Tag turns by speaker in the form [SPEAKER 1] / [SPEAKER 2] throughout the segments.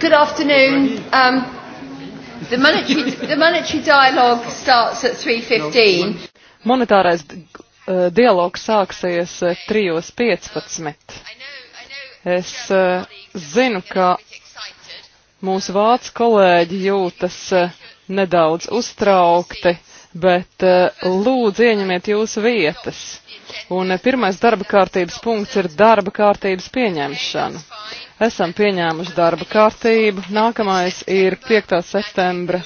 [SPEAKER 1] Good afternoon. Um, the, monetary, the monetary dialogue starts at 3.15.
[SPEAKER 2] Monetārais uh, dialogs sāksies 3.15. Uh, es uh, zinu, ka mūsu vācu kolēģi jūtas uh, nedaudz uztraukti, bet uh, lūdzu ieņemiet jūsu vietas. Un uh, pirmais darba kārtības punkts ir darba kārtības pieņemšana. Esam pieņēmuši darba kārtību. Nākamais ir 5. septembra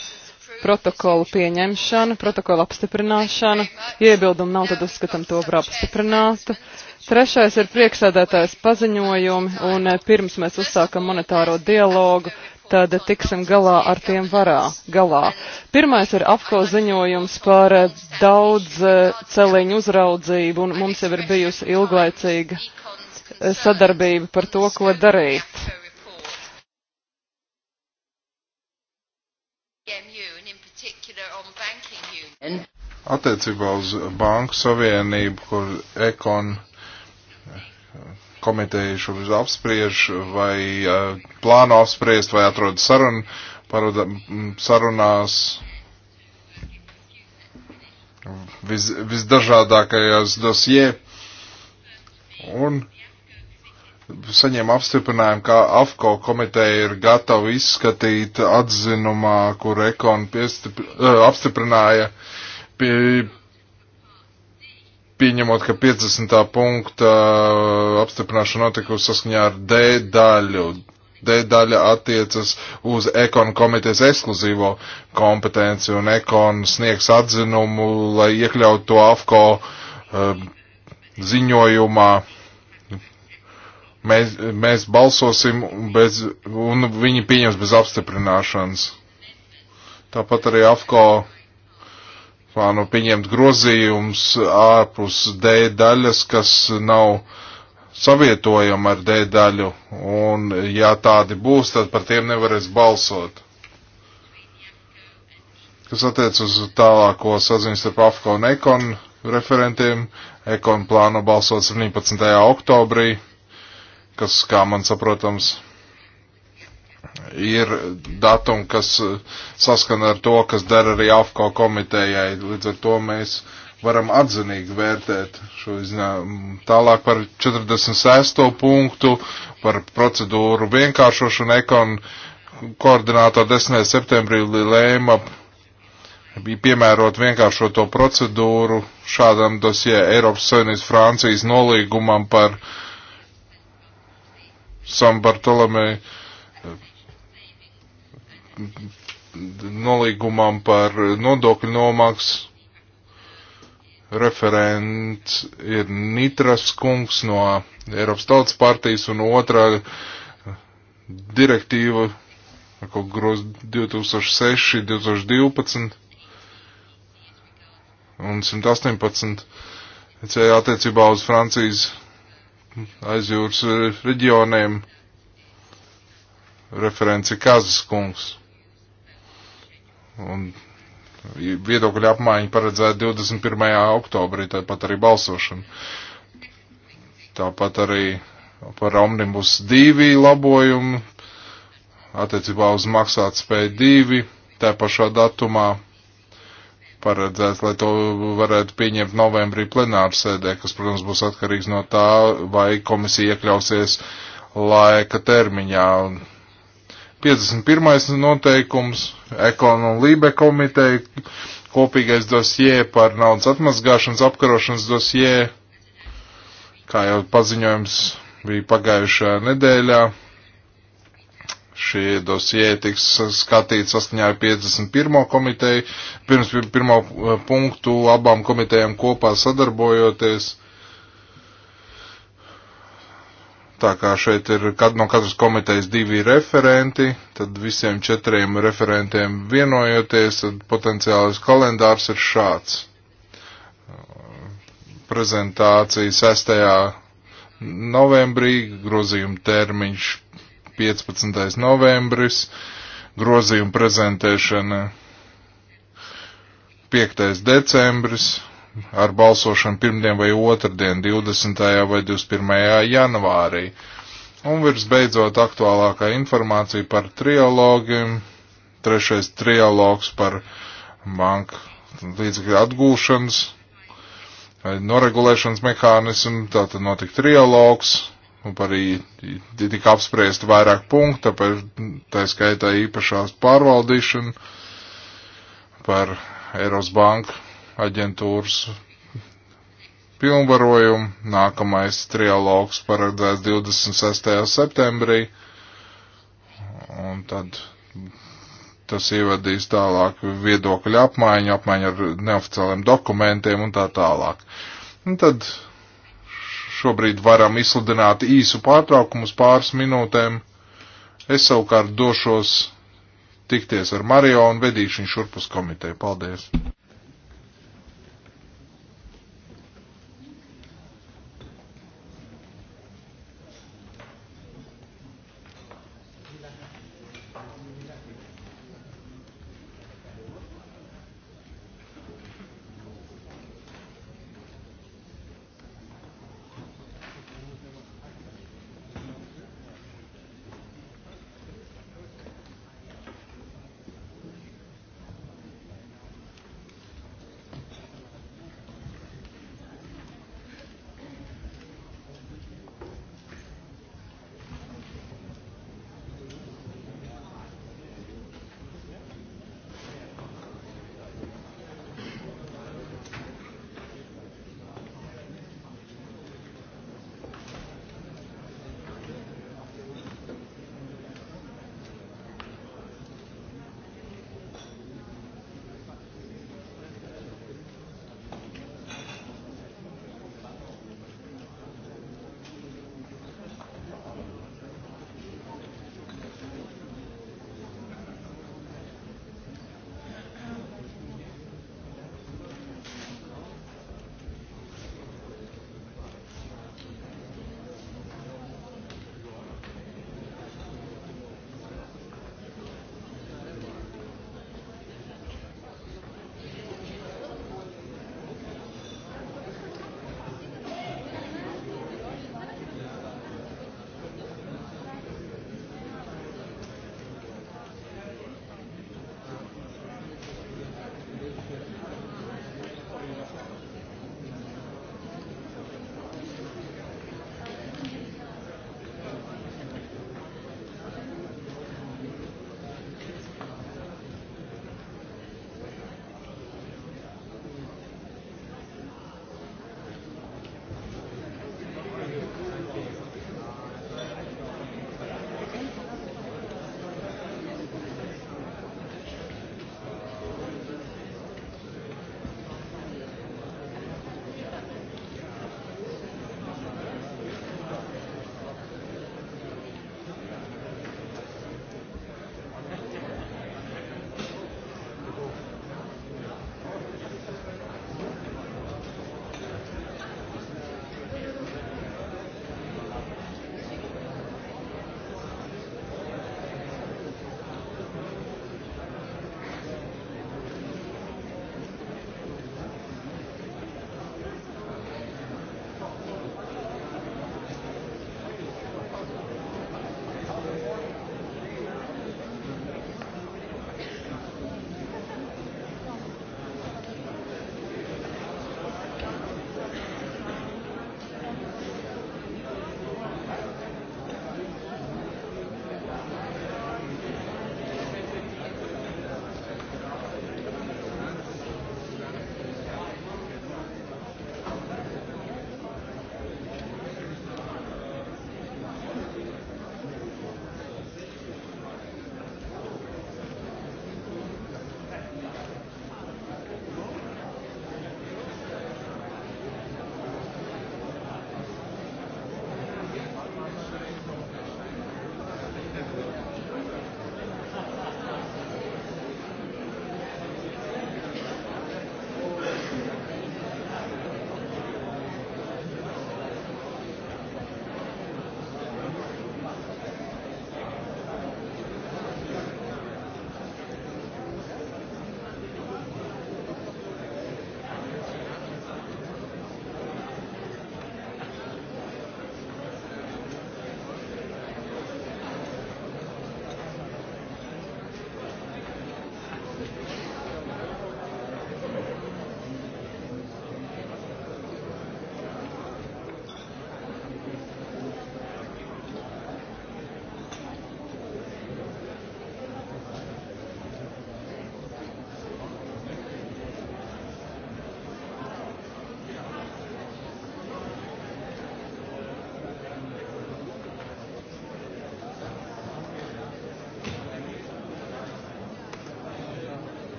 [SPEAKER 2] protokolu pieņemšana, protokolu apstiprināšana. Iebildumu nav, tad uzskatām to par apstiprinātu. Trešais ir prieksēdētājs paziņojumi, un eh, pirms mēs uzsākam monetāro dialogu, tad tiksim galā ar tiem varā, galā. Pirmais ir apko ziņojums par eh, daudz eh, celiņu uzraudzību, un mums jau ir bijusi ilglaicīga sadarbību par to, ko darīt.
[SPEAKER 3] Attiecībā uz Banku Savienību, kur ekon komiteja šobrīd apspriež vai eh, plāno apspriest vai atrod sarun, paroda, sarunās vis, visdažādākajās dosie. Un saņēma apstiprinājumu, ka AFCO komiteja ir gatava izskatīt atzinumā, kur Ekon piestip, uh, eh, apstiprināja, pie, pieņemot, ka 50. punkta uh, apstiprināšana notikusi saskaņā ar D daļu. D daļa attiecas uz Ekon komitejas ekskluzīvo kompetenci un Ekon sniegs atzinumu, lai iekļautu to AFCO uh, ziņojumā Mēs, mēs balsosim bez, un viņi pieņems bez apstiprināšanas. Tāpat arī AFCO plāno nu, pieņemt grozījums ārpus D daļas, kas nav savietojama ar D daļu, un ja tādi būs, tad par tiem nevarēs balsot kas attiec uz tālāko saziņu starp AFCO un EKON referentiem. EKON plāno balsot 17. oktobrī kas, kā man saprotams, ir datumi, kas eh, saskana ar to, kas dara arī AFCO komitejai. Līdz ar to mēs varam atzinīgi vērtēt šo izņēmumu. Tālāk par 46. punktu, par procedūru vienkāršošanu ekon koordinātori 10. septembrī lēma bija piemērot vienkāršoto procedūru šādam dosie Eiropas Savienības Francijas nolīgumam par uh, Sam Bartolomei nolīgumam par nodokļu nomaks referents ir Nitras kungs no Eiropas Tautas partijas un otrā direktīva, ko groz 2006, 2012 un 118 attiecībā uz Francijas aizjūras reģioniem referenci Kazas kungs. Un viedokļa apmaiņa paredzēta 21. oktobrī, tāpat arī balsošana. Tāpat arī par Omnibus 2 labojumu attiecībā uz maksātspēju 2, tā pašā datumā paredzēts, lai to varētu pieņemt novembrī plenāru sēdē, kas, protams, būs atkarīgs no tā, vai komisija iekļausies laika termiņā. 51. noteikums Ekonu un Lībe komiteja kopīgais dosie par naudas atmazgāšanas apkarošanas dosie, kā jau paziņojums bija pagājušajā nedēļā šie dosie tiks skatīts saskaņā ar 51. komiteju, pirms pirmo eh, punktu abām komitejām kopā sadarbojoties. Tā kā šeit ir kad no katras komitejas divi referenti, tad visiem četriem referentiem vienojoties, tad potenciālais kalendārs ir šāds. Prezentācija 6. novembrī, grozījuma termiņš 15. novembris, grozījuma prezentēšana 5. decembris, ar balsošanu pirmdien vai otrdien, 20. vai 21. janvārī. Un virsbeidzot aktuālākā informācija par trialogiem, trešais trialogs par banku līdzekļu atgūšanas, noregulēšanas mehānismu, tātad notika trialogs, Un arī tika apspriest vairāk punktu, par tā skaitā īpašās pārvaldīšanu, par Eiros banku aģentūras pilnvarojumu. Nākamais trialogs paredzēts 26. septembrī. Un tad tas ievadīs tālāk viedokļu apmaiņu, apmaiņu ar neoficiāliem dokumentiem un tā tālāk. Un tad Šobrīd varam izsludināt īsu pārtraukumu uz pāris minūtēm. Es savukārt došos tikties ar Mario un vedīšu viņu šurpus komiteju. Paldies!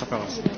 [SPEAKER 1] Santa Claus.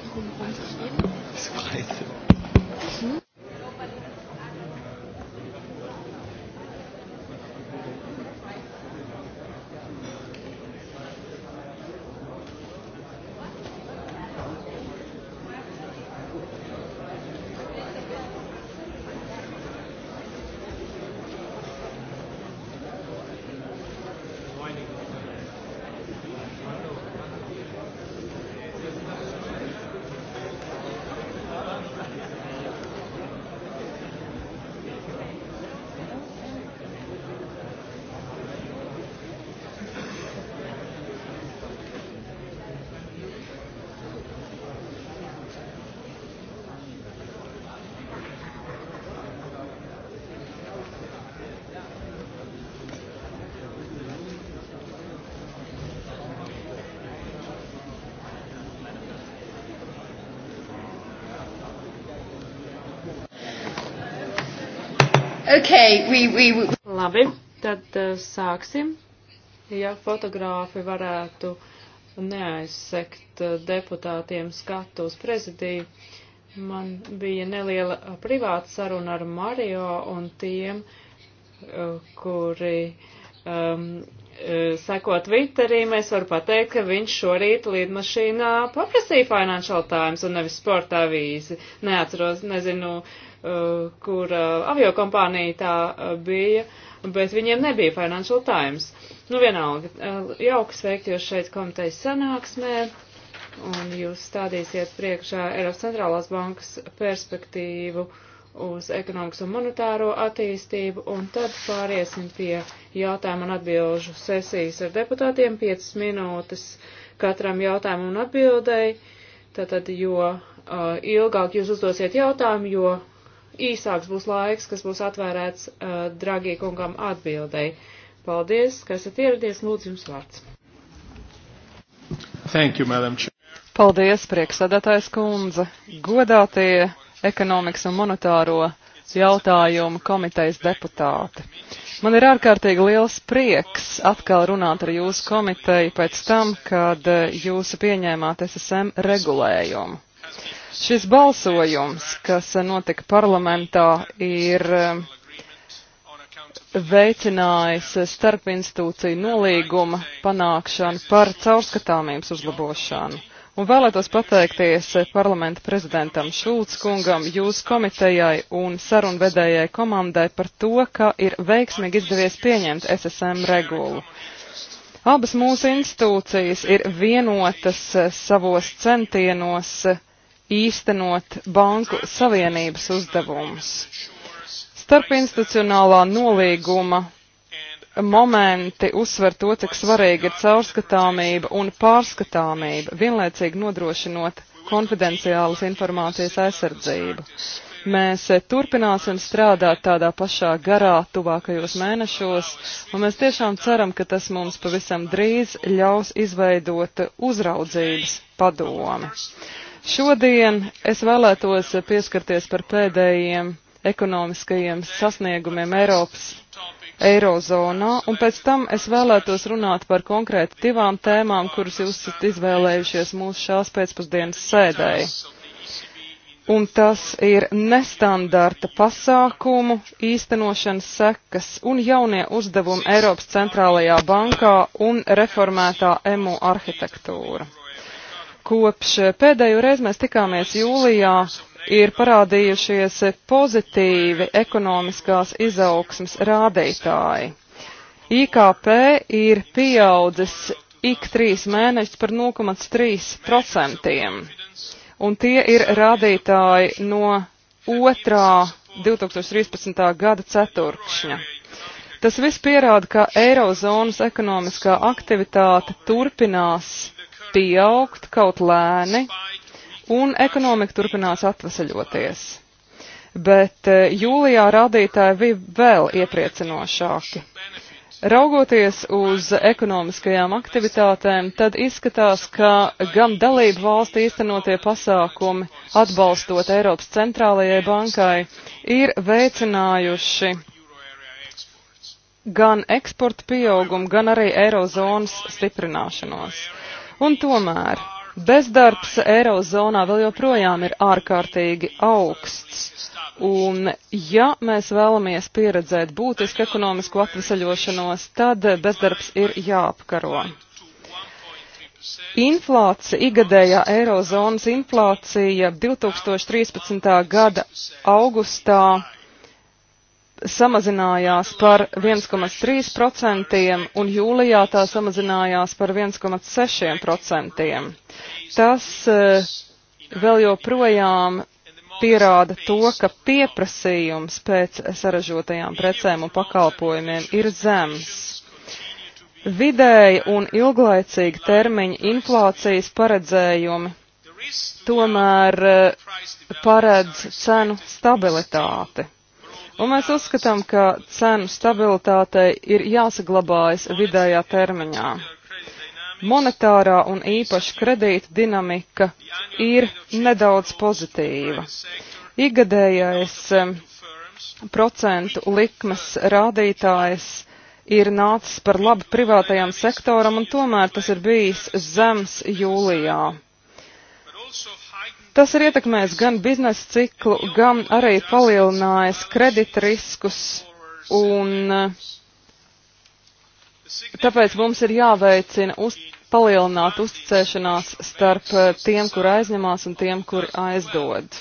[SPEAKER 1] Okay, we, we, we...
[SPEAKER 4] Labi, tad uh, sāksim. Ja fotogrāfi varētu neaizsekt uh, deputātiem skatu uz prezidiju, man bija neliela eh, privāta saruna ar Mario un tiem, uh, kuri um, seko Twitterī, mēs varam pateikt, ka viņš šorīt lidmašīnā paprasīja Financial Times un nevis sporta avīzi. Neatceros, nezinu, uh, Uh, kur uh, aviokompānija tā uh, bija, bet viņiem nebija Financial Times. Nu, vienalga, jauki sveikt jūs šeit komitejas sanāksmē, un jūs stādīsiet priekšā Eiropas centrālās bankas perspektīvu uz ekonomikas un monetāro attīstību, un tad pāriesim pie jautājumu un atbilžu sesijas ar deputātiem, 5 minūtes katram jautājumu un atbildēji. Tātad, jo uh, ilgāk jūs uzdosiet jautājumu, jo īsāks būs laiks, kas būs atvērēts uh, Dragī kungam atbildēji. Paldies, ka esat ieradies, lūdzu jums vārds.
[SPEAKER 1] Thank you, Madam Chair.
[SPEAKER 2] Paldies, priekšsēdētājs kundze. Godātie ekonomikas un monetāro jautājumu komitejas deputāti. Man ir ārkārtīgi liels prieks atkal runāt ar jūsu komiteju pēc tam, kad uh, jūs pieņēmāt SSM regulējumu. Šis balsojums, kas notika parlamentā, ir eh, veicinājis starpinstitūciju nolīguma panākšanu par caurskatāmības uzlabošanu. Un vēlētos pateikties parlamenta prezidentam Šulc kungam, jūsu komitejai un sarunvedējai komandai par to, ka ir veiksmīgi izdevies pieņemt SSM regulu. Abas mūsu institūcijas ir vienotas savos centienos uh, īstenot Banku Savienības uzdevumus. Starpinstitucionālā nolīguma momenti uzsver to, cik svarīga ir caurskatāmība un pārskatāmība, vienlaicīgi nodrošinot konfidenciālas informācijas aizsardzību. Mēs turpināsim strādāt tādā pašā garā tuvākajos mēnešos, un mēs tiešām ceram, ka tas mums pavisam drīz ļaus izveidot uzraudzības padomi. Šodien es vēlētos pieskarties par pēdējiem ekonomiskajiem sasniegumiem Eiropas Eirozonā, un pēc tam es vēlētos runāt par konkrēti divām tēmām, kuras jūs esat izvēlējušies mūsu šās pēcpusdienas sēdēji. Un tas ir nestandarta pasākumu īstenošanas sekas un jaunie uzdevumi Eiropas centrālajā bankā un reformētā EMU arhitektūra. Kopš pēdējo reizi mēs tikāmies jūlijā, ir parādījušies pozitīvi ekonomiskās izaugsmas rādītāji. IKP ir pieaudzis ik trīs mēnešus par 0,3%, un tie ir rādītāji no otrā 2013. gada ceturkšņa. Tas viss pierāda, ka Eirozonas ekonomiskā aktivitāte turpinās pieaugt kaut lēni, un ekonomika turpinās atvesaļoties. Bet eh, jūlijā rādītāji bija vēl iepriecinošāki. Raugoties uz ekonomiskajām aktivitātēm, tad izskatās, ka gan dalību valstu īstenotie pasākumi, atbalstot Eiropas centrālajai bankai, ir veicinājuši gan eksporta pieaugumu, gan arī eirozonas stiprināšanos. Un tomēr bezdarbs Eirozonā vēl joprojām ir ārkārtīgi augsts. Un ja mēs vēlamies pieredzēt būtisku ekonomisku atvesaļošanos, tad bezdarbs ir jāapkaro. Inflācija, igadējā Eirozonas inflācija 2013. gada augustā samazinājās par 1,3% un jūlijā tā samazinājās par 1,6%. Tas e, vēl joprojām pierāda to, ka pieprasījums pēc saražotajām precēm un pakalpojumiem ir zems. Vidēja un ilglaicīga termiņa inflācijas paredzējumi tomēr e, paredz cenu stabilitāti. Un mēs uzskatām, ka cenu stabilitātei ir jāsaglabājas vidējā termiņā. Monetārā un īpaši kredīta dinamika ir nedaudz pozitīva. Igadējais procentu likmes rādītājs ir nācis par labu privātajam sektoram, un tomēr tas ir bijis zems jūlijā. Tas ir ietekmējis gan biznesa ciklu, gan arī palielinājis kreditriskus un eh, tāpēc mums ir jāveicina uz, palielināt uzticēšanās starp eh, tiem, kur aizņemās un tiem, kur aizdod.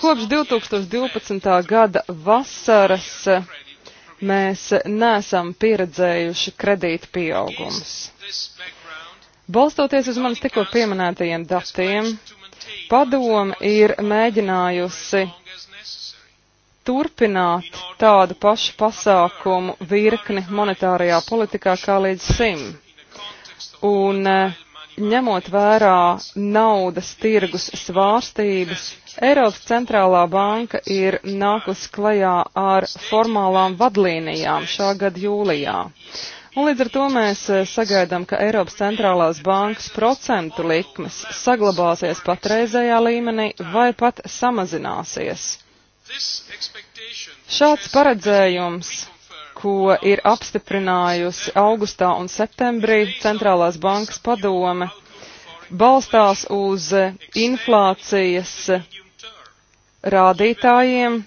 [SPEAKER 2] Kopš 2012. gada vasaras eh, mēs nesam pieredzējuši kredīta pieaugums. Balstoties uz manis tikko pieminētajiem datiem, Padoma ir mēģinājusi turpināt tādu pašu pasākumu virkni monetārajā politikā kā līdz sim. Un e, ņemot vērā naudas tirgus svārstības, Eiropas centrālā banka ir nākus klajā ar formālām vadlīnijām šā gada jūlijā. Un līdz ar to mēs eh, sagaidām, ka Eiropas centrālās bankas procentu likmes saglabāsies patreizējā līmenī vai pat samazināsies. Šāds paredzējums, ko ir apstiprinājusi augustā un septembrī centrālās bankas padome, balstās uz eh, inflācijas rādītājiem,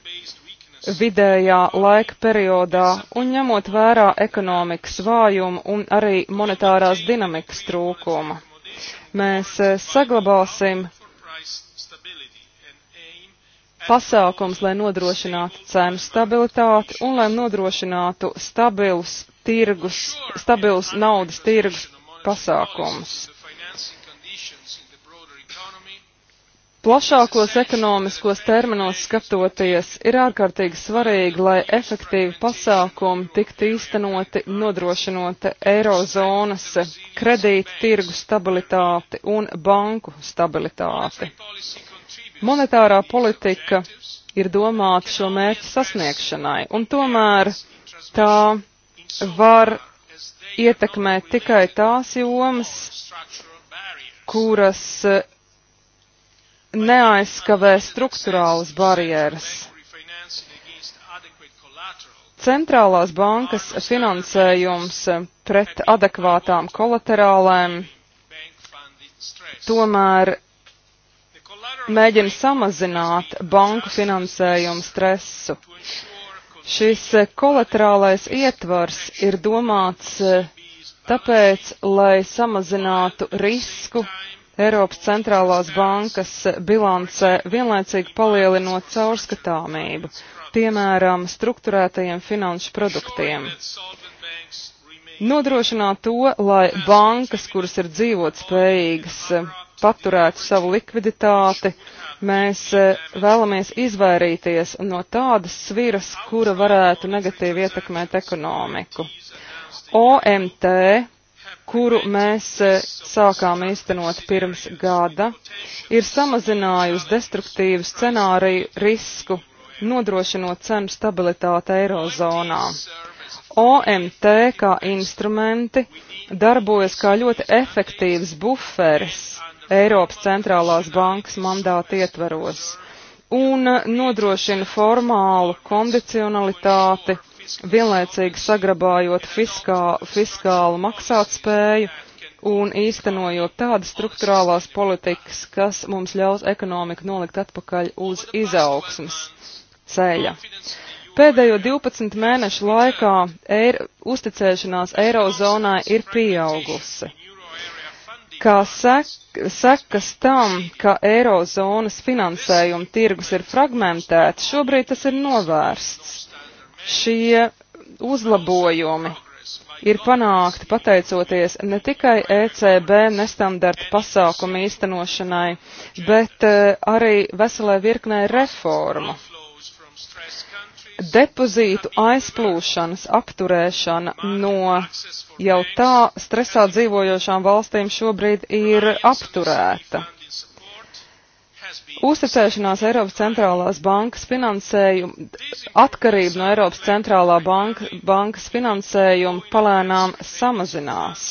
[SPEAKER 2] vidējā laika periodā un ņemot vērā ekonomikas vājumu un arī monetārās dinamikas trūkumu. Mēs eh, saglabāsim pasākums, lai nodrošinātu cenu stabilitāti un lai nodrošinātu stabilus tirgus, stabilus naudas tirgus pasākums. plašākos ekonomiskos terminos skatoties, ir ārkārtīgi svarīgi, lai efektīvi pasākumi tiktu īstenoti, nodrošinot eirozonas kredīta tirgu stabilitāti un banku stabilitāti. Monetārā politika ir domāta šo mērķu sasniegšanai, un tomēr tā var ietekmēt tikai tās jomas, kuras neaizskavē struktūrālas barjeras. Centrālās bankas finansējums pret adekvātām kolaterālēm tomēr mēģina samazināt banku finansējumu stresu. Šis kolaterālais ietvars ir domāts tāpēc, lai samazinātu risku Eiropas centrālās bankas bilance, vienlaicīgi palielinot caurskatāmību, piemēram, struktūrētajiem finanšu produktiem. Nodrošināt to, lai bankas, kuras ir dzīvotspējīgas, paturētu savu likviditāti, mēs e, vēlamies izvairīties no tādas sviras, kura varētu negatīvi ietekmēt ekonomiku. OMT kuru mēs e, sākām īstenot pirms gada, ir samazinājusi destruktīvu scenāriju risku, nodrošinot cenu stabilitāti Eirozonā. OMT kā instrumenti darbojas kā ļoti efektīvs buferis Eiropas centrālās bankas mandāta ietveros un nodrošina formālu kondicionalitāti vienlaicīgi sagrabājot fiskā, fiskālu maksātspēju un īstenojot tādas struktūrālās politikas, kas mums ļaus ekonomiku nolikt atpakaļ uz izaugsmas ceļa. Pēdējo 12 mēnešu laikā eir, uzticēšanās eirozonai ir pieaugusi. Kā sek, sekas tam, ka eirozonas finansējuma tirgus ir fragmentēts, šobrīd tas ir novērsts šie uzlabojumi ir panākti pateicoties ne tikai ECB nestandarta pasākumu īstenošanai, bet eh, arī veselē virknē reformu. Depozītu aizplūšanas apturēšana no jau tā stresā dzīvojošām valstīm šobrīd ir apturēta. Uzticēšanās Eiropas centrālās bankas finansējumu, atkarība no Eiropas centrālā banka, bankas finansējuma palēnām samazinās.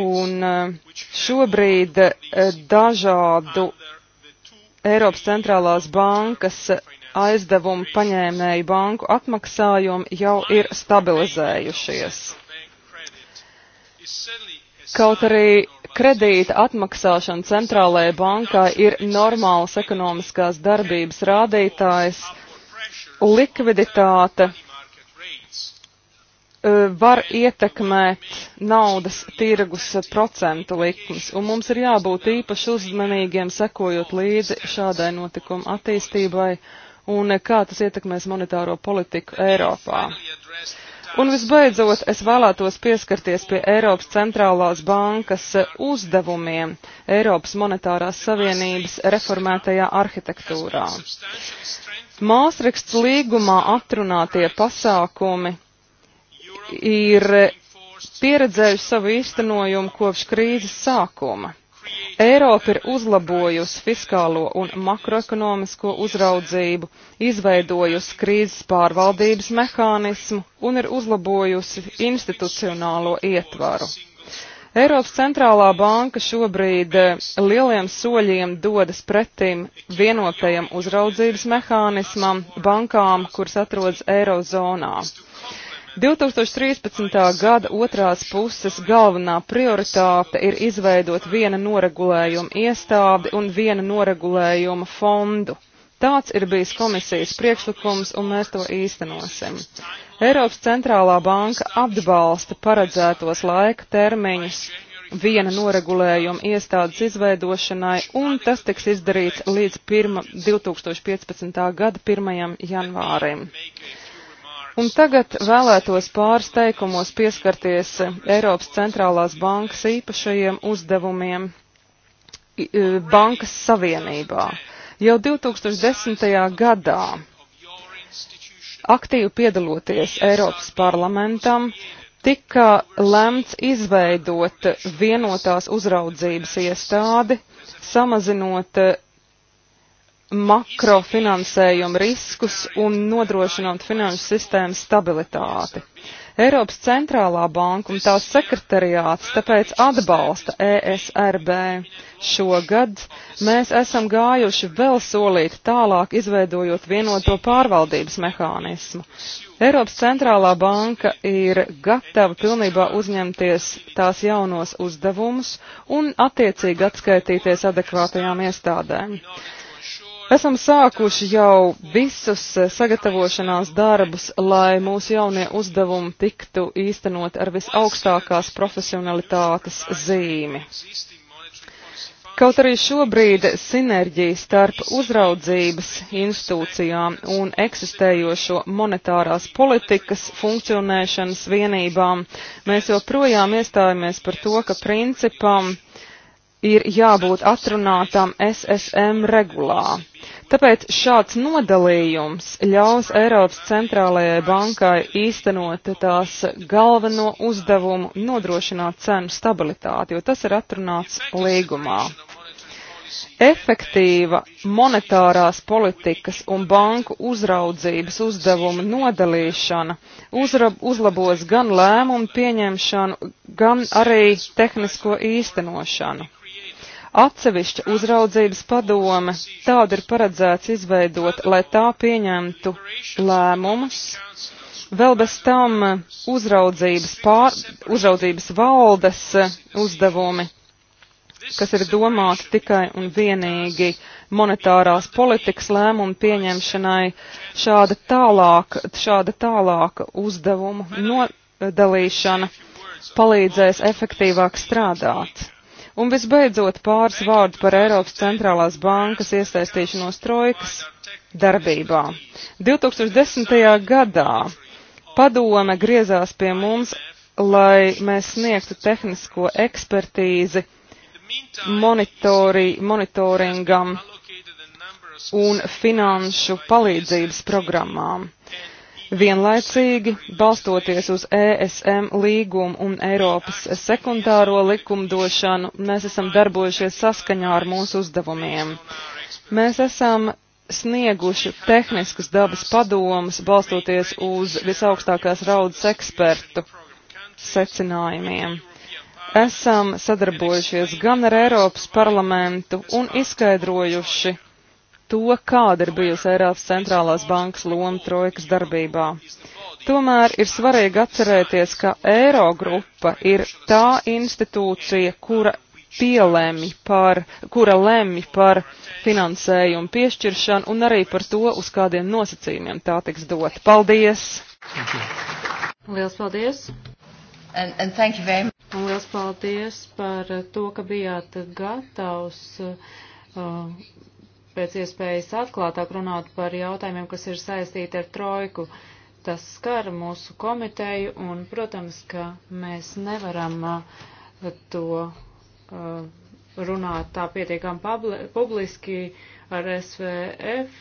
[SPEAKER 2] Un eh, šobrīd eh, dažādu Eiropas centrālās bankas aizdevumu paņēmēju banku atmaksājumi jau ir stabilizējušies. Kaut arī kredīta atmaksāšana centrālajai bankai ir normāls ekonomiskās darbības rādītājs, likviditāte e, var ietekmēt naudas tirgus procentu likmes, un mums ir jābūt īpaši uzmanīgiem sekojot līdzi šādai notikuma attīstībai un kā tas ietekmēs monetāro politiku Eiropā. Un visbeidzot, es vēlētos pieskarties pie Eiropas centrālās bankas uzdevumiem Eiropas monetārās savienības reformētajā arhitektūrā. Māsreksts līgumā atrunātie pasākumi ir pieredzējuši savu īstenojumu kopš krīzes sākuma. Eiropa ir uzlabojusi fiskālo un makroekonomisko uzraudzību, izveidojusi krīzes pārvaldības mehānismu un ir uzlabojusi institucionālo ietvaru. Eiropas centrālā banka šobrīd eh, lieliem soļiem dodas pretim vienotajam uzraudzības mehānismam bankām, kuras atrodas Eirozonā. 2013. gada otrās puses galvenā prioritāte ir izveidot viena noregulējuma iestādi un viena noregulējuma fondu. Tāds ir bijis komisijas priekšlikums, un mēs to īstenosim. Eiropas centrālā banka atbalsta paredzētos laika termiņus viena noregulējuma iestādes izveidošanai, un tas tiks izdarīts līdz 1. 2015. gada 1. janvārim. Un tagad vēlētos pāris teikumos pieskarties Eiropas centrālās bankas īpašajiem uzdevumiem e, bankas savienībā. Jau 2010. gadā aktīvi piedaloties Eiropas parlamentam, tika lemts izveidot vienotās uzraudzības iestādi, samazinot e, makrofinansējuma riskus un nodrošinot finanšu sistēmas stabilitāti. Eiropas centrālā banka un tās sekretariāts tāpēc atbalsta ESRB. Šogad mēs esam gājuši vēl solīti tālāk, izveidojot vienoto pārvaldības mehānismu. Eiropas centrālā banka ir gatava pilnībā uzņemties tās jaunos uzdevumus un attiecīgi atskaitīties adekvātajām iestādēm. Esam sākuši jau visus eh, sagatavošanās darbus, lai mūsu jaunie uzdevumi tiktu īstenot ar visaugstākās profesionalitātes zīmi. Kaut arī šobrīd sinerģija starp uzraudzības institūcijām un eksistējošo monetārās politikas funkcionēšanas vienībām, mēs joprojām iestājamies par to, ka principam ir jābūt atrunātam SSM regulā. Tāpēc šāds nodalījums ļaus Eiropas centrālajai bankai īstenot tās galveno uzdevumu nodrošināt cenu stabilitāti, jo tas ir atrunāts līgumā. Efektīva monetārās politikas un banku uzraudzības uzdevuma nodalīšana uzrab, uzlabos gan lēmumu pieņemšanu, gan arī tehnisko īstenošanu. Atsevišķa uzraudzības padome tāda ir paredzēts izveidot, lai tā pieņemtu lēmumus. Vēl bez tam uzraudzības, pār, uzraudzības valdes uzdevumi, kas ir domāti tikai un vienīgi monetārās politikas lēmumu pieņemšanai, šāda tālāka, šāda tālāka uzdevumu nodalīšana palīdzēs efektīvāk strādāt. Un visbeidzot pāris vārdu par Eiropas centrālās bankas iesaistīšanos trojkas darbībā. 2010. gadā padome griezās pie mums, lai mēs sniegtu tehnisko ekspertīzi monitori, monitoringam un finanšu palīdzības programmām. Uh, Vienlaicīgi, balstoties uz ESM līgumu un Eiropas sekundāro likumdošanu, mēs esam darbojušies saskaņā ar mūsu uzdevumiem. Mēs esam snieguši tehniskas dabas padomas, balstoties uz visaugstākās raudas ekspertu secinājumiem. Esam sadarbojušies gan ar Eiropas parlamentu un izskaidrojuši to, kāda ir bijusi Eiropas centrālās bankas loma trojkas darbībā. Tomēr ir svarīgi atcerēties, ka Eirogrupa ir tā institūcija, kura pielēmi par, kura lemj par finansējumu piešķiršanu un arī par to, uz kādiem nosacījumiem tā tiks dot. Paldies!
[SPEAKER 4] Liels paldies! And, and thank you very much. Un liels paldies par to, ka bijāt gatavs uh, pēc iespējas atklātāk runāt par jautājumiem, kas ir saistīti ar trojku. Tas skar mūsu komiteju un, protams, ka mēs nevaram uh, to uh, runāt tā pietiekam publiski ar SVF.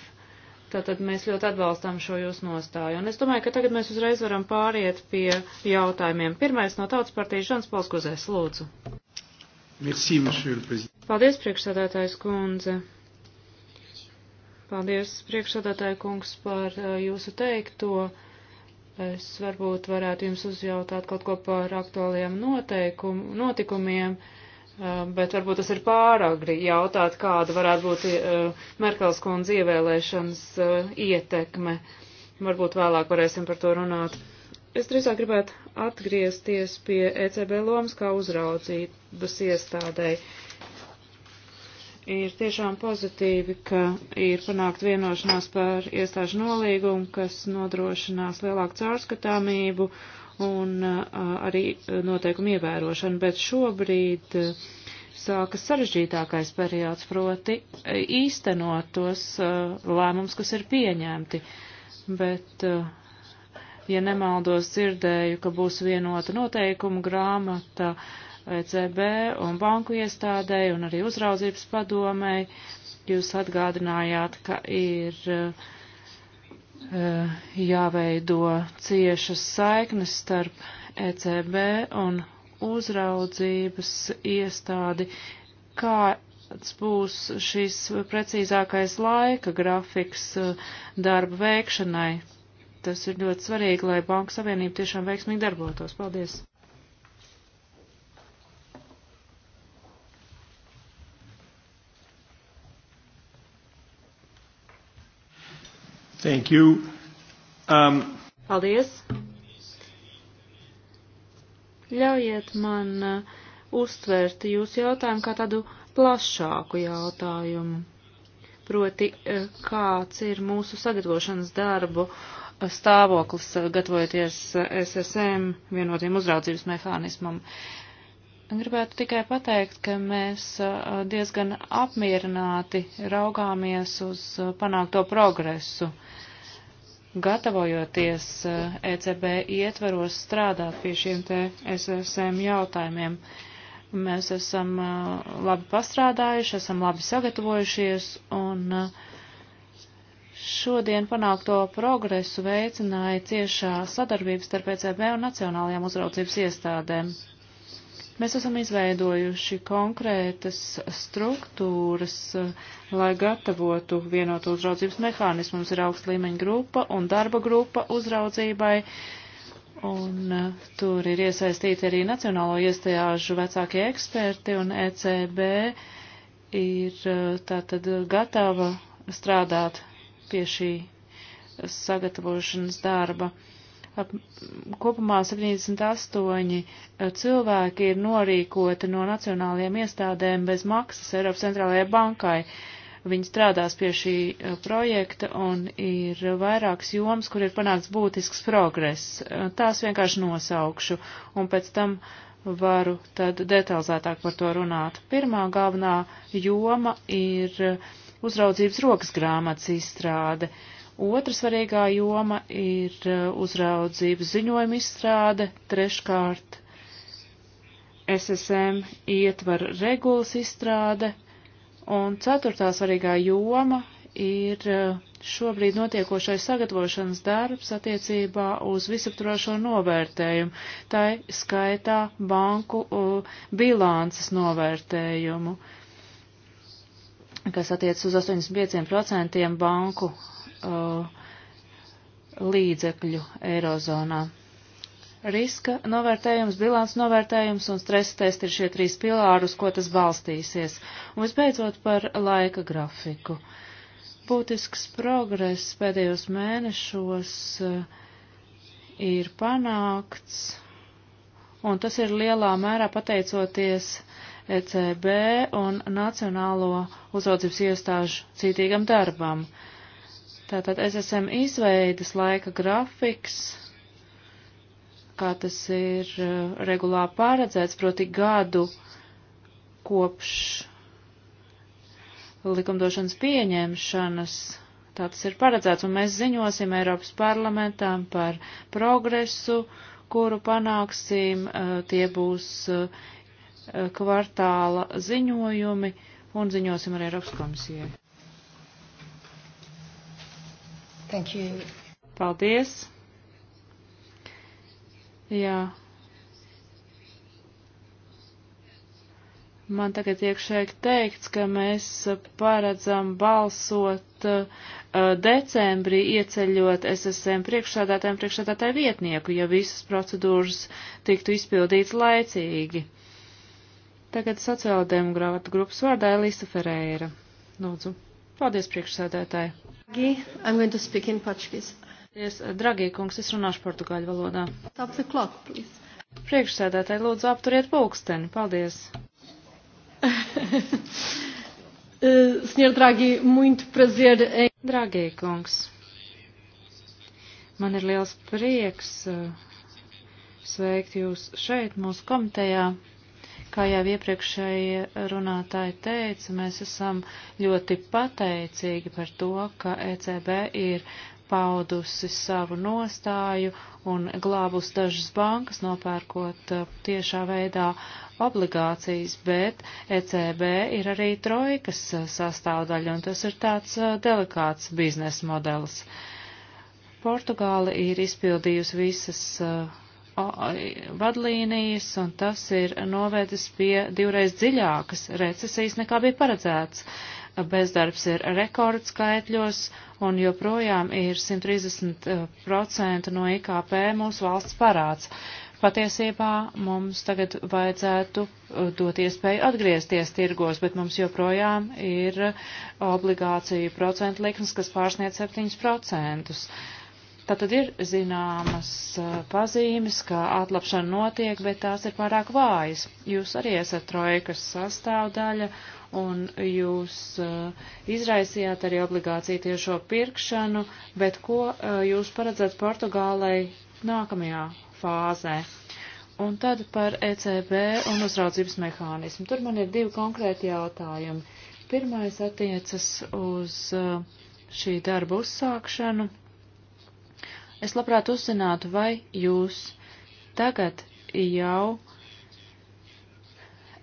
[SPEAKER 4] Tātad mēs ļoti atbalstām šo jūsu nostāju. Un es domāju, ka tagad mēs uzreiz varam pāriet pie jautājumiem. Pirmais no tautas partijas Žans Polskuzēs, lūdzu. Merci, Paldies, priekšsādātājs kundze. Paldies, priekšsādātāja kungs, par uh, jūsu teikto. Es varbūt varētu jums uzjautāt kaut ko par aktuāliem notikumiem, uh, bet varbūt tas ir pāragri jautāt, kāda varētu būt uh, Merkels kundze ievēlēšanas ietekme. Varbūt vēlāk varēsim par to runāt. Es drīzāk gribētu atgriezties pie ECB lomas kā uzraudzības iestādēji ir tiešām pozitīvi, ka ir panākt vienošanās par iestāžu nolīgumu, kas nodrošinās lielāku caurskatāmību un arī noteikumu ievērošanu, bet šobrīd sākas sarežģītākais periods, proti īstenot tos lēmums, kas ir pieņemti. Bet, ja nemaldos, dzirdēju, ka būs vienota noteikuma grāmata, uh, ECB un banku iestādēji un arī uzraudzības padomēji. Jūs atgādinājāt, ka ir e, jāveido ciešas saiknes starp ECB un uzraudzības iestādi. Kā kāds būs šis precīzākais laika grafiks e, darba veikšanai. Tas ir ļoti svarīgi, lai Banka Savienība tiešām veiksmīgi darbotos. Paldies!
[SPEAKER 1] Thank you. Um...
[SPEAKER 4] Paldies. Ļaujiet man uh, uztvērt jūsu jautājumu kā tādu plašāku jautājumu. Proti, uh, kāds ir mūsu sagatavošanas darbu uh, stāvoklis, uh, gatavojoties uh, SSM vienotiem uzraudzības mehānismam. Uh, Gribētu tikai pateikt, ka mēs uh, diezgan apmierināti raugāmies uz uh, panākto progresu, gatavojoties uh, ECB ietvaros strādāt pie šiem te SSM jautājumiem. Mēs esam labi pastrādājuši, esam labi sagatavojušies un šodien panākto progresu veicināja ciešā sadarbības starp ECB un nacionālajām uzraudzības iestādēm. Mēs esam izveidojuši konkrētas struktūras, lai gatavotu vienotu uzraudzības mehānismu. Mums ir augsta līmeņa grupa un darba grupa uzraudzībai, un uh, tur ir iesaistīti arī Nacionālo iestajāžu vecākie eksperti, un ECB ir uh, tātad gatava strādāt pie šī sagatavošanas darba. Uh, kopumā 78 eh, cilvēki ir norīkoti no nacionālajiem iestādēm bez maksas Eiropas centrālajai bankai. Viņi strādās pie šī eh, projekta un ir vairākas jomas, kur ir panākts būtisks progress. Eh, tās vienkārši nosaukšu un pēc tam varu tad detalizētāk par to runāt. Pirmā galvenā joma ir uzraudzības rokas grāmatas izstrāde. Uh, Otra svarīgā joma ir uh, uzraudzības ziņojuma izstrāde, treškārt SSM ietver regulas izstrāde, un ceturtā svarīgā joma ir uh, šobrīd notiekošais sagatavošanas darbs attiecībā uz visaptvarošo novērtējumu, tā skaitā banku uh, bilances novērtējumu, kas attiec uz 85% banku uh, līdzekļu Eirozonā. Riska novērtējums, bilants novērtējums un stresa testi ir šie trīs pilāri, uz ko tas balstīsies. Un visbeidzot par laika grafiku. Būtisks progress pēdējos mēnešos uh, ir panākts, un tas ir lielā mērā pateicoties ECB un Nacionālo uzraudzības iestāžu cītīgam darbam. Tātad SSM izveidas laika grafiks, kā tas ir uh, regulā paredzēts, proti gadu kopš likumdošanas pieņemšanas. Tā tas ir paredzēts, un mēs ziņosim Eiropas parlamentām par progresu, kuru panāksim. Uh, tie būs uh, kvartāla ziņojumi un ziņosim arī Eiropas komisijai. Thank you. Paldies. Jā. Man tagad iekšēk teikts, ka mēs paredzam balsot uh, decembrī ieceļot SSM priekšsādātājiem priekšsādātāju vietnieku, ja visas procedūras tiktu izpildīts laicīgi. Tagad sociāldemokrāta grupas vārdā Elisa Ferēra. Lūdzu. Paldies, priekšsēdētāji.
[SPEAKER 1] Paldies, dragie
[SPEAKER 4] kungs, es runāšu portugāļu valodā. Stop the clock, please. Priekšsēdētāji, lūdzu, apturiet pulksteni. Paldies. uh, eh, Sr. Dragi, muito prazer. Em... Dragie kungs, man ir liels prieks uh, sveikt jūs šeit, mūsu komitejā. Kā jau iepriekšēji runātāji teica, mēs esam ļoti pateicīgi par to, ka ECB ir paudusi savu nostāju un glābus dažas bankas, nopērkot uh, tiešā veidā obligācijas, bet ECB ir arī trojkas uh, sastāvdaļa, un tas ir tāds uh, delikāts biznesa modelis. Portugāla ir izpildījusi visas uh, vadlīnijas, un tas ir novedis pie divreiz dziļākas recesijas nekā bija paredzēts. Bezdarbs ir rekordskaitļos, un joprojām ir 130% eh, no IKP mūsu valsts parāds. Patiesībā mums tagad vajadzētu eh, dot iespēju atgriezties tirgos, bet mums joprojām ir eh, obligāciju procentu likmes, kas pārsniec 7%. Tātad ir zināmas eh, pazīmes, ka atlapšana notiek, bet tās ir pārāk vājas. Jūs arī esat trojkas sastāvdaļa un jūs eh, izraisījāt arī obligāciju tiešo pirkšanu, bet ko eh, jūs paredzat Portugālei nākamajā fāzē? Un tad par ECB un uzraudzības mehānismu. Tur man ir divi konkrēti jautājumi. Pirmais attiecas uz šī darba uzsākšanu Es labprāt uzzinātu, vai jūs tagad jau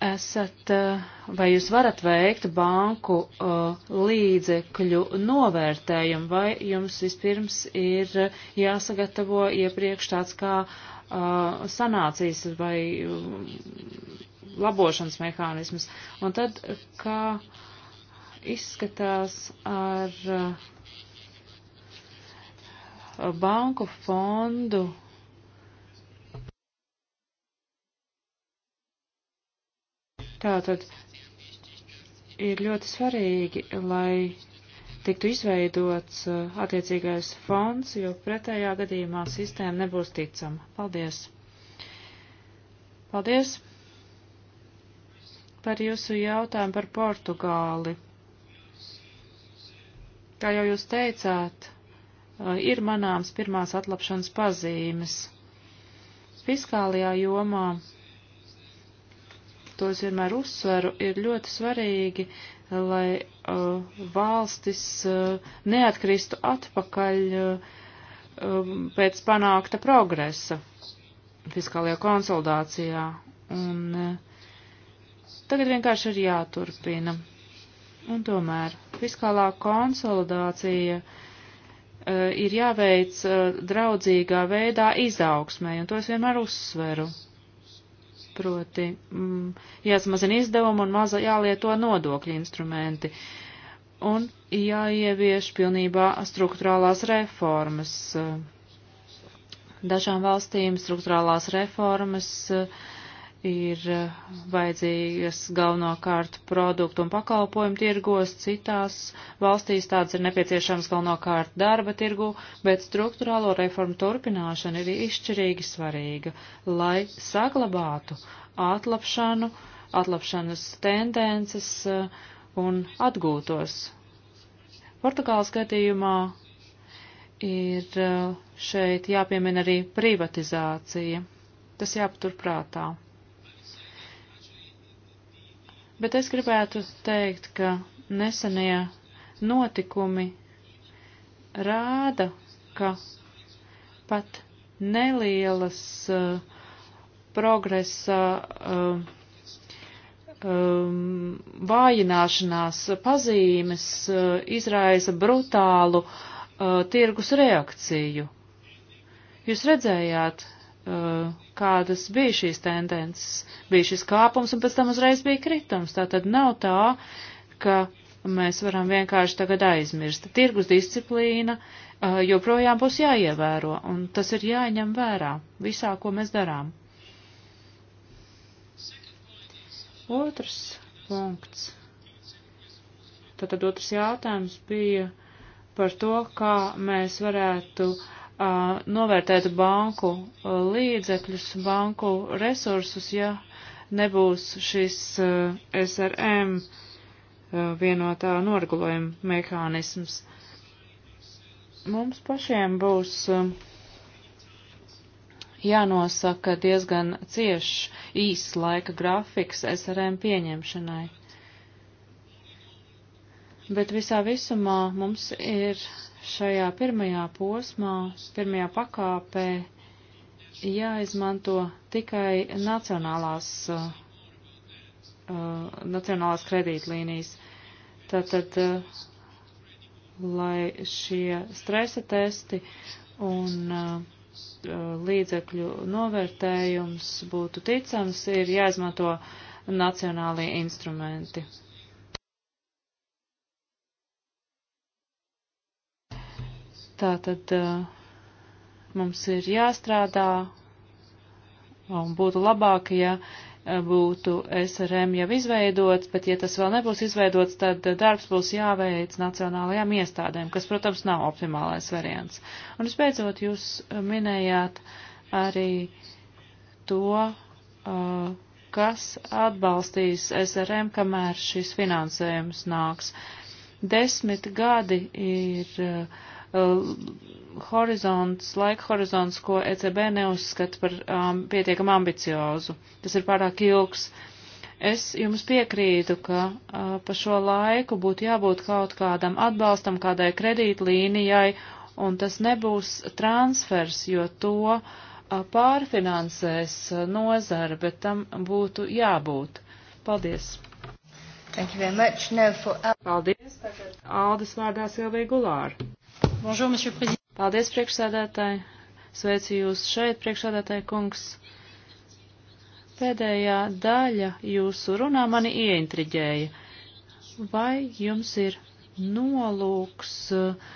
[SPEAKER 4] esat, eh, vai jūs varat veikt banku uh, līdzekļu novērtējumu, vai jums vispirms ir jāsagatavo iepriekš tāds kā uh, sanācijas vai mm, labošanas mehānismas. Un tad, kā izskatās ar uh, banku fondu. Tātad ir ļoti svarīgi, lai tiktu izveidots uh, attiecīgais fonds, jo pretējā gadījumā sistēma nebūs ticama. Paldies! Paldies par jūsu jautājumu par Portugāli. Kā jau jūs teicāt, Uh, ir manāms pirmās atlapšanas pazīmes. Fiskālajā jomā, to es vienmēr uzsveru, ir ļoti svarīgi, lai uh, valstis uh, neatkristu atpakaļ uh, um, pēc panākta progresa fiskālajā konsolidācijā. Un uh, tagad vienkārši ir jāturpina. Un tomēr fiskālā konsolidācija uh, Eh, ir jāveic eh, draudzīgā veidā izaugsmē, un to es vienmēr uzsveru. Proti, mm, jāsamazina izdevumi un maza jālieto nodokļu instrumenti. Un jāievieš pilnībā struktūrālās reformas. Eh, Dažām valstīm struktūrālās reformas uh, ir eh, vajadzīgas galvenokārt produktu un pakalpojumu tirgos, citās valstīs tāds ir nepieciešams galvenokārt darba tirgu, bet struktūrālo reformu turpināšana ir izšķirīgi svarīga, lai saglabātu atlapšanu, atlapšanas tendences eh, un atgūtos. Portugāles skatījumā ir eh, šeit jāpiemina arī privatizācija. Tas jāpatur prātā. Bet es gribētu teikt, ka nesenie notikumi rāda, ka pat nelielas uh, progresa uh, um, vājināšanās pazīmes uh, izraisa brutālu uh, tirgus reakciju. Jūs redzējāt, Eh, kādas bija šīs tendences. Bija šis kāpums un pēc tam uzreiz bija kritums. Tā tad nav tā, ka mēs varam vienkārši tagad aizmirst. Tirgus disciplīna eh, joprojām būs jāievēro, un tas ir jāņem vērā visā, ko mēs darām. Otrs punkts. Tātad otrs jautājums bija par to, kā mēs varētu uh, novērtētu banku līdzekļus, banku resursus, ja nebūs šis SRM vienotā noregulējuma mehānisms. Mums pašiem būs jānosaka diezgan ciešs īss laika grafiks SRM pieņemšanai. Bet visā visumā mums ir šajā pirmajā posmā, pirmajā pakāpē jāizmanto tikai nacionālās, uh, uh, nacionālās kredītlīnijas. Tātad, uh, lai šie stresa testi un uh, līdzekļu novērtējums būtu ticams, ir jāizmanto nacionālie instrumenti. Tā tad eh, mums ir jāstrādā un būtu labāk, ja eh, būtu SRM jau izveidots, bet ja tas vēl nebūs izveidots, tad darbs būs jāveic nacionālajām iestādēm, kas, protams, nav optimālais variants. Un visbeidzot, jūs eh, minējāt arī to, kas atbalstīs SRM, kamēr šis finansējums nāks. Desmit gadi ir uh, Uh, horizonts, laika horizonts, ko ECB neuzskata par um, pietiekam ambiciozu. Tas ir pārāk ilgs. Es jums piekrītu, ka uh, pa šo laiku būtu jābūt kaut kādam atbalstam, kādai kredītlīnijai, un tas nebūs transfers, jo to uh, pārfinansēs uh, nozara, bet tam būtu jābūt. Paldies! Thank you very much. No, for... Paldies! Tagad Aldis vārdā Silvija Gulāra. Bonjour, monsieur prezident. Paldies, priekšsēdētāji. Sveicu jūs šeit, priekšsēdētāji kungs. Pēdējā daļa jūsu runā mani ieintriģēja. Vai jums ir nolūks uh,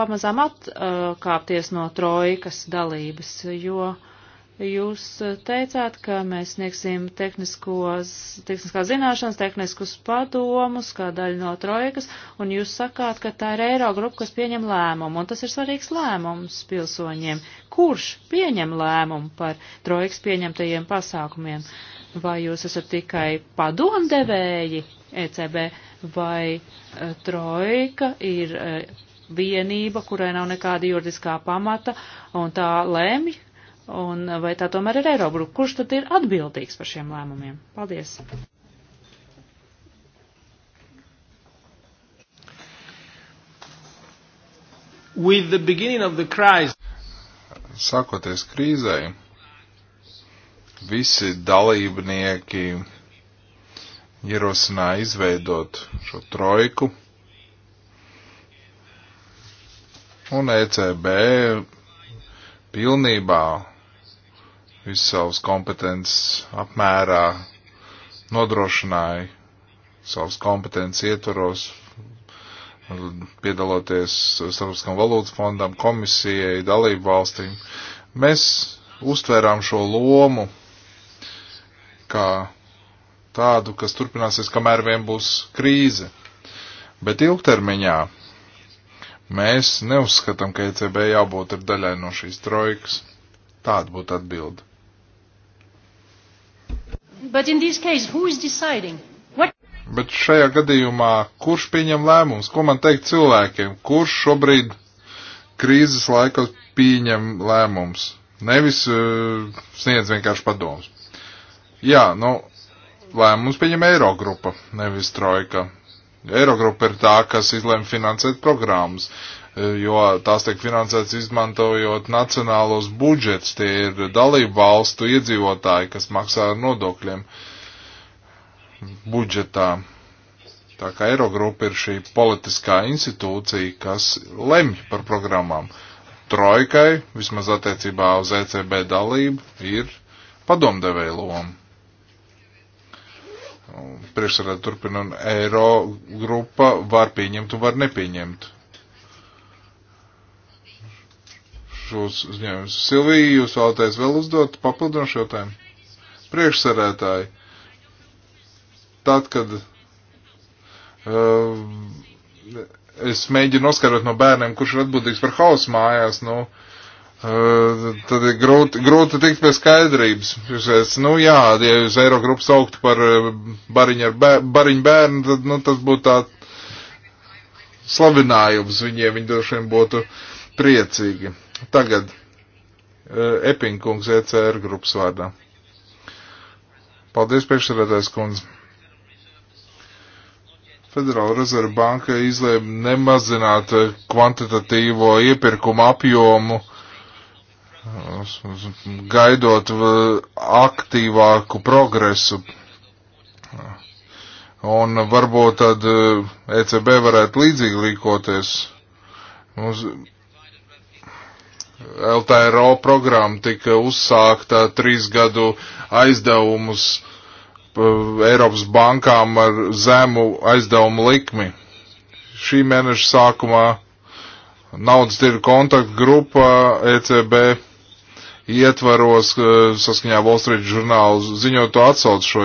[SPEAKER 4] pamazām atkāpties no trojkas dalības, jo uh, Jūs eh, teicāt, ka mēs sniegsim tehniskās zināšanas, tehniskus padomus, kā daļu no trojekas, un jūs sakāt, ka tā ir Eirogrupa, kas pieņem lēmumu, un tas ir svarīgs lēmums pilsoņiem. Kurš pieņem lēmumu par trojekas pieņemtajiem pasākumiem? Vai jūs esat tikai padomdevēji ECB, vai eh, trojka ir eh, vienība, kurai nav nekāda juridiskā pamata, un tā lēmj, un vai tā tomēr ir Eirogrupa? Kurš tad ir atbildīgs par šiem lēmumiem? Paldies!
[SPEAKER 1] With the beginning of the crisis,
[SPEAKER 3] sākoties krīzai, visi dalībnieki ierosināja izveidot šo trojku, un ECB pilnībā visu savus kompetences apmērā nodrošināja savus kompetences ietvaros, piedaloties Starptautiskam valūtas fondam, komisijai, dalību valstīm. Mēs uztvērām šo lomu kā tādu, kas turpināsies, kamēr vien būs krīze. Bet ilgtermiņā mēs neuzskatām, ka ECB jābūt ir daļai no šīs trojkas. Tāda būtu atbilde.
[SPEAKER 1] Case, What...
[SPEAKER 3] Bet šajā gadījumā kurš pieņem lēmumus? Ko man teikt cilvēkiem? Kurš šobrīd krīzes laikos pieņem lēmumus? Nevis uh, sniedz vienkārši padomus. Jā, nu, lēmumus pieņem Eirogrupa, nevis Trojka. Eirogrupa ir tā, kas izlēma finansēt programmas, jo tās tiek finansētas izmantojot nacionālos budžets, tie ir dalību valstu iedzīvotāji, kas maksā ar nodokļiem budžetā. Tā kā Eirogrupa ir šī politiskā institūcija, kas lemj par programmām. Trojkai, vismaz attiecībā uz ECB dalību, ir padomdevēja loma priekšsarā turpina un eiro grupa var pieņemt un var nepieņemt. Šos uzņēmumus. Silvija, jūs vēlaties vēl uzdot papildinošu jautājumu? Priekšsarētāji, tad, kad uh, es mēģinu noskarot no bērniem, kurš ir atbildīgs par hausu mājās, nu, uh, Eh, tad ir grūti, grūti tikt pie skaidrības. Es, nu jā, ja uz Eirogrupu sauktu par eh, bariņu, ar bē, bariņu bērnu, tad nu, tas būtu tā slavinājums viņiem, viņi droši vien būtu priecīgi. Tagad eh, Epinkungs ECR grupas vārdā. Paldies, priekšsēdētājs kundze. Federāla rezerva banka izlēma nemazināt kvantitatīvo iepirkumu apjomu uh, gaidot aktīvāku progresu. Un varbūt tad ECB eh, e varētu līdzīgi rīkoties. Mums LTRO programma tika uzsākta trīs gadu aizdevumus eh, Eiropas bankām ar zemu aizdevumu likmi. Šī mēneša sākumā naudas tirgu kontaktgrupa ECB ietvaros saskaņā Wall Street žurnālu ziņotu atsauc šo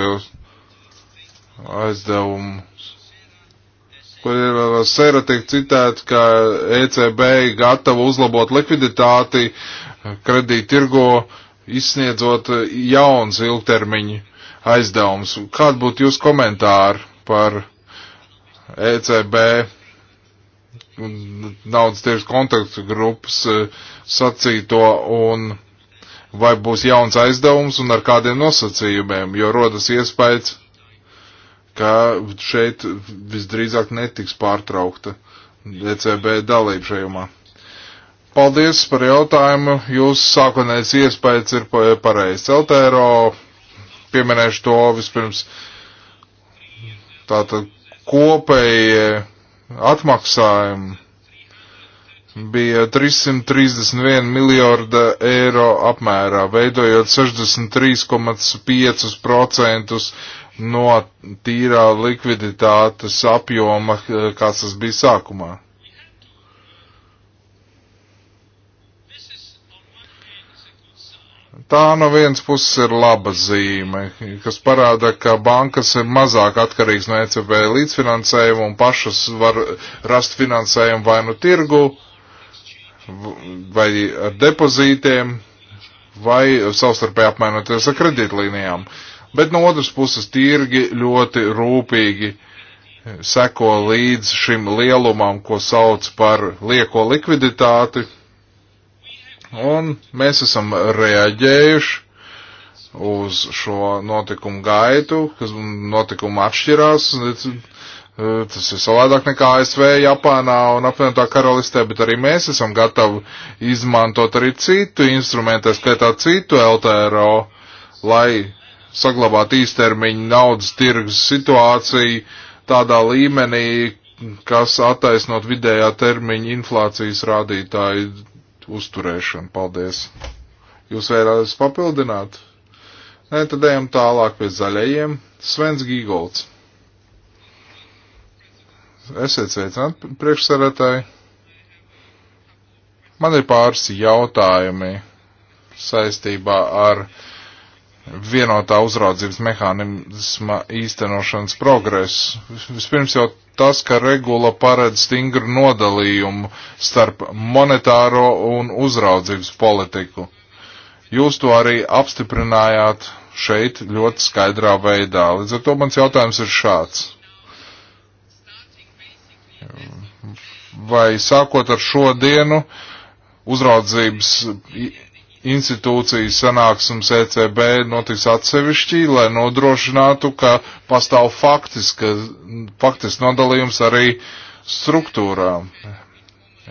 [SPEAKER 3] aizdevumu. Kur ir sēra tiek citēt, ka ECB gatava uzlabot likviditāti kredītirgo, izsniedzot jauns ilgtermiņu aizdevums. Kāda būtu jūs komentāri par ECB naudas tirgus kontaktu grupas eh, sacīto un vai būs jauns aizdevums un ar kādiem nosacījumiem, jo rodas iespējas, ka šeit visdrīzāk netiks pārtraukta ECB dalība šajumā. Paldies par jautājumu. Jūsu sākotnējais iespējas ir pareizs. Eltēro pieminēšu to vispirms. Tātad kopēji atmaksājumi bija 331 miljārda eiro apmērā, veidojot 63,5% no tīrā likviditātes apjoma, kāds tas bija sākumā. Tā no vienas puses ir laba zīme, kas parāda, ka bankas ir mazāk atkarīgas no ECB līdzfinansējuma un pašas var rast finansējumu vai nu tirgu, uh, vai ar depozītiem, vai savstarpēji apmainoties ar kredītlīnijām. Bet no otras puses tirgi ļoti rūpīgi seko līdz šim lielumam, ko sauc par lieko likviditāti, un mēs esam reaģējuši uz šo notikumu gaitu, kas notikuma atšķirās Eh, tas ir savādāk nekā ASV, Japānā un apvienotā karalistē, bet arī mēs esam gatavi izmantot arī citu instrumentu, skaitā citu LTRO, lai saglabātu īstermiņu naudas tirgus situāciju tādā līmenī, kas attaisnot vidējā termiņa inflācijas rādītāju uzturēšanu. Paldies! Jūs vēlaties papildināt? Nē, tad ejam tālāk pie zaļajiem. Svens Gīgolds. Esiet sveicināti, priekšsarētāji. Man ir pāris jautājumi saistībā ar vienotā uzraudzības mehānisma īstenošanas progresu. Vispirms jau tas, ka regula paredz stingru nodalījumu starp monetāro un uzraudzības politiku. Jūs to arī apstiprinājāt šeit ļoti skaidrā veidā. Līdz ar to mans jautājums ir šāds vai sākot ar šodienu uzraudzības institūcijas sanāksums ECB notiks atsevišķi, lai nodrošinātu, ka pastāv faktiska, faktiski nodalījums arī struktūrā.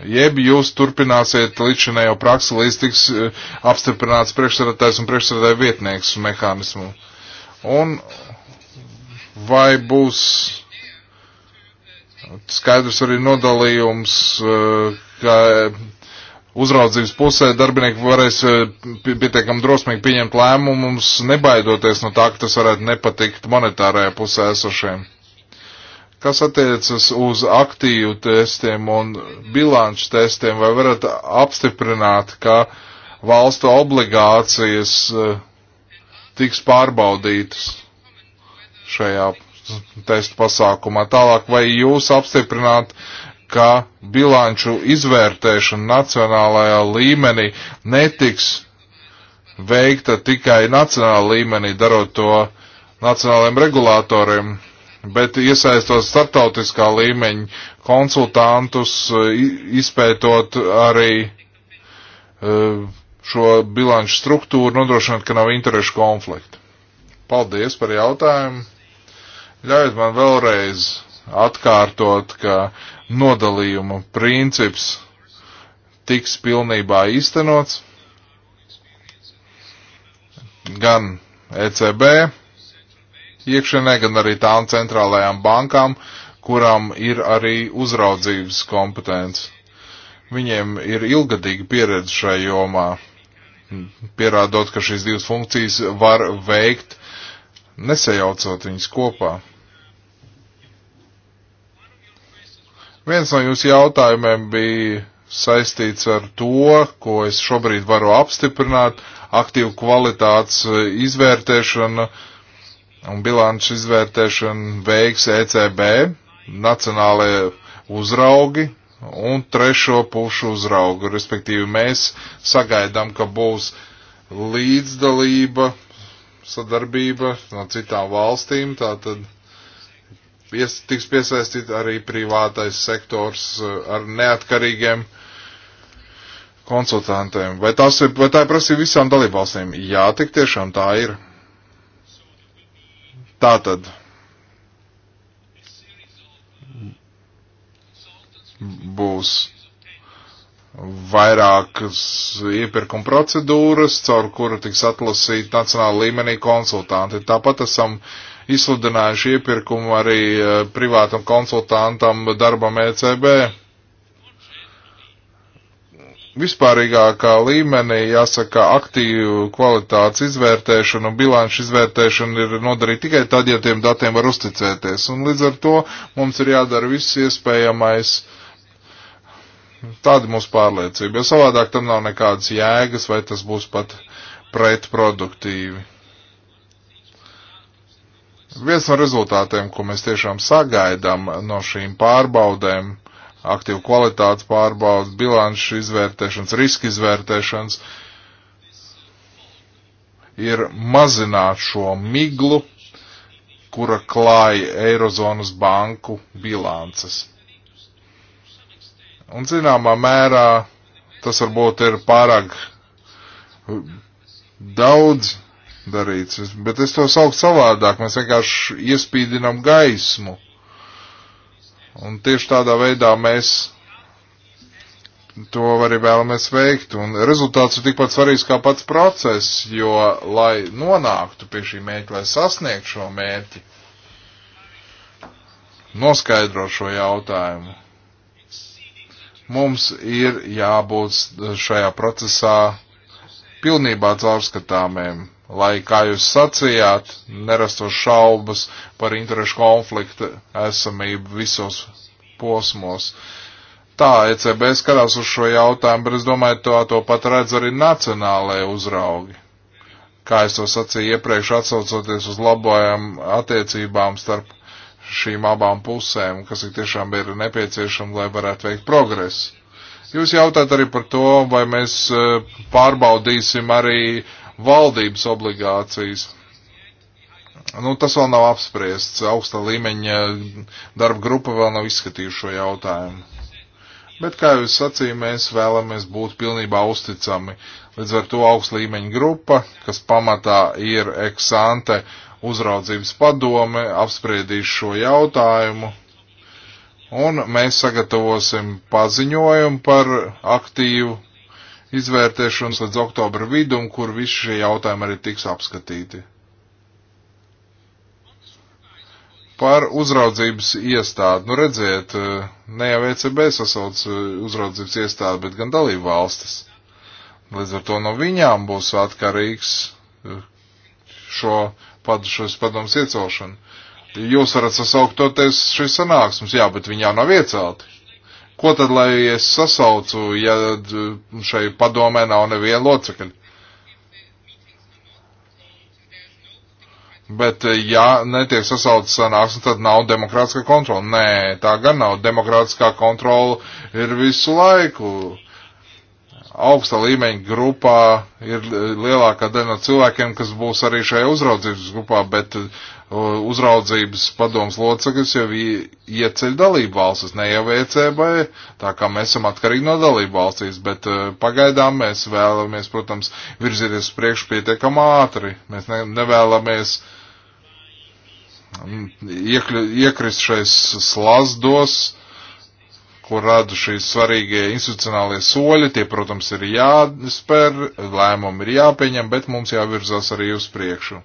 [SPEAKER 3] Jeb jūs turpināsiet līdzinējo praksi, līdz tiks e, apstiprināts priekšsēdētājs un priekšsēdētāja vietnieks mehānismu. Un vai būs Skaidrs arī nodalījums, eh, ka uzraudzības pusē darbinieki varēs eh, pietiekam drosmīgi pieņemt lēmumus, nebaidoties no tā, ka tas varētu nepatikt monetārajā pusē esošiem. Kas attiecas uz aktīvu testiem un bilanču testiem, vai varat apstiprināt, ka valstu obligācijas eh, tiks pārbaudītas šajā testu pasākumā. Tālāk, vai jūs apstiprināt, ka bilanču izvērtēšana nacionālajā līmenī netiks veikta tikai nacionālā līmenī, darot to nacionālajiem regulātoriem, bet iesaistot starptautiskā līmeņa konsultantus, izpētot arī e, šo bilanču struktūru, nodrošinot, ka nav interešu konflikta. Paldies par jautājumu! Ļaujiet man vēlreiz atkārtot, ka nodalījuma princips tiks pilnībā īstenots gan ECB iekšienē, gan arī tām centrālajām bankām, kurām ir arī uzraudzības kompetence. Viņiem ir ilgadīga pieredze šajā jomā, pierādot, ka šīs divas funkcijas var veikt, nesajaucot viņas kopā. Viens no jūsu jautājumiem bija saistīts ar to, ko es šobrīd varu apstiprināt, aktīvu kvalitātes eh, izvērtēšana un bilanču izvērtēšana veiks ECB, nacionālajie uzraugi un trešo pušu uzraugu. Respektīvi, mēs sagaidām, ka būs līdzdalība, sadarbība no citām valstīm, tātad pies, tiks piesaistīt arī privātais sektors eh, ar neatkarīgiem konsultantiem. Vai, tas ir, vai tā ir prasība visām dalībvalstīm? Jā, tik tiešām tā ir. Tā tad. Būs vairākas iepirkuma procedūras, caur kuru tiks atlasīti nacionāla līmenī konsultanti. Tāpat esam uh, izsludinājuši iepirkumu arī e, privātam konsultantam darbam ECB. Vispārīgākā līmenī, jāsaka, aktīvu kvalitātes izvērtēšanu un bilanšu izvērtēšanu ir nodarīta tikai tad, ja tiem datiem var uzticēties. Un līdz ar to mums ir jādara viss iespējamais uh, Tāda mūsu pārliecība, jo savādāk tam nav nekādas jēgas, vai tas būs pat pretproduktīvi. Viens no rezultātiem, ko mēs tiešām sagaidām no šīm pārbaudēm, aktīvu kvalitātes pārbaudas, bilanšu izvērtēšanas, riska izvērtēšanas, ir mazināt šo miglu, kura klāja Eirozonas banku bilances. Un zināmā mērā tas varbūt ir pārāk daudz darīts. Bet es to saucu savādāk, mēs vienkārši iespīdinam gaismu. Un tieši tādā veidā mēs to arī vēlamies veikt. Un rezultāts ir tikpat svarīgs kā pats process, jo, lai nonāktu pie šī mērķa, lai sasniegtu šo mērķi, noskaidrot šo jautājumu, mums ir jābūt šajā procesā pilnībā caurskatāmiem lai, kā jūs sacījāt, nerastos šaubas par interešu konfliktu esamību visos posmos. Tā ECB skatās uz šo jautājumu, bet es domāju, to, to pat redz arī nacionālajie uzraugi. Kā es to sacīju iepriekš, atsaucoties uz labojām attiecībām starp šīm abām pusēm, kas ir tiešām ir nepieciešama, lai varētu veikt progresu. Jūs jautājat arī par to, vai mēs eh, pārbaudīsim arī uh, Valdības obligācijas. Nu, tas vēl nav apspriests. Augsta līmeņa darba grupa vēl nav izskatījuši šo jautājumu. Bet, kā jau es sacīju, mēs vēlamies būt pilnībā uzticami. Līdz ar to augsta līmeņa grupa, kas pamatā ir eksante uzraudzības padome, apspriedīs šo jautājumu. Un mēs sagatavosim paziņojumu par aktīvu izvērtēšanas līdz oktobra vidum, kur visi šie jautājumi arī tiks apskatīti. Par uzraudzības iestādi. Nu redziet, eh, ne jau ECB sasauc eh, uzraudzības iestādi, bet gan dalību valstis. Līdz ar to no viņām būs atkarīgs eh, šo padušos padomus iecelšanu. Jūs varat sasaukt toties šīs sanāksmes, jā, bet viņi jau nav iecelti. Ko tad, lai es sasaucu, ja šai padomē nav neviena locekļa? Bet, ja netiek sasaucts sanāksme, tad nav demokrātiskā kontrola. Nē, tā gan nav. Demokrātiskā kontrola ir visu laiku. Augsta līmeņa grupā ir lielākā daļa no cilvēkiem, kas būs arī šajā uzraudzības grupā, bet Uh, uzraudzības padoms locekļus jau ieceļ dalību valstis, ne jau ECB, tā kā mēs esam atkarīgi no dalību valstīs, bet uh, pagaidām mēs vēlamies, protams, virzīties uz priekšu pietiekam ātri. Mēs ne, nevēlamies mm, iekļu, iekrist šais slazdos, kur rada šīs svarīgie institucionālie soļi, tie, protams, ir jāspēr, lēmumi ir jāpieņem, bet mums jāvirzās arī uz priekšu.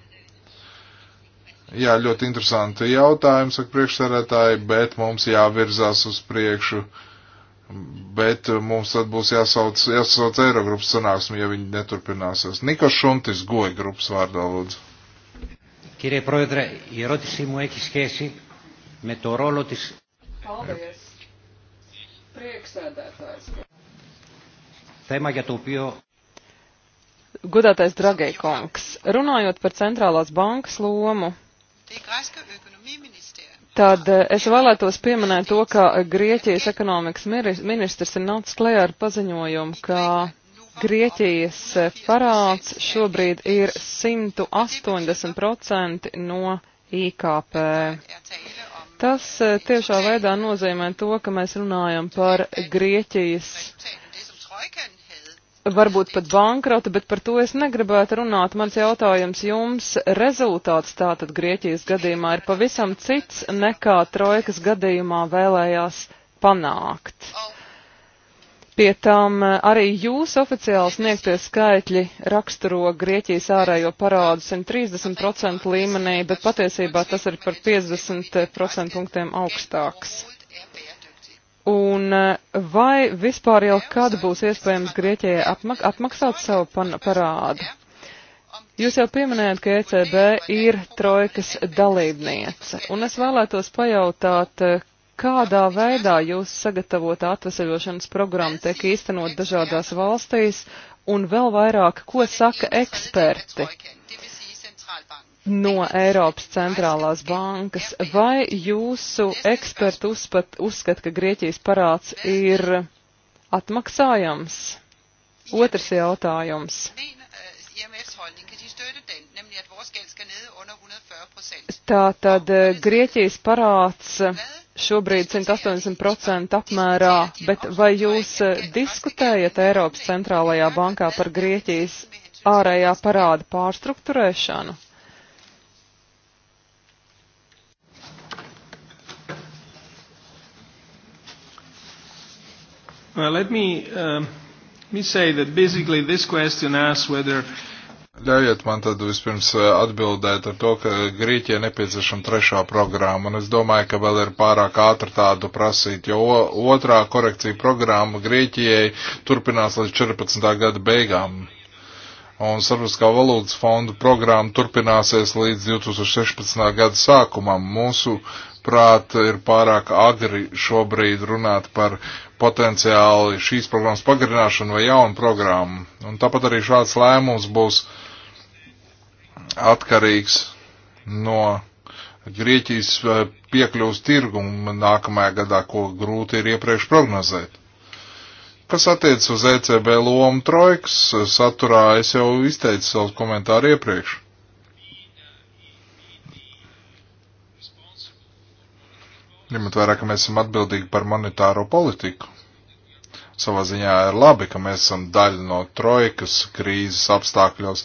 [SPEAKER 3] Jā, ļoti interesanti jautājumi, saka priekšsarētāji, bet mums jāvirzās uz priekšu. Bet mums tad būs jāsauc, jāsauc Eirogrupas sanāksmi, ja viņi neturpināsies. Nikos Šuntis, goja grupas vārdā, lūdzu.
[SPEAKER 1] Κύριε Πρόεδρε, η ερώτησή μου έχει σχέση με το ρόλο της... Paldies.
[SPEAKER 2] Prieksēdētājs.
[SPEAKER 1] Θέμα για το οποίο...
[SPEAKER 2] Gudātais Dragēkungs, runājot par centrālās bankas lomu, Tad eh, es vēlētos pieminēt to, ka Grieķijas ekonomikas ministrs ir nācis klajā ar paziņojumu, ka Grieķijas eh, parāds šobrīd ir 180% no IKP. Tas eh, tiešā veidā nozīmē to, ka mēs runājam par Grieķijas varbūt pat bankrota, bet par to es negribētu runāt. Mans jautājums jums rezultāts tātad Grieķijas gadījumā ir pavisam cits nekā trojkas gadījumā vēlējās panākt. Pie tam arī jūs oficiāli sniegtie skaitļi raksturo Grieķijas ārējo parādu 130% līmenī, bet patiesībā tas ir par 50% punktiem augstāks. Un eh, vai vispār jau kad būs iespējams Grieķijai atmak atmaksāt savu parādu? Jūs jau pieminējat, ka ECB ir trojkas dalībniece, un es vēlētos pajautāt, eh, kādā veidā jūs sagatavota atvesaļošanas programma tiek īstenot dažādās valstīs, un vēl vairāk, ko saka eksperti no Eiropas centrālās bankas, vai jūsu eksperti uzskat, uzskat, ka Grieķijas parāds ir atmaksājams? Otrs jautājums. Tātad eh, Grieķijas parāds šobrīd 180% apmērā, bet vai jūs eh, diskutējat Eiropas centrālajā bankā par Grieķijas ārējā parāda pārstruktūrēšanu?
[SPEAKER 3] Well, let me, um, let me say that basically this question asks whether Ļaujiet man tad vispirms uh, atbildēt ar to, ka Grieķijai nepieciešama trešā programma, un es domāju, ka vēl ir pārāk ātri tādu prasīt, jo otrā korekcija programma Grieķijai turpinās līdz 14. gada beigām. Un Sarviskā valūtas fonda programma turpināsies līdz 2016. gada sākumam. Mūsu manuprāt, ir pārāk agri šobrīd runāt par potenciāli šīs programmas pagarināšanu vai jaunu programmu. Un tāpat arī šāds lēmums būs atkarīgs no Grieķijas eh, piekļūs tirgumu nākamajā gadā, ko grūti ir iepriekš prognozēt. Kas attiec uz ECB lomu trojkas saturā, es jau izteicu savus komentāru iepriekš. Ņemot vērā, ka mēs esam atbildīgi par monetāro politiku. Savā ziņā ir labi, ka mēs esam daļa no trojkas krīzes apstākļos.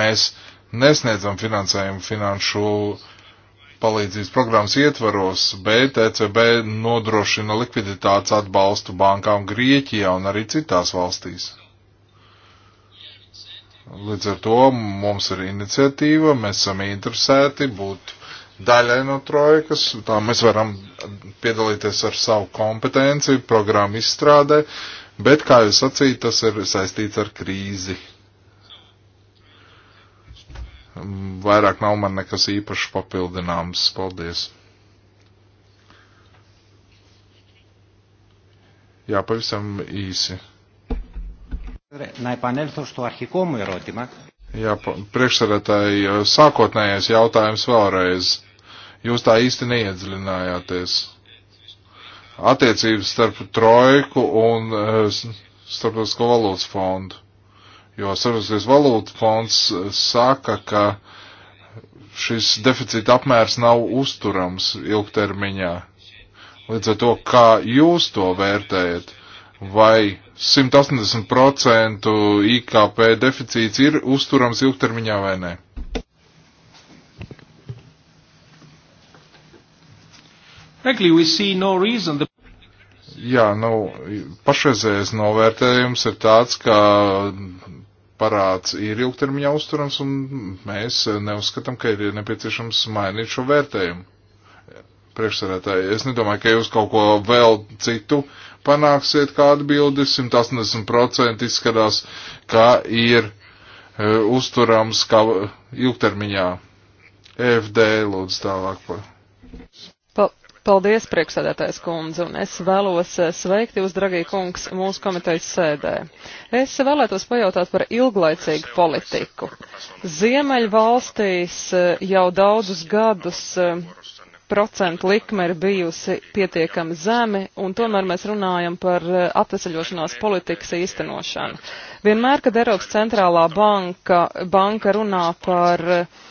[SPEAKER 3] Mēs nesniedzam finansējumu finanšu palīdzības programmas ietvaros, bet ECB nodrošina likviditātes atbalstu bankām Grieķijā un arī citās valstīs. Līdz ar to mums ir iniciatīva, mēs esam interesēti būt daļai no trojkas, tā mēs varam piedalīties ar savu kompetenci, programmu izstrādē, bet, kā jūs sacījāt, tas ir saistīts ar krīzi. Vairāk nav man nekas īpaši papildināms. Paldies! Jā, pavisam īsi. Να επανέλθω στο αρχικό μου ερώτημα. Jā, priekšsarētāji, sākotnējais jautājums vēlreiz. Jūs tā īsti neiedziļinājāties. Attiecības starp trojku un eh, starptautisko valūtas fondu. Jo starptautiskais valūtas fonds eh, saka, ka šis deficīta apmērs nav uzturams ilgtermiņā. Līdz ar to, kā jūs to vērtējat, vai 180% IKP deficīts ir uzturams ilgtermiņā vai nē? Frankly, we see no reason. The... Jā, nu, pašreizējais novērtējums ir tāds, ka parāds ir ilgtermiņā uzturams, un mēs neuzskatām, ka ir nepieciešams mainīt šo vērtējumu. Priekšsarētāji, es nedomāju, ka jūs kaut ko vēl citu panāksiet kā atbildi. 180% izskatās, ka ir uh, uzturams kā ilgtermiņā. E FD lūdzu tālāk. Par.
[SPEAKER 2] Paldies, priekšsēdētājs kundze, un es vēlos eh, sveikt jūs, dragī kungs, mūsu komitejas sēdē. Es vēlētos pajautāt par ilglaicīgu politiku. Ziemeļvalstīs eh, jau daudzus gadus eh, procentu likme ir bijusi pietiekami zemi, un tomēr mēs runājam par atvesaļošanās politikas īstenošanu. Vienmēr, kad Eiropas centrālā banka, banka runā par uh,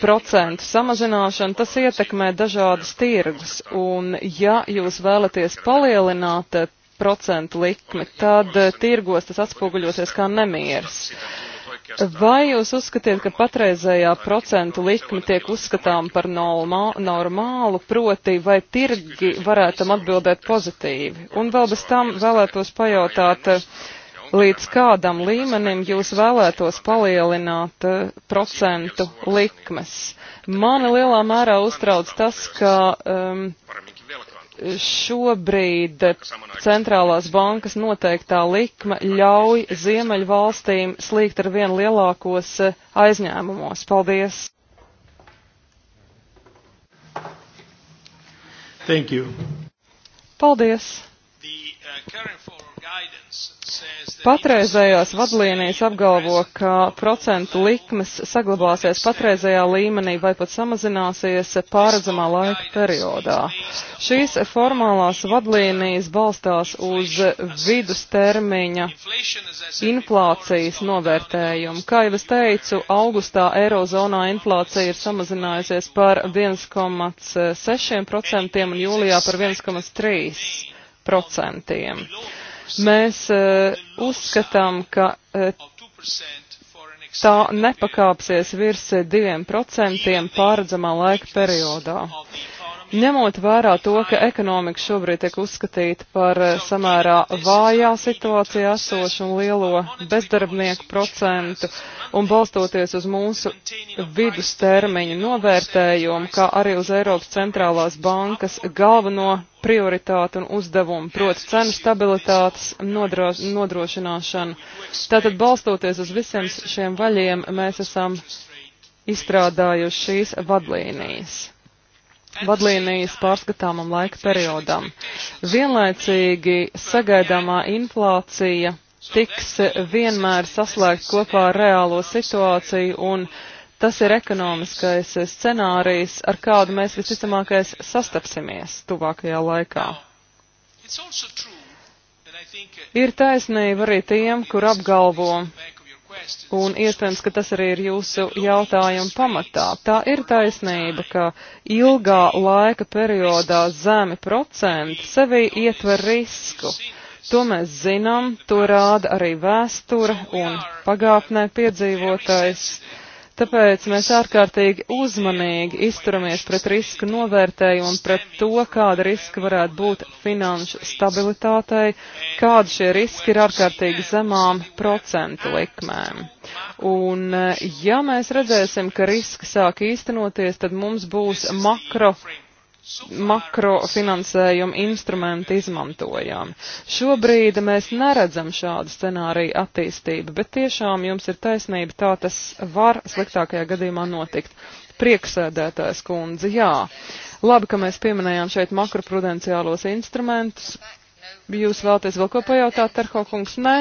[SPEAKER 2] procentu samazināšana, tas ietekmē dažādas tirgus. Un ja jūs vēlaties palielināt procentu likmi, tad eh, tirgos tas atspoguļosies kā nemieris. Vai jūs uzskatiet, ka patreizējā procentu likme tiek uzskatām par normālu, proti, vai tirgi varētu tam atbildēt pozitīvi? Un vēl bez tam vēlētos pajautāt, uh, līdz kādam līmenim jūs vēlētos palielināt uh, procentu likmes. Mani lielā mērā uztrauc tas, ka um, šobrīd centrālās bankas noteiktā likme ļauj Ziemeļvalstīm slīgt ar vien lielākos eh, aizņēmumos. Paldies! Thank you. Paldies! The, uh, Patreizējās vadlīnijas apgalvo, ka procentu likmes saglabāsies patreizējā līmenī vai pat samazināsies pārredzamā laika periodā. Šīs formālās vadlīnijas balstās uz vidustermiņa inflācijas novērtējumu. Kā jau es teicu, augustā Eirozonā inflācija ir samazinājusies par 1,6% un jūlijā par 1,3%. Mēs eh, uzskatām, ka eh, tā nepakāpsies virs 2% eh, pārredzamā laika periodā. Ņemot vērā to, ka ekonomika šobrīd tiek uzskatīta par eh, samērā vājā situācijā esošu un lielo bezdarbnieku procentu, un balstoties uz mūsu vidustermiņu novērtējumu, kā arī uz Eiropas centrālās bankas galveno prioritāti un uzdevumu, proti cenu stabilitātes nodroš nodrošināšanu. Tātad balstoties uz visiem šiem vaļiem, mēs esam izstrādājuši šīs vadlīnijas vadlīnijas pārskatāmam laika periodam. Vienlaicīgi sagaidāmā inflācija tiks vienmēr saslēgt kopā ar reālo situāciju un tas ir ekonomiskais scenārijs, ar kādu mēs visticamākais sastapsimies tuvākajā laikā. Ir taisnība arī tiem, kur apgalvo, Un iespējams, ka tas arī ir jūsu jautājuma pamatā. Tā ir taisnība, ka ilgā laika periodā zemi procenti sevī ietver risku. To mēs zinām, to rāda arī vēsture un pagātnē piedzīvotais. Uh, Tāpēc mēs ārkārtīgi uzmanīgi izturamies pret risku novērtējumu, pret to, kāda riska varētu būt finanšu stabilitātei, kāda šie riski ir ārkārtīgi zemām procentu likmēm. Un eh, ja mēs redzēsim, ka riski sāk īstenoties, tad mums būs makro makrofinansējuma instrumentu izmantojām. Šobrīd mēs neredzam šādu scenāriju attīstību, bet tiešām jums ir taisnība, tā tas var sliktākajā gadījumā notikt. Prieksēdētājs kundze, jā. Labi, ka mēs pieminējām šeit makroprudenciālos instrumentus. Jūs vēlaties vēl ko pajautāt, Terhokungs? Nē.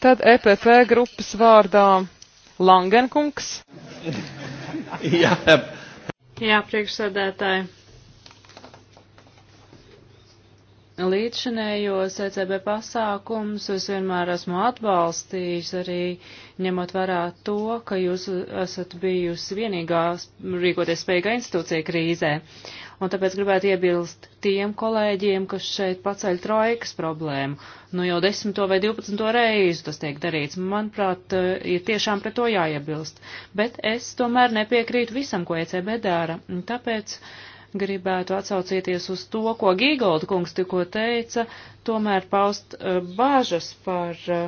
[SPEAKER 2] Tad EPP grupas vārdā Langenkungs.
[SPEAKER 4] Jā, jā priekšsēdētāji. līdzšanējos ECB pasākums es vienmēr esmu atbalstījis, arī ņemot vērā to, ka jūs esat bijusi vienīgā rīkoties spējīga institūcija krīzē. Un tāpēc gribētu iebilst tiem kolēģiem, kas šeit paceļ trojkas problēmu. Nu jau desmito vai divpadsmito reizi tas tiek darīts. Manuprāt, eh, ir tiešām pret to jāiebilst. Bet es tomēr nepiekrītu visam, ko ECB dara. Tāpēc uh, gribētu atsaucieties uz to, ko Gīgolda kungs tikko teica, tomēr paust e, bāžas par e,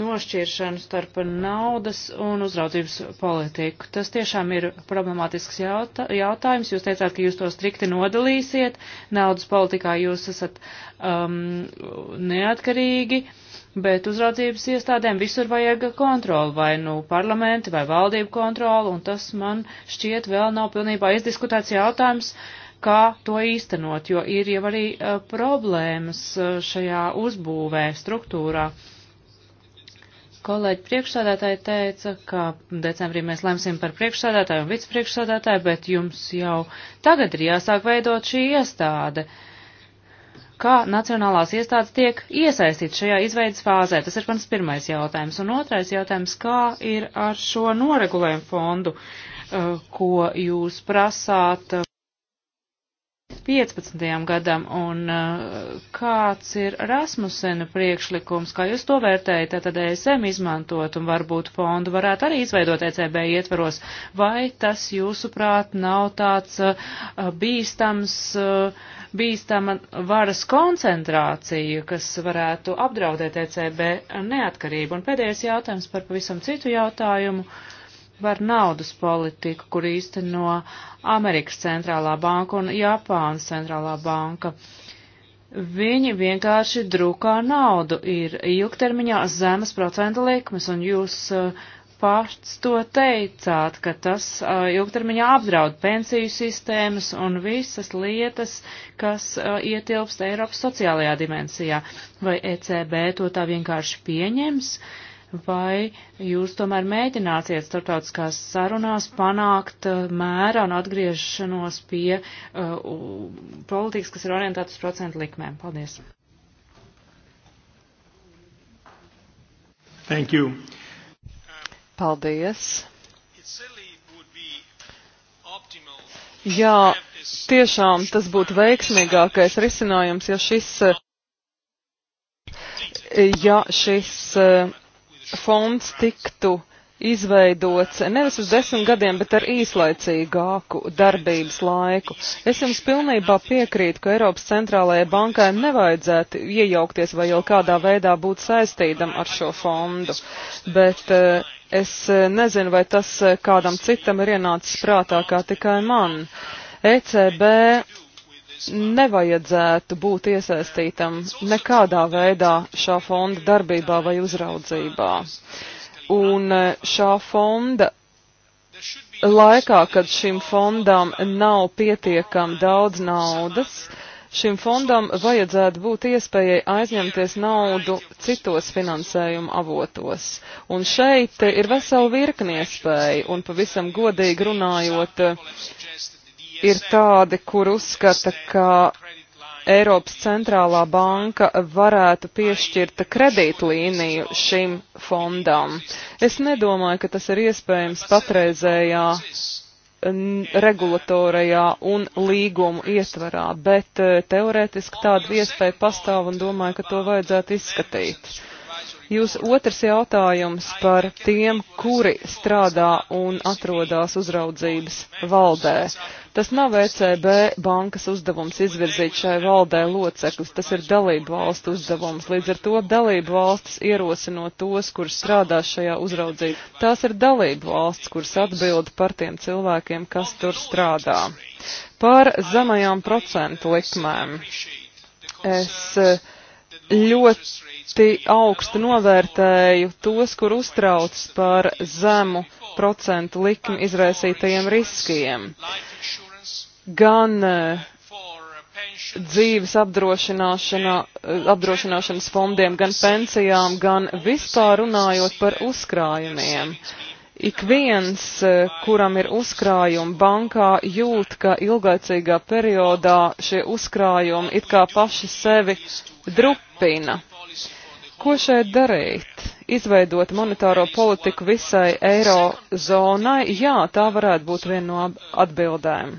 [SPEAKER 4] nošķiršanu starp naudas un uzraudzības politiku. Tas tiešām ir problemātisks jautā, jautājums. Jūs teicāt, ka jūs to strikti nodalīsiet. Naudas politikā jūs esat um, neatkarīgi. Uh, bet uzraudzības iestādēm visur vajag kontroli, vai nu parlamenti, vai valdību kontroli, un tas man šķiet vēl nav pilnībā izdiskutēts jautājums, kā to īstenot, jo ir jau arī uh, problēmas uh, šajā uzbūvē, struktūrā. Kolēģi priekšsādātāji teica, ka decembrī mēs lemsim par priekšsādātāju un vicepriekšsādātāju, bet jums jau tagad ir jāsāk veidot šī iestāde. Uh, kā nacionālās iestādes tiek iesaistīts šajā izveidas fāzē? Tas ir mans pirmais jautājums. Un otrais jautājums, kā ir ar šo noregulējumu fondu, uh, ko jūs prasāt 15. Uh, gadam, un uh, kāds ir Rasmusena priekšlikums, kā jūs to vērtējat, tad ESM izmantot un varbūt fondu varētu arī izveidot ECB ietvaros, vai tas jūsuprāt nav tāds bīstams uh, bīstama varas koncentrācija, kas varētu apdraudēt ECB neatkarību. Un pēdējais jautājums par pavisam citu jautājumu var naudas politiku, kur īsteno Amerikas centrālā banka un Japānas centrālā banka. Viņi vienkārši drukā naudu, ir ilgtermiņā zemes procentu likmes, un jūs uh, pats to teicāt, ka tas uh, ilgtermiņā apdraud pensiju sistēmas un visas lietas, kas uh, ietilpst Eiropas sociālajā dimensijā. Vai ECB to tā vienkārši pieņems, vai jūs tomēr mēģināsiet starptautiskās sarunās panākt uh, mērā un atgriešanos pie uh, politikas, kas ir orientētas procentu likmēm? Paldies!
[SPEAKER 1] Thank you.
[SPEAKER 2] Paldies! Jā, tiešām tas būtu veiksmīgākais risinājums, ja šis, ja šis eh, fonds tiktu izveidots nevis uz desmit gadiem, bet ar īslaicīgāku darbības laiku. Es jums pilnībā piekrītu, ka Eiropas centrālajai bankai nevajadzētu iejaukties vai jau kādā veidā būt saistītam ar šo fondu, bet uh, Es eh, nezinu, vai tas eh, kādam citam ir ienācis prātā kā tikai man. ECB nevajadzētu būt iesaistītam nekādā veidā šā fonda darbībā vai uzraudzībā. Un eh, šā fonda laikā, kad šim fondam nav pietiekam daudz naudas, uh, Šim fondam vajadzētu būt iespējai aizņemties naudu citos finansējuma avotos. Un šeit ir vesela virkni iespēja, un pavisam godīgi runājot, ir tādi, kur uzskata, ka Eiropas centrālā banka varētu piešķirt kredītlīniju šim fondam. Es nedomāju, ka tas ir iespējams patreizējā regulatorajā un līgumu ietvarā, bet eh, teorētiski tāda iespēja pastāv un domāju, ka to vajadzētu izskatīt. Jūs otrs jautājums par tiem, kuri strādā un atrodas uzraudzības valdē. Tas nav ECB bankas uzdevums izvirzīt šai valdē loceklis, tas ir dalību valstu uzdevums. Līdz ar to dalību valstis ierosinot tos, kur strādā šajā uzraudzībā. Tās ir dalību valsts, kuras atbild par tiem cilvēkiem, kas tur strādā. Par zemajām procentu likmēm. Es eh, ļoti augstu novērtēju tos, kur uztrauc par zemu procentu likmi izraisītajiem riskiem gan eh, dzīves eh, apdrošināšanas fondiem, gan pensijām, gan vispār runājot par uzkrājumiem. Ik viens, eh, kuram ir uzkrājumi bankā, jūt, ka ilgaicīgā periodā šie uzkrājumi it kā paši sevi drupina. Ko šeit darīt? Izveidot monetāro politiku visai eirozonai? Jā, tā varētu būt viena no atbildēm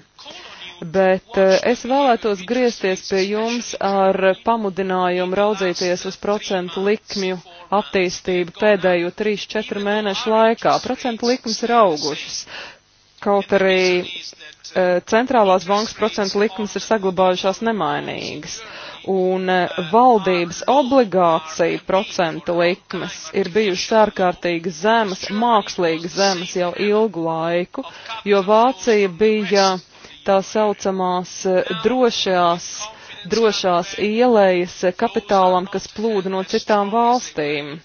[SPEAKER 2] bet eh, es vēlētos griezties pie jums ar pamudinājumu raudzīties uz procentu likmju attīstību pēdējo 3-4 mēnešu laikā. Procentu likmes ir augušas. Kaut arī eh, centrālās bankas procentu likmes ir saglabājušās nemainīgas un eh, valdības obligācija procentu likmes ir bijušas ārkārtīgi zemas, mākslīgi zemas jau ilgu laiku, jo Vācija bija tā saucamās eh, drošās, drošās ielējas eh, kapitālam, kas plūda no citām valstīm.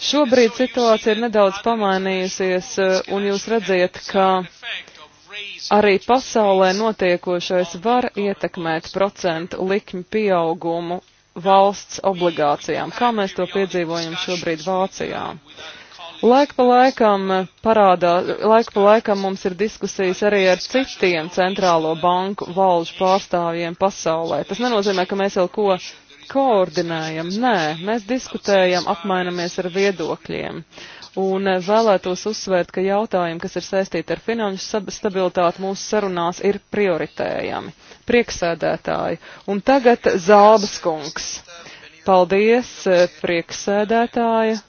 [SPEAKER 2] Šobrīd situācija ir nedaudz pamainījusies, eh, un jūs redziet, ka arī pasaulē notiekošais var ietekmēt procentu likmi pieaugumu valsts obligācijām, kā mēs to piedzīvojam šobrīd Vācijā. Laik pa laikam eh, parādā, laik pa laikam mums ir diskusijas arī ar citiem centrālo banku valžu pārstāvjiem pasaulē. Tas nenozīmē, ka mēs jau ko koordinējam. Nē, mēs diskutējam, apmainamies ar viedokļiem. Un eh, vēlētos uzsvērt, ka jautājumi, kas ir saistīti ar finanšu stabilitāti, mūsu sarunās ir prioritējami. Prieksēdētāji. Un tagad Zābas kungs. Paldies, eh, prieksēdētāja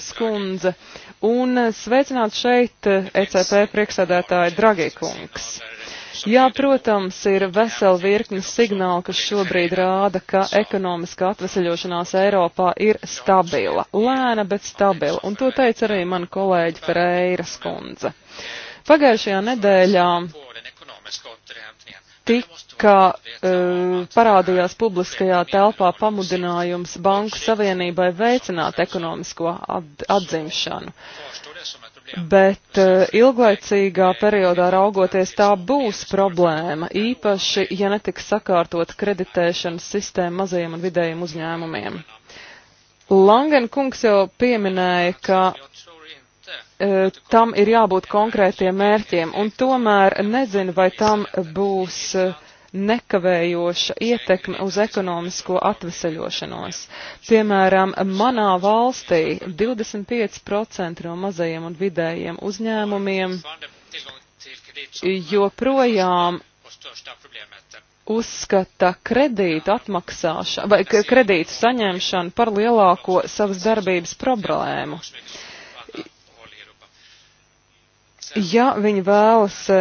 [SPEAKER 2] skundze, un eh, sveicināt šeit ECP eh, e priekšsēdētāja Dragikungs. Jā, protams, ir vesela virknes signāli, kas šobrīd rāda, ka ekonomiskā atvesaļošanās Eiropā ir stabila, lēna, bet stabila, un to teica arī man kolēģi Pereira skundze. Pagājušajā nedēļā tika uh, parādījās publiskajā telpā pamudinājums Banku Savienībai veicināt ekonomisko atzimšanu. Bet uh, ilglaicīgā periodā raugoties tā būs problēma, īpaši, ja netiks sakārtot kreditēšanas sistēma mazajiem un vidējiem uzņēmumiem. Langen kungs jau pieminēja, ka E, tam ir jābūt konkrētiem mērķiem, un tomēr nezinu, vai tam būs e, nekavējoša ietekme uz ekonomisko atveseļošanos. Piemēram, manā valstī 25% no mazajiem un vidējiem uzņēmumiem joprojām uzskata kredītu atmaksāšanu vai kredītu saņemšanu par lielāko savas darbības problēmu. Uh, Ja viņi vēlas e,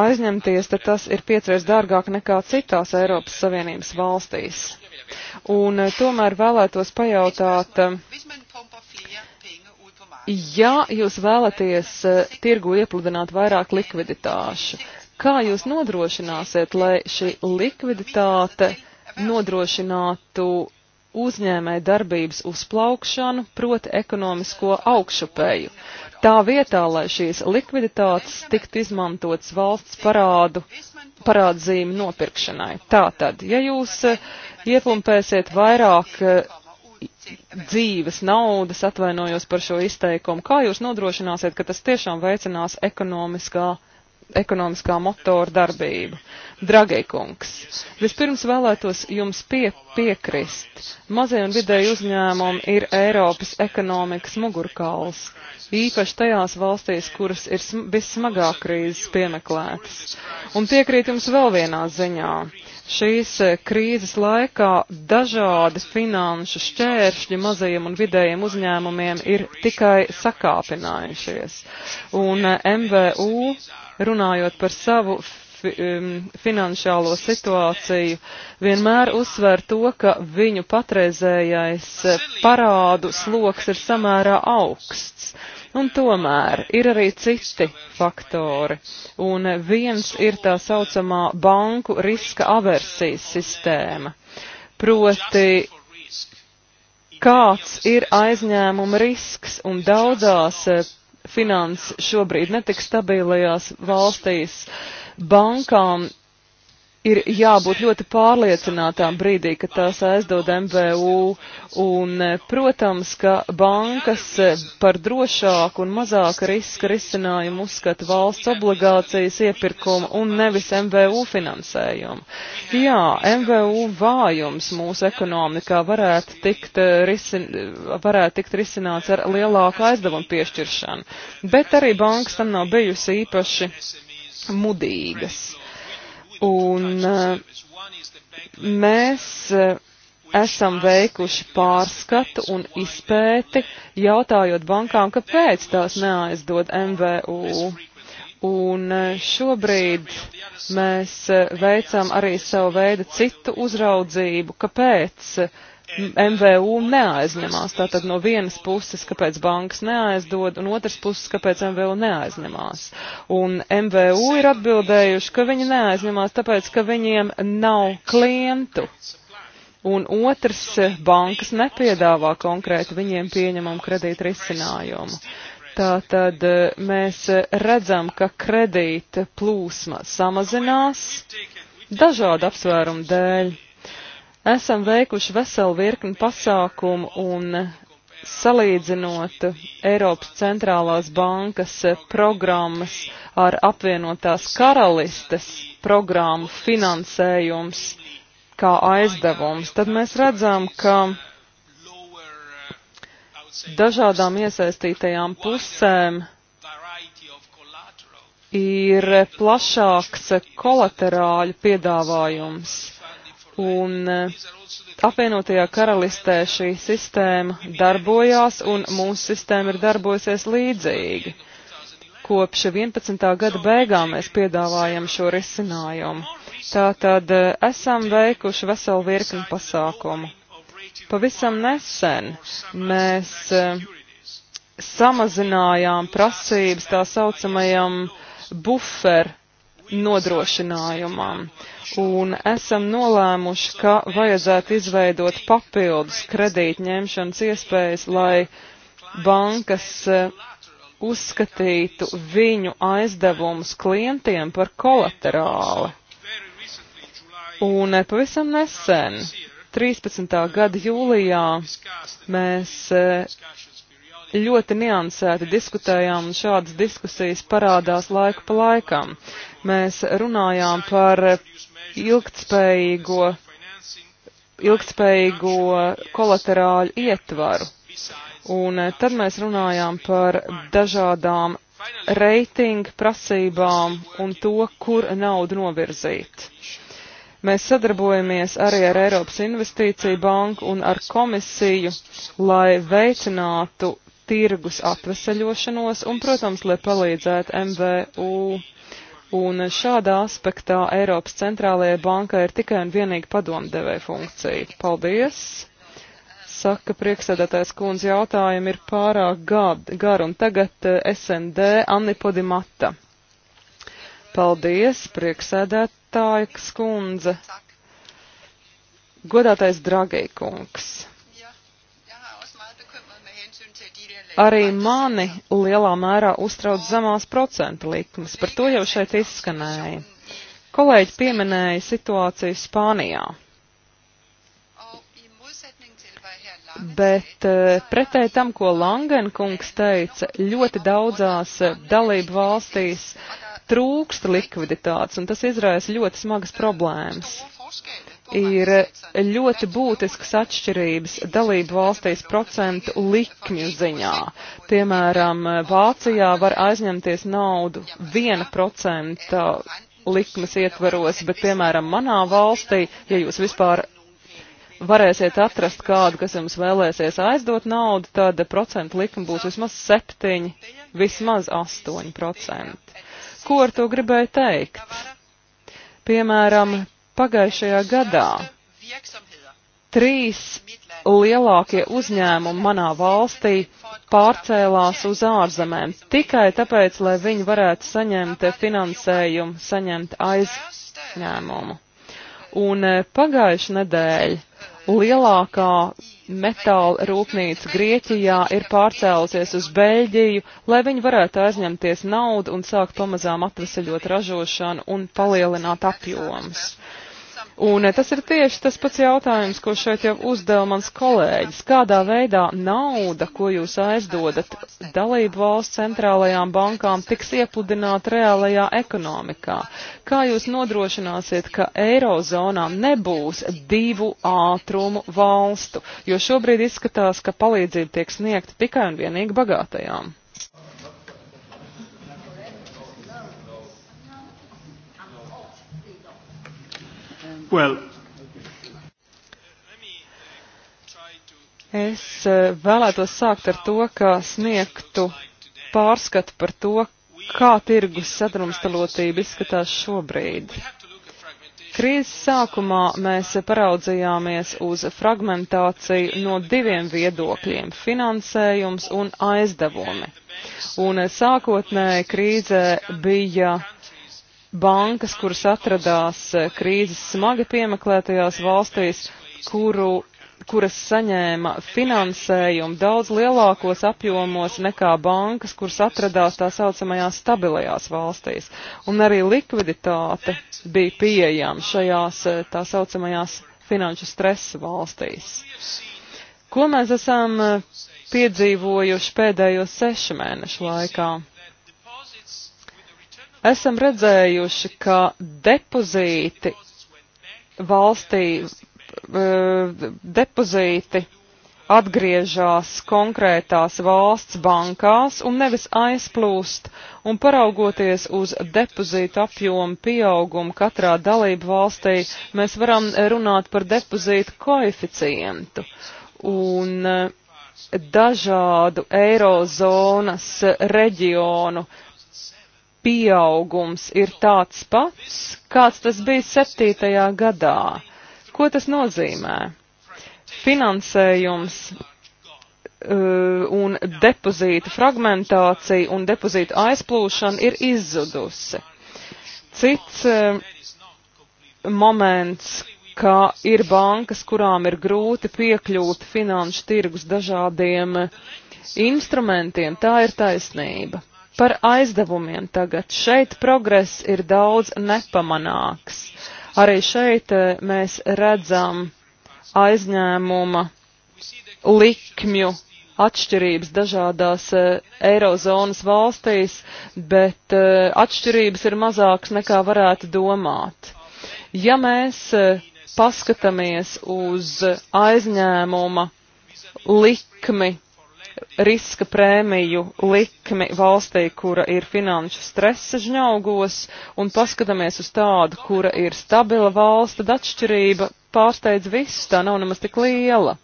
[SPEAKER 2] aizņemties, tad tas ir piecreiz dārgāk nekā citās Eiropas Savienības valstīs. Un e, tomēr vēlētos pajautāt, e, ja jūs vēlaties tirgu iepludināt vairāk likviditāšu, kā jūs nodrošināsiet, lai šī likviditāte nodrošinātu uzņēmē darbības uzplaukšanu, proti ekonomisko augšupēju? Tā vietā, lai šīs likviditātes tiktu izmantotas valsts parādu, parādzīmu nopirkšanai. Tātad, ja jūs eh, iepumpēsiet vairāk eh, dzīves naudas, atvainojos par šo izteikumu, kā jūs nodrošināsiet, ka tas tiešām veicinās ekonomiskā ekonomiskā motora darbību. Dragie kungs, vispirms vēlētos jums pie, piekrist. Mazie un vidēji uzņēmumi ir Eiropas ekonomikas mugurkauls, īpaši tajās valstīs, kuras ir sm vissmagāk krīzes piemeklētas. Un piekrīt jums vēl vienā ziņā. Šīs eh, krīzes laikā dažādi finanšu šķēršļi mazajiem un vidējiem uzņēmumiem ir tikai sakāpinājušies. Un eh, MVU runājot par savu fi, um, finansiālo situāciju, vienmēr uzsver to, ka viņu patreizējais parādu sloks ir samērā augsts. Un tomēr ir arī citi faktori, un viens ir tā saucamā banku riska aversijas sistēma. Proti, kāds ir aizņēmuma risks, un daudzās finanses šobrīd netik stabilajās valstīs. Bankām ir jābūt ļoti pārliecinātām brīdī, kad tās aizdod MVU. Un, eh, protams, ka bankas eh, par drošāku un mazāku riska risinājumu uzskata valsts obligācijas iepirkumu un nevis MVU finansējumu. Jā, MVU vājums mūsu ekonomikā varētu tikt, eh, risin, varētu tikt risināts ar lielāku aizdevumu piešķiršanu, bet arī bankas tam nav bijusi īpaši mudīgas. Un eh, mēs eh, esam veikuši pārskatu un izpēti, jautājot bankām, kāpēc tās neaizdod MVU. Un eh, šobrīd mēs veicam arī savu veidu citu uzraudzību, kāpēc MVU neaizņemās. Tātad no vienas puses, kāpēc bankas neaizdod, un otras puses, kāpēc MVU neaizņemās. Un MVU ir atbildējuši, ka viņi neaizņemās, tāpēc, ka viņiem nav klientu. Un otrs, bankas nepiedāvā konkrēti viņiem pieņemamu kredītu risinājumu. Tātad eh, mēs redzam, ka kredīta plūsma samazinās dažādu apsvērumu dēļ Esam veikuši veselu virkni pasākumu un salīdzinot Eiropas centrālās bankas programmas ar apvienotās karalistes programmu finansējums kā aizdevums, tad mēs redzam, ka dažādām iesaistītajām pusēm ir plašāks kolaterāļu piedāvājums. Un eh, apvienotajā karalistē šī sistēma darbojās, un mūsu sistēma ir darbojusies līdzīgi. Kopš 11. gada beigām mēs piedāvājam šo risinājumu. Tātad eh, esam veikuši veselu virkni pasākumu. Pavisam nesen mēs eh, samazinājām prasības tā saucamajam buferu nodrošinājumam. Un esam nolēmuši, ka vajadzētu izveidot papildus kredītņemšanas iespējas, lai bankas eh, uzskatītu viņu aizdevumus klientiem par kolaterāli. Un eh, pavisam nesen, 13. gada jūlijā, mēs eh, ļoti niansēti diskutējām, un šādas diskusijas parādās laiku pa laikam mēs runājām par ilgtspējīgo, ilgtspējīgo kolaterāļu ietvaru. Un eh, tad mēs runājām par dažādām reitingu prasībām un to, kur naudu novirzīt. Mēs sadarbojamies arī ar Eiropas Investīciju banku un ar komisiju, lai veicinātu tirgus atveseļošanos un, protams, lai palīdzētu MVU. Un šādā aspektā Eiropas centrālajai bankai ir tikai un vienīgi padomdevēja funkcija. Paldies! Saka, priekšsēdētājs kundze jautājumi ir pārāk gari, un tagad eh, SND Anni Podimata. Paldies, priekšsēdētāja skundze. Godātais Dragī kungs. Arī mani lielā mērā uztrauc zemās procentu likmes, par to jau šeit izskanēja. Kolēģi pieminēja situāciju Spānijā. Bet eh, pretēji tam, ko Langenkungs teica, ļoti daudzās eh, dalību valstīs trūkst likviditātes, un tas izraisa ļoti smagas problēmas ir ļoti būtiskas atšķirības dalību valstīs procentu likmju ziņā. Piemēram, Vācijā var aizņemties naudu 1% likmes ietvaros, bet, piemēram, manā valstī, ja jūs vispār varēsiet atrast kādu, kas jums vēlēsies aizdot naudu, tad procentu likme būs vismaz 7, vismaz 8%. Ko ar to gribēju teikt? Piemēram, pagājušajā gadā trīs lielākie uzņēmumi manā valstī pārcēlās uz ārzemēm tikai tāpēc, lai viņi varētu saņemt finansējumu, saņemt aizņēmumu. Un eh, pagājuši nedēļa lielākā metāla rūpnīca Grieķijā ir pārcēlusies uz Beļģiju, lai viņi varētu aizņemties naudu un sākt pamazām atveseļot ražošanu un palielināt apjomus. Uh, Un eh, tas ir tieši tas pats jautājums, ko šeit jau uzdeva mans kolēģis. Kādā veidā nauda, ko jūs aizdodat dalību valsts centrālajām bankām, tiks iepludināta reālajā ekonomikā? Kā jūs nodrošināsiet, ka eirozonā nebūs divu ātrumu valstu? Jo šobrīd izskatās, ka palīdzība tiek sniegta tikai un vienīgi bagātajām.
[SPEAKER 1] Well. Es
[SPEAKER 2] eh, vēlētos sākt ar to, ka sniegtu pārskatu par to, kā tirgus sadrumstalotība izskatās šobrīd. Krīzes sākumā mēs paraudzījāmies uz fragmentāciju no diviem viedokļiem - finansējums un aizdevumi. Un sākotnēji krīzē bija uh, bankas, kuras atradās eh, krīzes smagi piemeklētajās valstīs, kuru, kuras saņēma finansējumu daudz lielākos apjomos nekā bankas, kuras atradās tā saucamajās stabilajās valstīs. Un arī likviditāte bija pieejama šajās eh, tā saucamajās finanšu stresa valstīs. Ko mēs esam eh, piedzīvojuši pēdējo sešu mēnešu laikā? esam redzējuši, ka depozīti valstī, e, depozīti atgriežās konkrētās valsts bankās un nevis aizplūst, un paraugoties uz depozītu apjomu pieaugumu katrā dalību valstī, mēs varam runāt par depozītu koeficientu. Un e, dažādu eirozonas reģionu uh, pieaugums ir tāds pats, kāds tas bija 7. gadā. Ko tas nozīmē? Finansējums uh, un depozīta fragmentācija un depozīta aizplūšana ir izzudusi. Cits uh, moments, ka ir bankas, kurām ir grūti piekļūt finanšu tirgus dažādiem instrumentiem, tā ir taisnība. Par aizdevumiem tagad. Šeit progress ir daudz nepamanāks. Arī šeit eh, mēs redzam aizņēmuma likmju atšķirības dažādās eh, eirozonas valstīs, bet eh, atšķirības ir mazākas nekā varētu domāt. Ja mēs paskatāmies uz aizņēmuma likmi riska prēmiju likmi valstī, kura ir finanšu stresa žņaugos, un paskatāmies uz tādu, kura ir stabila valsts, tad atšķirība pārsteidz visus, tā nav nemaz tik liela.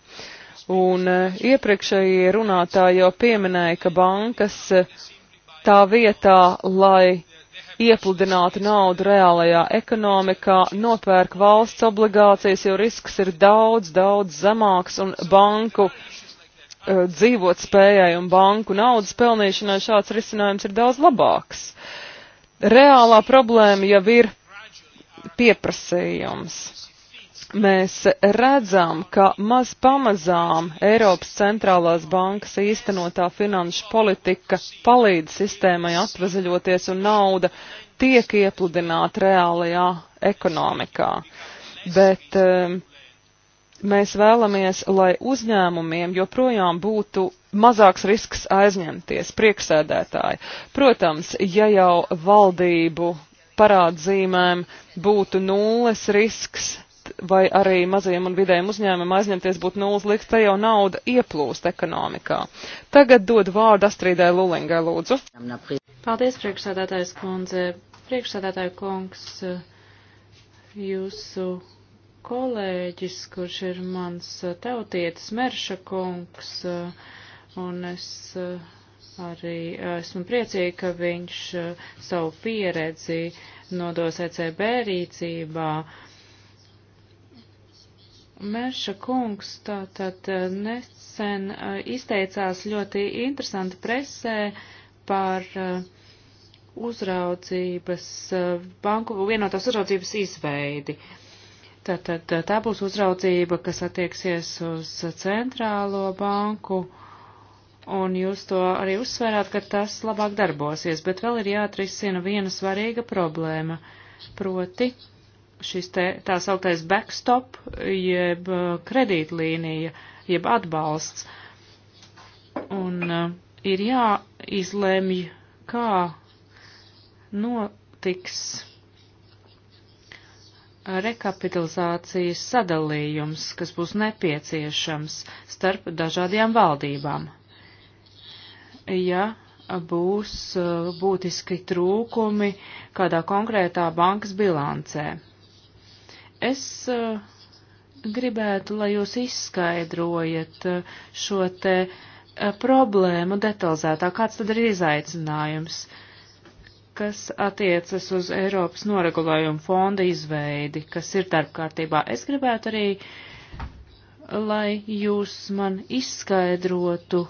[SPEAKER 2] Un eh, iepriekšējie runātāji jau pieminēja, ka bankas eh, tā vietā, lai iepludinātu naudu reālajā ekonomikā, nopērk valsts obligācijas, jo risks ir daudz, daudz zemāks un banku uh, dzīvot spējai un banku naudas pelnīšanai šāds risinājums ir daudz labāks. Reālā problēma jau ir pieprasījums. Mēs redzam, ka maz pamazām Eiropas centrālās bankas īstenotā finanšu politika palīdz sistēmai atvezaļoties un nauda tiek iepludināta reālajā ekonomikā. Bet um, uh, mēs vēlamies, lai uzņēmumiem joprojām būtu mazāks risks aizņemties prieksēdētāji. Protams, ja jau valdību parādzīmēm būtu nulles risks, vai arī mazajiem un vidējiem uzņēmumiem aizņemties būtu nulles liks, te jau nauda ieplūst ekonomikā. Tagad dod vārdu Astridai Lulingai, lūdzu. Paldies,
[SPEAKER 4] priekšsēdētājs kundze. Priekšsēdētāja kungs, jūsu kolēģis, kurš ir mans tautietis Merša kungs, un es arī esmu priecīgi, ka viņš savu pieredzi nodos ECB rīcībā. Merša kungs tātad nesen izteicās ļoti interesanti presē par uzraudzības, banku vienotās uzraudzības izveidi. Uh, Tātad tā būs uzraudzība, kas attieksies uz centrālo banku, un jūs to arī uzsverāt, ka tas labāk darbosies, bet vēl ir jāatrisina viena svarīga problēma, proti šis te, tā sauktais backstop, jeb kredītlīnija, jeb atbalsts. Un uh, ir jāizlemj, kā notiks rekapitalizācijas sadalījums, kas būs nepieciešams starp dažādajām valdībām. Ja būs uh, būtiski trūkumi kādā konkrētā bankas bilancē. Es uh, gribētu, lai jūs izskaidrojat uh, šo te problēmu detalizētāk, kāds tad ir izaicinājums. Uh, kas attiecas uz Eiropas noregulējumu fonda izveidi, kas ir darbkārtībā. Es gribētu arī, lai jūs man izskaidrotu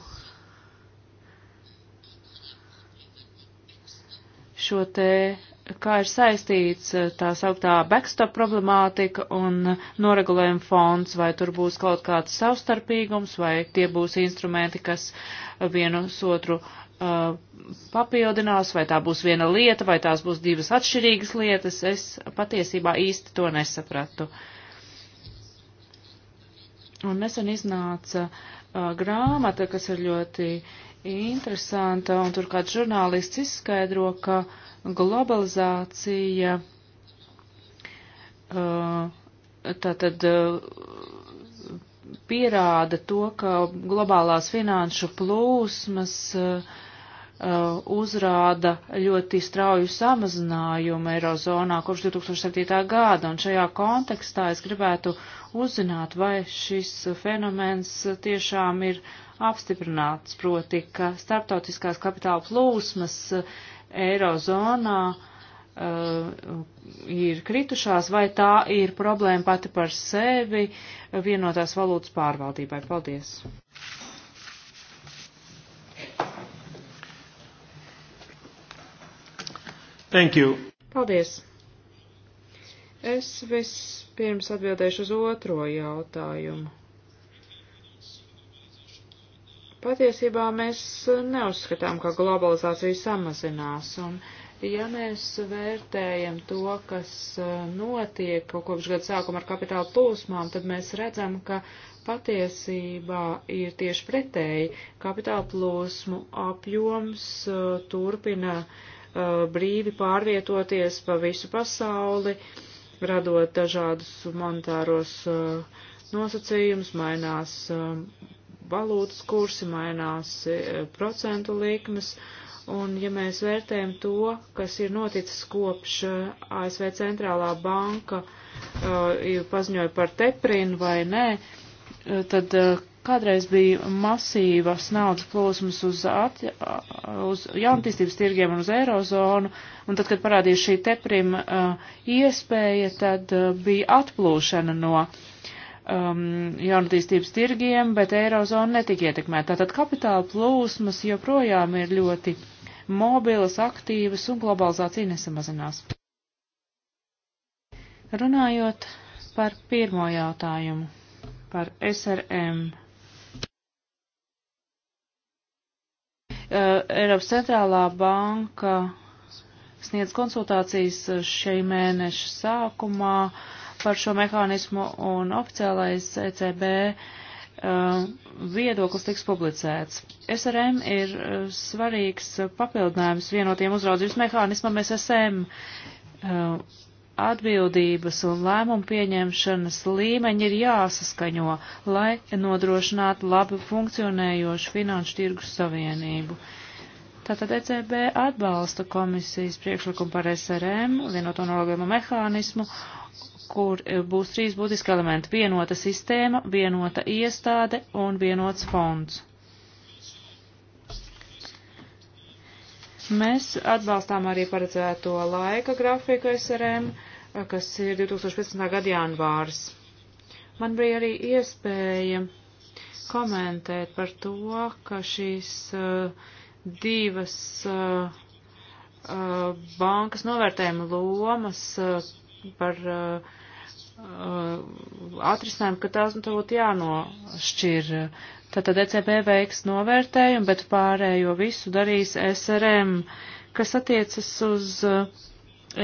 [SPEAKER 4] šo te kā ir saistīts eh, tā sauktā backstop problemātika un noregulējuma fonds, vai tur būs kaut kāds savstarpīgums, vai tie būs instrumenti, kas vienus otru uh, papildinās, vai tā būs viena lieta, vai tās būs divas atšķirīgas lietas. Es patiesībā īsti to nesapratu. Un nesen iznāca uh, grāmata, kas ir ļoti interesanta, un tur kāds žurnālists izskaidro, ka uh, Globalizācija uh, tātad uh, pierāda to, ka globālās finanšu plūsmas uh, uzrāda ļoti strauju samazinājumu Eirozonā kopš 2007. gada, un šajā kontekstā es gribētu uzzināt, vai šis fenomens tiešām ir apstiprināts, proti, ka starptautiskās kapitāla plūsmas uh, eirozonā uh, ir kritušās, vai tā ir problēma pati par sevi vienotās valūtas pārvaldībai. Paldies! Thank you. Paldies. Es vispirms atbildēšu uz otro jautājumu. Patiesībā mēs neuzskatām, ka globalizācija samazinās, un ja mēs vērtējam to, kas uh, notiek kopš gada sākuma ar kapitāla plūsmām, tad mēs redzam, ka patiesībā ir tieši pretēji. Kapitāla plūsmu apjoms uh, turpina uh, brīvi pārvietoties pa visu pasauli, radot dažādus monetāros nosacījumus, mainās um, valūtas kursi, mainās e, procentu likmes. Un, ja mēs vērtējam to, kas ir noticis kopš e, ASV centrālā banka uh, paziņoja par teprinu vai nē, tad uh, kādreiz bija masīvas naudas plūsmas uz, at, uz jaunatīstības tirgiem un uz eirozonu, un tad, kad parādījās šī teprima uh, iespēja, tad bija atplūšana no uh, um, jaunatīstības tirgiem, bet eirozona netika ietekmēta. Tātad kapitāla plūsmas joprojām ir ļoti mobilas, aktīvas un globalizācija nesamazinās. Runājot par pirmo jautājumu, par SRM. Uh, Eiropas centrālā banka sniedz konsultācijas šī mēneša sākumā. Uh, par šo mehānismu un oficiālais ECB uh, viedoklis tiks publicēts. SRM ir uh, svarīgs papildinājums vienotiem uzraudzības mehānismam SSM. Uh, atbildības un lēmumu pieņemšanas līmeņi ir jāsaskaņo, lai nodrošinātu labi funkcionējošu finanšu tirgus savienību. Tātad ECB atbalsta komisijas priekšlikumu par SRM, vienoto nolūgumu mehānismu kur eh, būs trīs būtiski elementi - vienota sistēma, vienota iestāde un vienots fonds. Mēs atbalstām arī paredzēto laika grafiku SRM, eh, kas ir 2015. gada janvārs. Man bija arī iespēja komentēt par to, ka šīs uh, divas uh, uh, bankas novērtējuma lomas uh, par uh, Uh, atrisinājumu, ka tās būtu jānošķir. Tātad ECB veiks novērtējumu, bet pārējo visu darīs SRM, kas attiecas uz uh,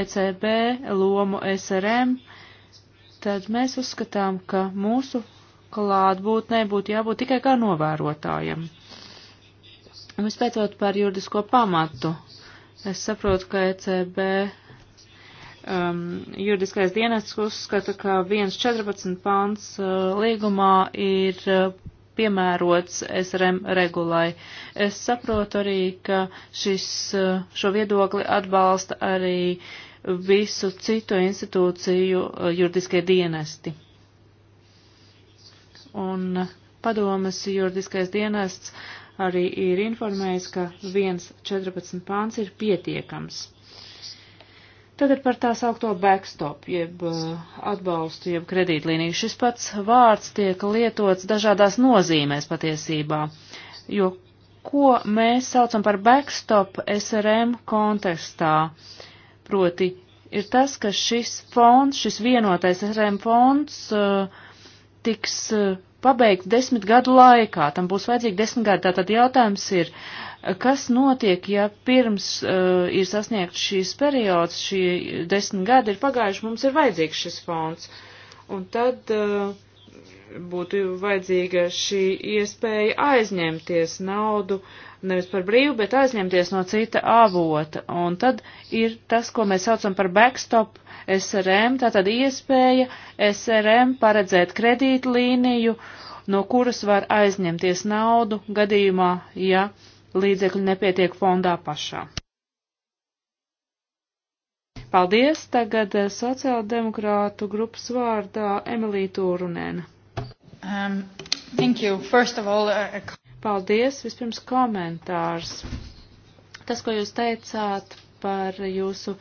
[SPEAKER 4] ECB lomu SRM, tad mēs uzskatām, ka mūsu klātbūtnē būtu jābūt tikai kā novērotājiem. Un vispēcot par juridisko pamatu, es saprotu, ka ECB um, juridiskais dienests uzskata, ka 1.14 pāns uh, līgumā ir uh, piemērots SRM regulai. Es saprotu arī, ka šis, uh, šo viedokli atbalsta arī visu citu institūciju uh, juridiskie dienesti. Un uh, padomas juridiskais dienests arī ir informējis, ka 1.14 pāns ir pietiekams. Tad ir par tā saukto backstop, jeb uh, atbalstu, jeb kredītlīniju. Šis pats vārds tiek lietots dažādās nozīmēs patiesībā, jo ko mēs saucam par backstop SRM kontekstā, proti ir tas, ka šis fonds, šis vienotais SRM fonds uh, tiks uh, pabeigts desmit gadu laikā, tam būs vajadzīgi desmit gadi, tātad jautājums ir, uh, Kas notiek, ja pirms uh, ir sasniegts šīs periods, šie desmit gadi ir pagājuši, mums ir vajadzīgs šis fonds. Un tad uh, būtu vajadzīga šī iespēja aizņemties naudu, nevis par brīvu, bet aizņemties no cita avota. Un tad ir tas, ko mēs saucam par backstop SRM, tātad iespēja SRM paredzēt kredītlīniju, no kuras var aizņemties naudu gadījumā, ja līdzekļu nepietiek fondā pašā. Paldies! Tagad eh, sociāldemokrātu grupas vārdā Emilija Tūrunēna. Um, thank you. First of all, uh, Paldies! Vispirms komentārs. Tas, ko jūs teicāt par jūsu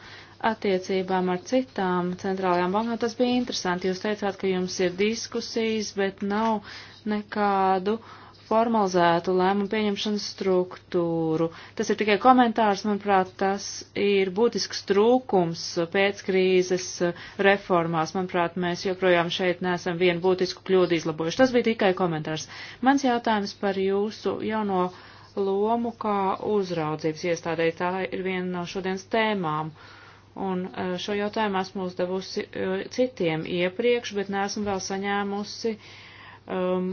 [SPEAKER 4] attiecībām ar citām centrālajām bankām, tas bija interesanti. Jūs teicāt, ka jums ir diskusijas, bet nav nekādu uh, formalizētu lēmumu pieņemšanas struktūru. Tas ir tikai komentārs, manuprāt, tas ir būtisks trūkums pēc krīzes reformās. Manuprāt, mēs joprojām šeit nesam vienu būtisku kļūdu izlabojuši. Tas bija tikai komentārs. Mans jautājums par jūsu jauno lomu kā uzraudzības iestādē. Tā ir viena no šodienas tēmām. Un eh, šo jautājumu esmu uzdevusi eh, citiem iepriekš, bet neesmu vēl saņēmusi uh, um,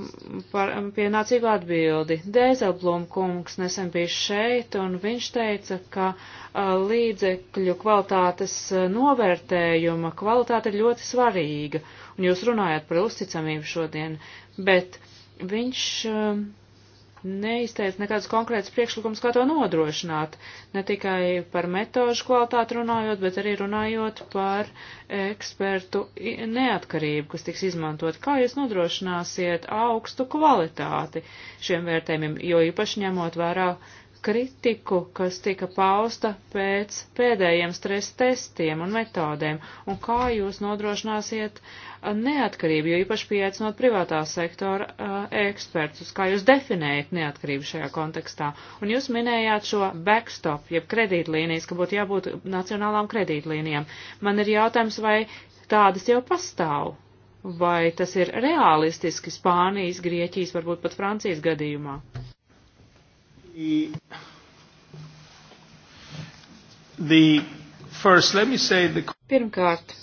[SPEAKER 4] par um, pienācīgu atbildi. Dēzelblom kungs nesen bija šeit, un viņš teica, ka uh, līdzekļu kvalitātes uh, novērtējuma kvalitāte ir ļoti svarīga, un jūs runājat par uzticamību šodien, bet viņš. Uh, neizteica nekādus konkrētus priekšlikumus, kā to nodrošināt, ne tikai par metožu kvalitāti runājot, bet arī runājot par ekspertu neatkarību, kas tiks izmantot. Kā jūs nodrošināsiet augstu kvalitāti šiem vērtējumiem, jo īpaši ņemot vērā kritiku, kas tika pausta pēc pēdējiem stresa testiem un metodēm, un kā jūs nodrošināsiet uh, neatkarību, jo īpaši pieaicinot privātā sektora uh, ekspertus, kā jūs definējat neatkarību šajā kontekstā. Un jūs minējāt šo backstop, jeb kredītlīnijas, ka būtu jābūt nacionālām kredītlīnijām. Man ir jautājums, vai tādas jau pastāv? Vai tas ir realistiski Spānijas, Grieķijas, varbūt pat Francijas gadījumā?
[SPEAKER 1] The, the first, let me say the... Pirmkārt,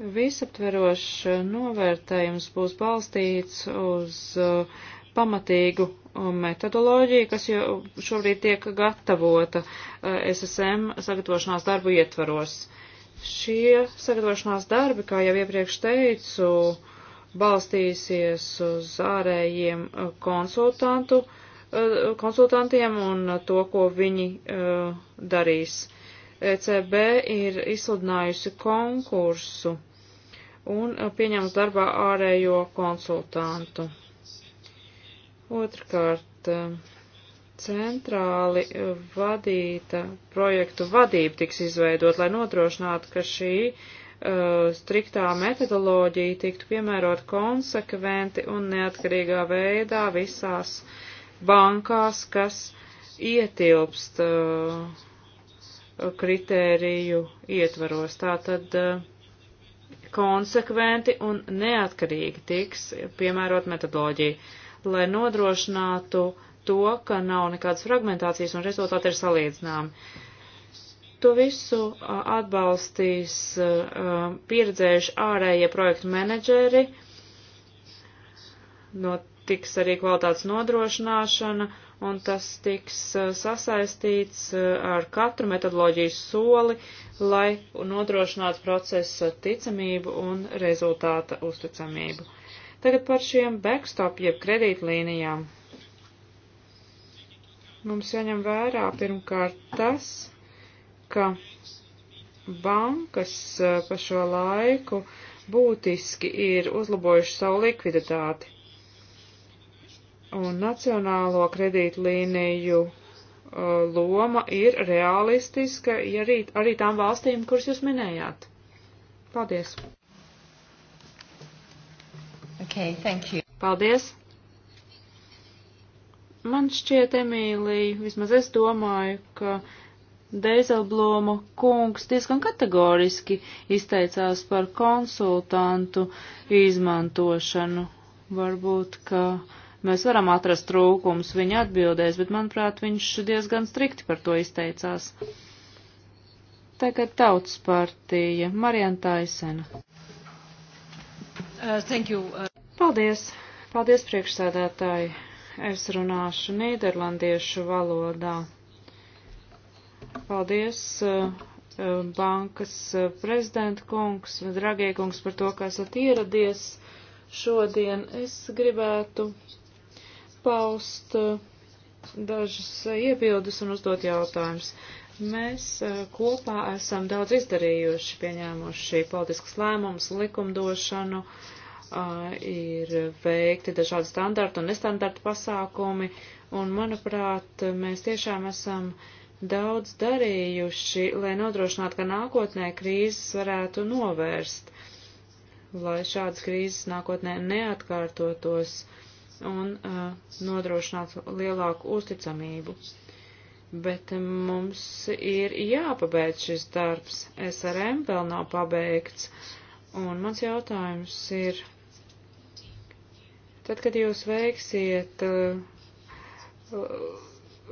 [SPEAKER 4] visaptverošs novērtējums būs balstīts uz uh, pamatīgu uh, metodoloģiju, kas jau šobrīd tiek gatavota uh, SSM sagatavošanās darbu ietvaros. Šie sagatavošanās darbi, kā jau iepriekš teicu, balstīsies uz ārējiem konsultantu uh, Eh, konsultantiem un to, ko viņi eh, darīs. ECB ir izsludinājusi konkursu un eh, pieņems darbā ārējo konsultantu. Otrkārt, centrāli vadīta projektu vadība tiks izveidot, lai nodrošinātu, ka šī uh, striktā metodoloģija tiktu piemērot konsekventi un neatkarīgā veidā visās uh, bankās, kas ietilpst uh, kritēriju ietvaros. Tātad uh, konsekventi un neatkarīgi tiks piemērot metodoloģiju, lai nodrošinātu to, ka nav nekādas fragmentācijas un rezultāti ir salīdzināmi. To visu uh, atbalstīs uh, pieredzējuši ārējie projektu menedžeri no tiks arī kvalitātes nodrošināšana, un tas tiks eh, sasaistīts eh, ar katru metodoloģijas soli, lai nodrošinātu procesa ticamību un rezultāta uzticamību. Tagad par šiem backstop jeb kredītlīnijām. Mums jāņem vērā pirmkārt tas, ka bankas eh, pa šo laiku būtiski ir uzlabojuši savu likviditāti Un nacionālo kredītu līniju uh, loma ir realistiska arī, arī tām valstīm, kuras jūs minējāt. Paldies!
[SPEAKER 1] Okay, thank you.
[SPEAKER 4] Paldies! Man šķiet, Emīlija, vismaz es domāju, ka Deizelbloma kungs diezgan kategoriski izteicās par konsultantu izmantošanu. Varbūt, ka uh, Mēs varam atrast trūkums viņa atbildēs, bet, manuprāt, viņš diezgan strikti par to izteicās. Tagad tautas partija, Marijana Taisena. Uh, thank you. Uh... Paldies. Paldies, priekšsēdētāji. Es runāšu nīderlandiešu valodā. Paldies, uh, uh, bankas uh, prezidenta kungs, dragie kungs, par to, ka esat ieradies šodien. Es gribētu paust uh, dažas uh, iebildes un uzdot jautājumus. Mēs uh, kopā esam daudz izdarījuši, pieņēmuši politiskas lēmumus, likumdošanu, ir veikti dažādi standarti un nestandarti pasākumi, un, manuprāt, mēs tiešām esam daudz darījuši, lai nodrošinātu, ka nākotnē krīzes varētu novērst, lai šādas krīzes nākotnē neatkārtotos. Uh, un uh, nodrošināt lielāku uzticamību. Bet eh, mums ir jāpabeidz šis darbs. SRM vēl nav pabeigts. Un mans jautājums ir, tad, kad jūs veiksiet uh,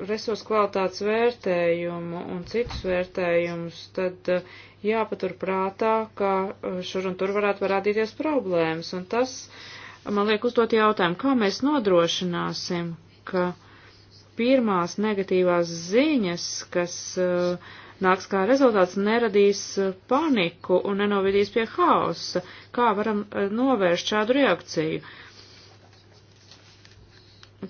[SPEAKER 4] resursu kvalitātes vērtējumu un citus vērtējumus, tad uh, jāpatur prātā, ka šur un tur varētu parādīties problēmas. Un tas uh, man liek uzdot jautājumu, kā mēs nodrošināsim, ka pirmās negatīvās ziņas, kas uh, nāks kā rezultāts, neradīs uh, paniku un nenovidīs pie haosa. Kā varam uh, novērst šādu reakciju?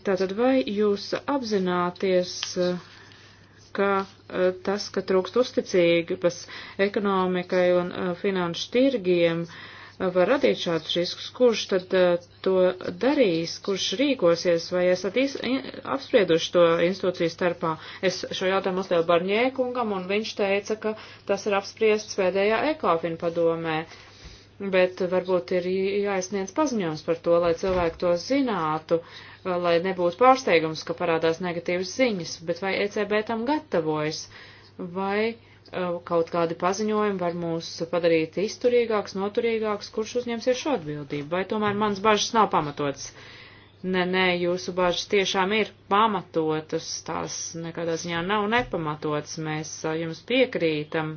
[SPEAKER 4] Tātad vai jūs apzināties, uh, ka uh, tas, ka trūkst uzticīgas ekonomikai un uh, finanšu tirgiem, uh, var radīt šādus riskus, kurš tad eh, to darīs, kurš rīkosies, vai esat iz, apsprieduši to institūciju starpā. Es šo jautājumu uzdevu Barņēkungam, un viņš teica, ka tas ir apspriests pēdējā ekofin padomē. Bet varbūt ir jāizsniedz paziņojums par to, lai cilvēki to zinātu, eh, lai nebūtu pārsteigums, ka parādās negatīvas ziņas, bet vai ECB tam gatavojas, vai uh, Eh, kaut kādi paziņojumi var mūs padarīt izturīgāks, noturīgāks, kurš uzņemsies šo atbildību, vai tomēr mans bažas nav pamatotas. Nē, nē, jūsu bažas tiešām ir pamatotas, tās nekādā ziņā nav nepamatotas, mēs eh, jums piekrītam,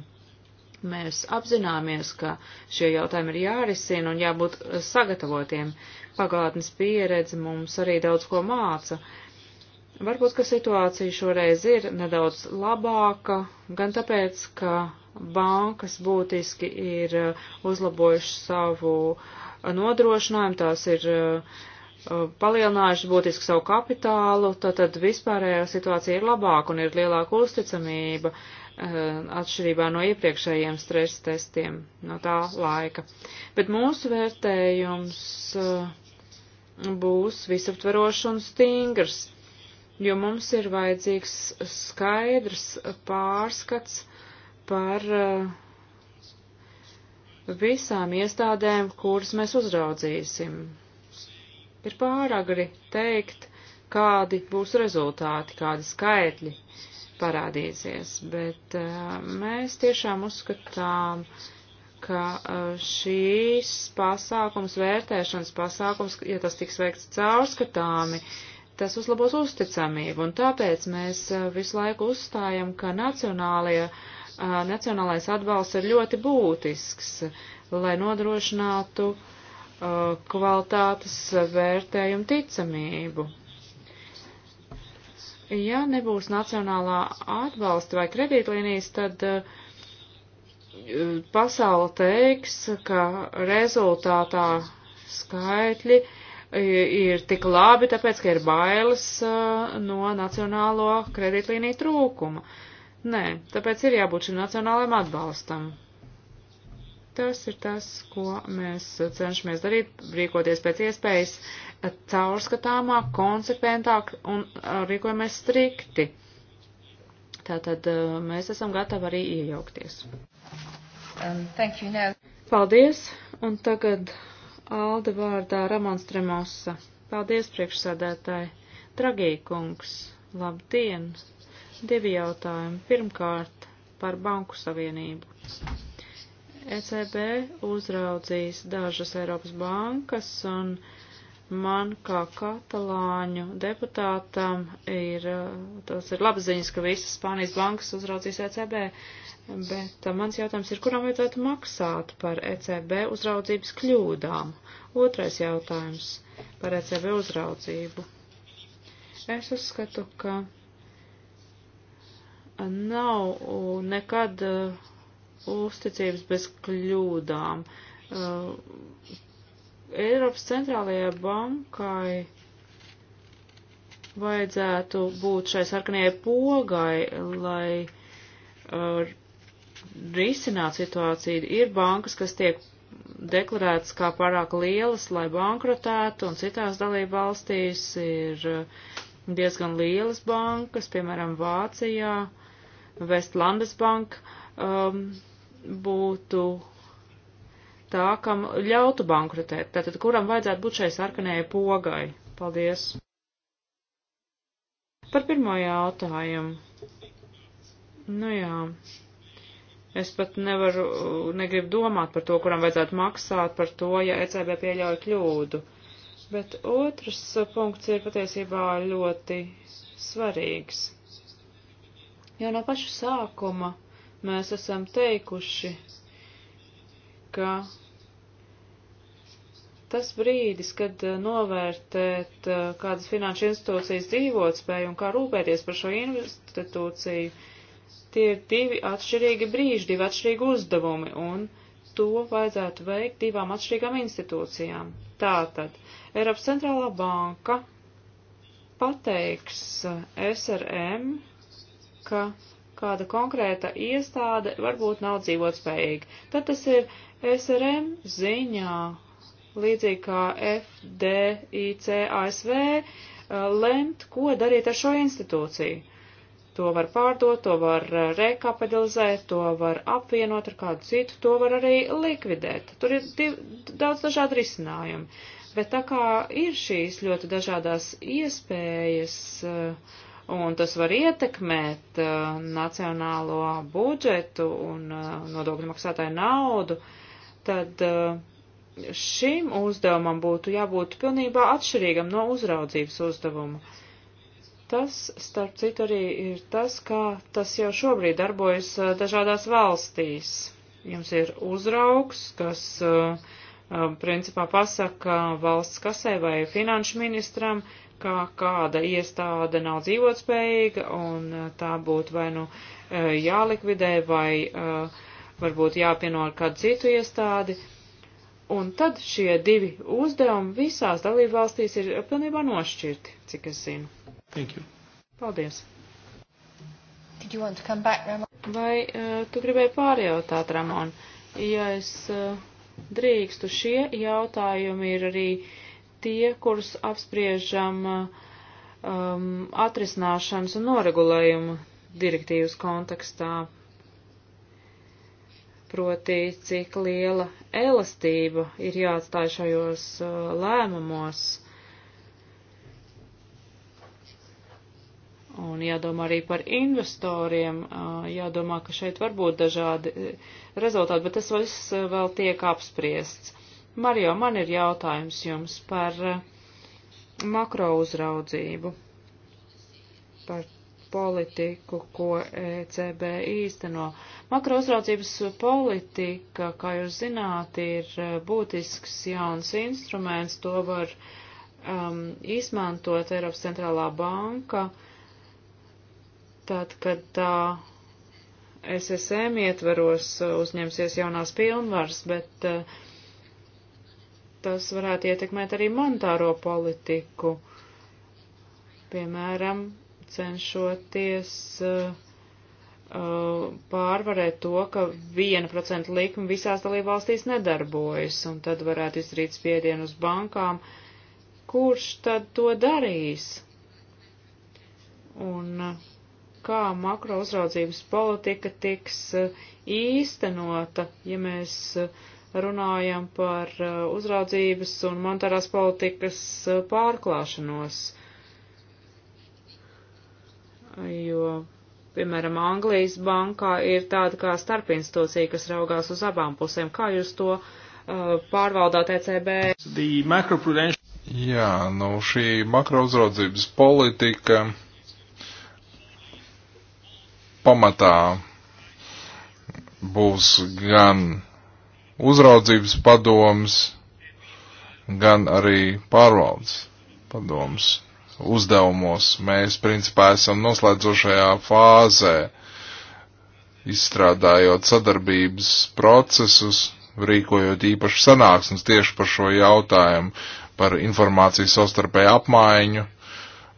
[SPEAKER 4] mēs apzināmies, ka šie jautājumi ir jārisina un jābūt eh, sagatavotiem. Pagātnes pieredze mums arī daudz ko māca. Uh, Varbūt, ka situācija šoreiz ir nedaudz labāka, gan tāpēc, ka bankas būtiski ir uh, uzlabojuši savu uh, nodrošinājumu, tās ir uh, palielinājuši būtiski savu kapitālu, tātad vispārējā situācija ir labāka un ir lielāka uzticamība atšķirībā no iepriekšējiem stresa testiem no tā laika. Bet mūsu vērtējums būs visaptverošs un stingrs jo mums ir vajadzīgs skaidrs pārskats par eh, visām iestādēm, kuras mēs uzraudzīsim. Ir pāragri teikt, kādi būs rezultāti, kādi skaitļi parādīsies, bet eh, mēs tiešām uzskatām, ka eh, šīs pasākums, vērtēšanas pasākums, ja tas tiks veikts caurskatāmi, uh, tas uzlabos uzticamību, un tāpēc mēs visu laiku uzstājam, ka nacionālie, nacionālais atbalsts ir ļoti būtisks, lai nodrošinātu kvalitātes vērtējumu ticamību. Ja nebūs nacionālā atbalsta vai kredītlīnijas, tad uh, pasauli teiks, ka rezultātā skaitļi ir tik labi, tāpēc, ka ir bailes uh, no nacionālo kredītlīniju trūkuma. Nē, tāpēc ir jābūt šim nacionālajam atbalstam. Tas ir tas, ko mēs cenšamies darīt, rīkoties pēc iespējas caurskatāmāk, konsekventāk un uh, rīkojamies strikti. Tātad uh, mēs esam gatavi arī iejaukties. Um, Paldies, un tagad Alde vārdā Ramons Tremosa. Paldies, priekšsādētāji. Tragīkungs, labdien! Divi jautājumi. Pirmkārt, par Banku Savienību. ECB uzraudzīs dažas Eiropas bankas un man kā katalāņu deputātam ir, tas ir labas ziņas, ka visas Spānijas bankas uzraudzīs ECB. Bet uh, mans jautājums ir, kuram vajadzētu maksāt par ECB uzraudzības kļūdām? Otrais jautājums par ECB uzraudzību. Es uzskatu, ka nav nekad uh, uzticības bez kļūdām. Uh, Eiropas centrālajai bankai vajadzētu būt šai sarkanajai pogai, lai uh, risināt situāciju. Ir bankas, kas tiek deklarētas kā pārāk lielas, lai bankrotētu, un citās dalība valstīs ir uh, diezgan lielas bankas, piemēram, Vācijā, Vestlandes banka um, būtu tā, kam ļautu bankrotēt. Tātad, kuram vajadzētu būt šai sarkanējai pogai? Paldies! Par pirmo jautājumu. Nu jā. Es pat nevaru, negribu domāt par to, kuram vajadzētu maksāt par to, ja ECB pieļauj kļūdu. Bet otrs punkts ir patiesībā ļoti svarīgs. Jau no paša sākuma mēs esam teikuši, ka tas brīdis, kad novērtēt eh, kādas finanšu institūcijas dzīvotspēju un kā rūpēties par šo institūciju, Tie ir divi atšķirīgi brīži, divi atšķirīgi uzdevumi, un to vajadzētu veikt divām atšķirīgām institūcijām. Tātad Eiropas centrālā banka pateiks SRM, ka kāda konkrēta iestāde varbūt nav dzīvot spējīga. Tad tas ir SRM ziņā, līdzīgi kā FDIC ASV, uh, lemt, ko darīt ar šo institūciju. To var pārdot, to var eh, rekapitalizēt, to var apvienot ar kādu citu, to var arī likvidēt. Tur ir div, daudz dažādu risinājumu. Bet tā kā ir šīs ļoti dažādās iespējas, eh, un tas var ietekmēt eh, nacionālo budžetu un nodokļu maksātāju naudu, tad šim uzdevumam būtu jābūt pilnībā atšķirīgam no uzraudzības uzdevuma. Tas, starp citu, arī ir tas, kā tas jau šobrīd darbojas dažādās valstīs. Jums ir uzraugs, kas principā pasaka valsts kasē vai finanšu ministram, kā kāda iestāde nav dzīvotspējīga un tā būtu vai nu jālikvidē vai varbūt jāpieno ar kādu citu iestādi. Un tad šie divi uzdevumi visās dalībvalstīs ir pilnībā nošķirti, cik es zinu. Thank you. Paldies. Did you want to come back, Ramon? Vai uh, tu gribēji pārjautāt, Ramon? Ja es uh, drīkstu, šie jautājumi ir arī tie, kurus apspriežam uh, um, atrisināšanas un noregulējuma direktīvas kontekstā. Proti, cik liela elastība ir jāatstāj šajos uh, lēmumos Un jādomā arī par investoriem, jādomā, ka šeit var būt dažādi rezultāti, bet tas viss vēl tiek apspriests. Mario, man ir jautājums jums par makro uzraudzību, par politiku, ko ECB īsteno. Makro uzraudzības politika, kā jūs zināt, ir būtisks jauns instruments, to var um, izmantot Eiropas centrālā banka. Uh, Tad, kad uh, SSM ietveros uzņemsies jaunās pilnvaras, bet uh, tas varētu ietekmēt arī monetāro politiku. Piemēram, cenšoties uh, pārvarēt to, ka 1% likme visās dalībvalstīs nedarbojas, un tad varētu izdarīt spiedienu uz bankām, kurš tad to darīs. Un uh, kā makro uzraudzības politika tiks eh, īstenota, ja mēs eh, runājam par eh, uzraudzības un monetārās politikas pārklāšanos. Jo, piemēram, Anglijas bankā ir tāda kā starpinstitūcija, kas raugās uz abām pusēm. Kā jūs to uh, pārvaldāt ECB?
[SPEAKER 3] Jā, nu šī makro uzraudzības politika pamatā būs gan uzraudzības padoms, gan arī pārvaldes padoms uzdevumos. Mēs principā esam noslēdzošajā fāzē, izstrādājot sadarbības procesus, rīkojot īpaši sanāksmes tieši par šo jautājumu, par informācijas savstarpēju apmaiņu,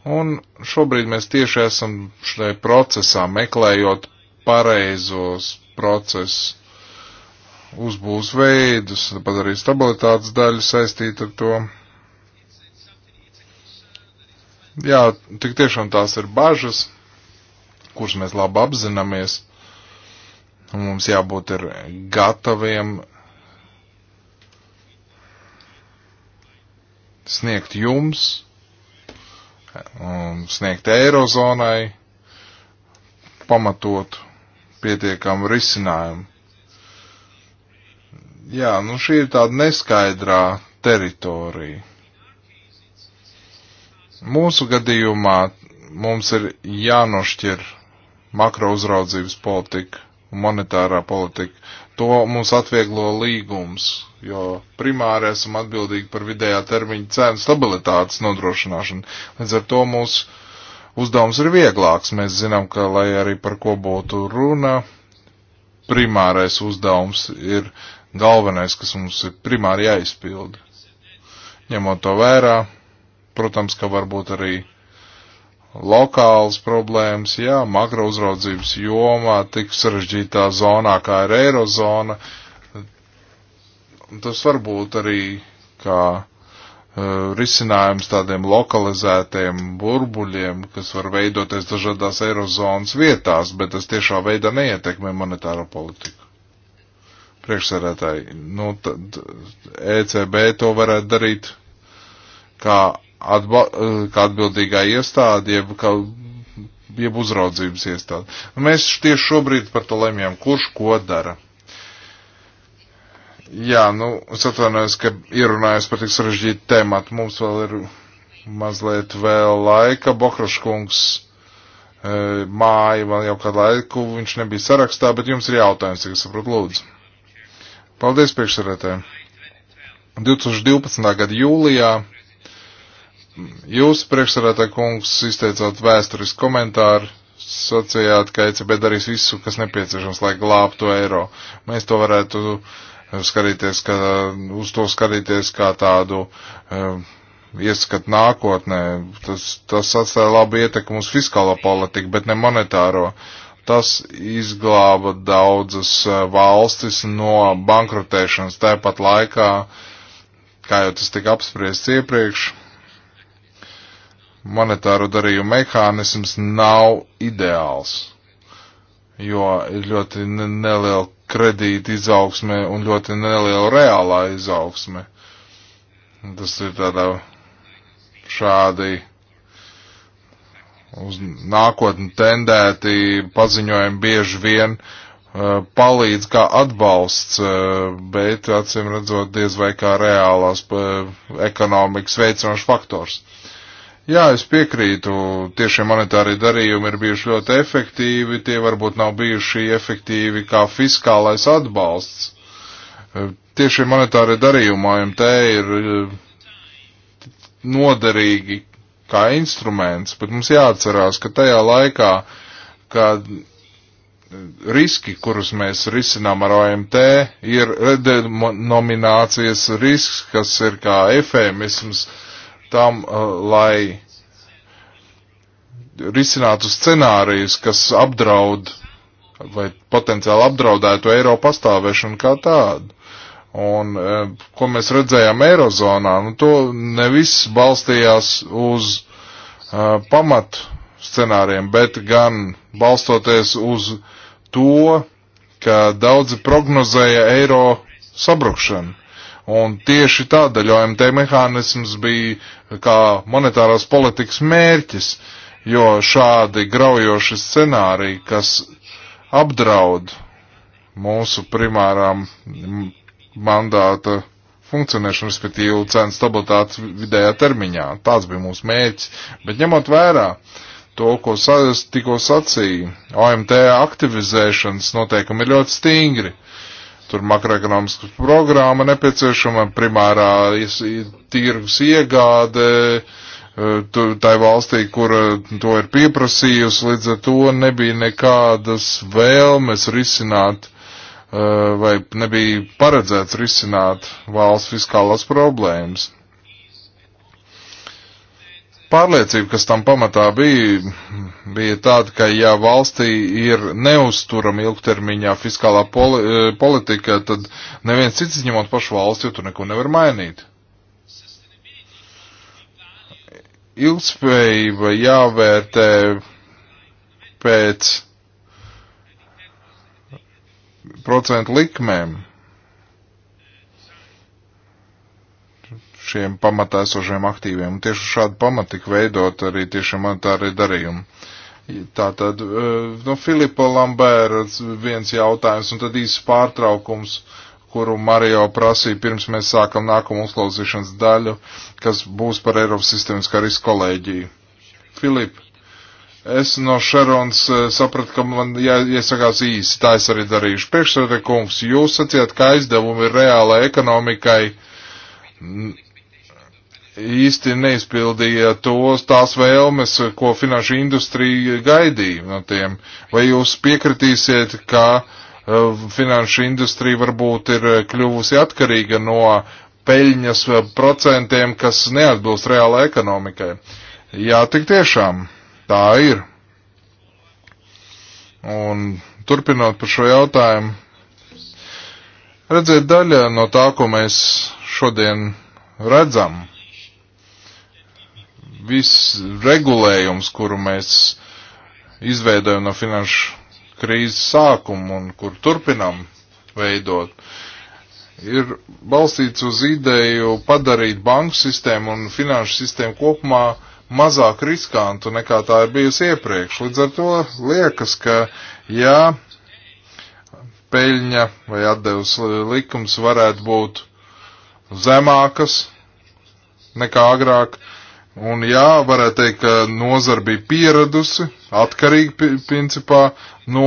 [SPEAKER 3] Un šobrīd mēs tieši esam šai procesā meklējot pareizos procesus, uzbūs veidus, pat arī stabilitātes daļu saistīt ar to. Jā, tik tiešām tās ir bažas, kuras mēs labi apzināmies. Mums jābūt ir gataviem sniegt jums un sniegt eirozonai pamatot pietiekamu risinājumu. Jā, nu šī ir tāda neskaidrā teritorija. Mūsu gadījumā mums ir jānošķir makro uzraudzības politika un monetārā politika. To mums atvieglo līgums, jo primāri esam atbildīgi par vidējā termiņa cenu stabilitātes nodrošināšanu. Līdz ar to mūsu uzdevums ir vieglāks. Mēs zinām, ka, lai arī par ko būtu runa, primārais uzdevums ir galvenais, kas mums ir primāri jāizpilda. Ņemot to vērā, protams, ka varbūt arī lokāls problēmas, jā, makro uzraudzības jomā, tik sarežģītā zonā kā ir eirozona. Tas var būt arī kā uh, risinājums tādiem lokalizētiem burbuļiem, kas var veidoties dažādās eirozonas vietās, bet tas tiešā veidā neietekmē monetāro politiku. Priekšsēdētāji, nu, tad ECB to varētu darīt kā atba, eh, kā atbildīgā iestāde, jeb, kā, jeb uzraudzības iestāde. Mēs tieši šobrīd par to lemjam, kurš ko dara. Jā, nu, es atvainojos, ka ierunājos par tik sarežģītu tēmatu. Mums vēl ir mazliet vēl laika. Bokraškungs e, eh, māja vēl jau kādu laiku, viņš nebija sarakstā, bet jums ir jautājums, cik es saprotu, lūdzu. Paldies priekšsarētē. 2012. gada jūlijā Jūs, priekšsarētā kungs, izteicāt vēsturisku komentāru, sacījāt, ka ECB darīs visu, kas nepieciešams, lai glābtu eiro. Mēs to varētu skatīties, ka, uz to skatīties kā tādu um, ieskatu nākotnē. Tas, tas atstāja labu ietekmu uz fiskālo politiku, bet ne monetāro. Tas izglāba daudzas uh, valstis no bankrotēšanas. Tāpat laikā, kā jau tas tika apspriests iepriekš, monetāru darījumu mehānisms nav ideāls, jo ir ļoti neliela kredīta izaugsme un ļoti neliela reālā izaugsme. Tas ir tādā šādi uz nākotni tendēti paziņojumi bieži vien uh, palīdz kā atbalsts, uh, bet acīm redzot diez vai kā reālās uh, ekonomikas veicinošs faktors. Uh, Jā, es piekrītu, tiešie monetārie darījumi ir bijuši ļoti efektīvi, tie varbūt nav bijuši efektīvi kā fiskālais atbalsts. E, tiešie monetārie darījumi AMT ir e, noderīgi kā instruments, bet mums jāatcerās, ka tajā laikā, kad e, riski, kurus mēs risinām ar OMT, ir redenominācijas risks, kas ir kā efēmisms tam, uh, lai risinātu scenārijus, kas apdraud vai potenciāli apdraudētu eiro pastāvēšanu kā tādu. Un uh, ko mēs redzējām Eirozonā, nu to nevis balstījās uz uh, pamat scenāriem, bet gan balstoties uz to, ka daudzi prognozēja eiro sabrukšanu. Un tieši tādēļ OMT mehānisms bija kā monetārās politikas mērķis, jo šādi graujoši scenāriji, kas apdraud mūsu primārām mandāta funkcionēšanu, respektīvi cenu stabilitātes vidējā termiņā. Tāds bija mūsu mērķis. Bet ņemot vērā to, ko sa tikko sacīju, OMT aktivizēšanas noteikumi ir ļoti stingri tur makroekonomiska programma nepieciešama, primārā tirgus iegāde, e, tai valstī, kur e, to ir pieprasījusi, līdz ar to nebija nekādas vēlmes risināt e, vai nebija paredzēts risināt valsts fiskālās problēmas. Pārliecība, kas tam pamatā bija, bija tāda, ka ja valstī ir neusturama ilgtermiņā fiskālā poli e, politika, tad neviens cits izņemot pašu valsti, jo tur neko nevar mainīt. Ilgspējība jāvērtē pēc procentu likmēm. šiem pamatā esošiem aktīviem. Un tieši šādu pamatu tika veidot arī tieši monetārie darījumi. Tātad, e, no nu, Filipa Lambēra viens jautājums, un tad īsts pārtraukums, kuru Mario prasīja pirms mēs sākam nākamu uzklausīšanas daļu, kas būs par Eiropas sistēmiskā riska kolēģiju. Filip, es no Šerons e, sapratu, ka man jā, iesakās īsi, tā es arī darīšu. Priekšsēdē kungs, jūs sacījāt, ka aizdevumi reālai ekonomikai īsti neizpildīja tos, tās vēlmes, ko finanšu industrija gaidīja no tiem. Vai jūs piekritīsiet, ka uh, finanšu industrija varbūt ir kļuvusi atkarīga no peļņas eh, procentiem, kas neatbilst reālai ekonomikai? Jā, tik tiešām tā ir. Un turpinot par šo jautājumu, redziet, daļa no tā, ko mēs šodien redzam, viss regulējums, kuru mēs izveidojam no finanšu krīzes sākuma un kur turpinam veidot, ir balstīts uz ideju padarīt banku sistēmu un finanšu sistēmu kopumā mazāk riskantu nekā tā ir bijusi iepriekš. Līdz ar to liekas, ka jā, peļņa vai atdevs likums varētu būt zemākas nekā agrāk, Un jā, varētu teikt, ka nozara bija pieradusi, atkarīga principā no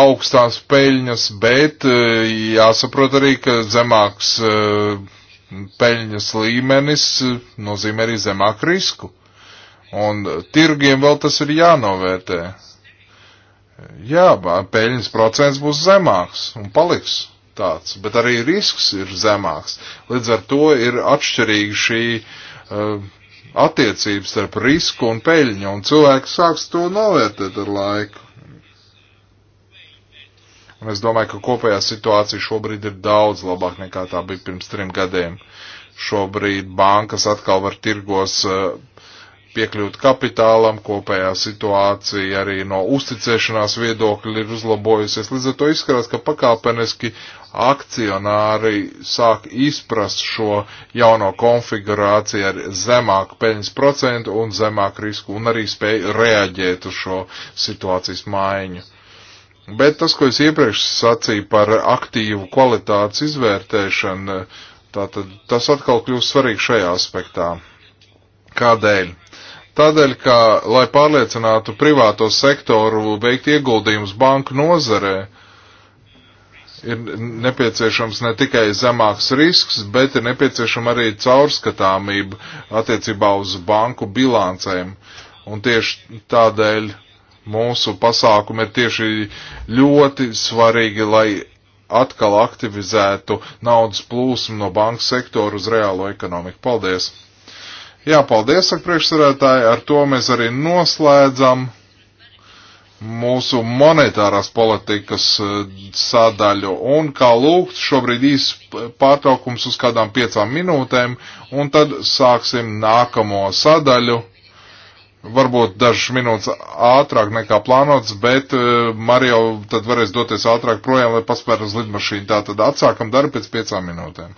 [SPEAKER 3] augstās peļņas, bet eh, jāsaprot arī, ka zemāks eh, peļņas līmenis eh, nozīmē arī zemāku risku. Un tirgiem vēl tas ir jānovērtē. Jā, peļņas procents būs zemāks un paliks tāds, bet arī risks ir zemāks. Līdz ar to ir atšķirīgi šī uh, attiecības starp risku un peļņu, un cilvēks sāks to novērtēt ar laiku. Un es domāju, ka kopējā situācija šobrīd ir daudz labāk nekā tā bija pirms trim gadiem. Šobrīd bankas atkal var tirgos eh, piekļūt kapitālam, kopējā situācija arī no uzticēšanās viedokļa ir uzlabojusies. Līdz ar to izskatās, ka pakāpeniski akcionāri sāk izprast šo jauno konfigurāciju ar zemāku peļņas procentu un zemāku risku un arī spēju reaģēt uz šo situācijas maiņu. Bet tas, ko es iepriekš sacīju par aktīvu kvalitātes izvērtēšanu, tātad tas atkal kļūst svarīgi šajā aspektā. Kādēļ? Tādēļ, ka, lai pārliecinātu privāto sektoru veikt ieguldījumus banku nozarē, ir nepieciešams ne tikai zemāks risks, bet ir nepieciešama arī caurskatāmība attiecībā uz banku bilancēm. Un tieši tādēļ mūsu pasākumi ir tieši ļoti svarīgi, lai atkal aktivizētu naudas plūsmu no banku sektoru uz reālo ekonomiku. Paldies! Jā, paldies, saka priekšsarētāji, ar to mēs arī noslēdzam mūsu monetārās politikas eh, sadaļu. Un kā lūgt, šobrīd īs pārtraukums uz kādām piecām minūtēm, un tad sāksim nākamo sadaļu. Varbūt dažas minūtes ātrāk nekā plānots, bet eh, Mario tad varēs doties ātrāk projām, lai paspēr uz lidmašīnu. Tātad atsākam darbu pēc piecām minūtēm.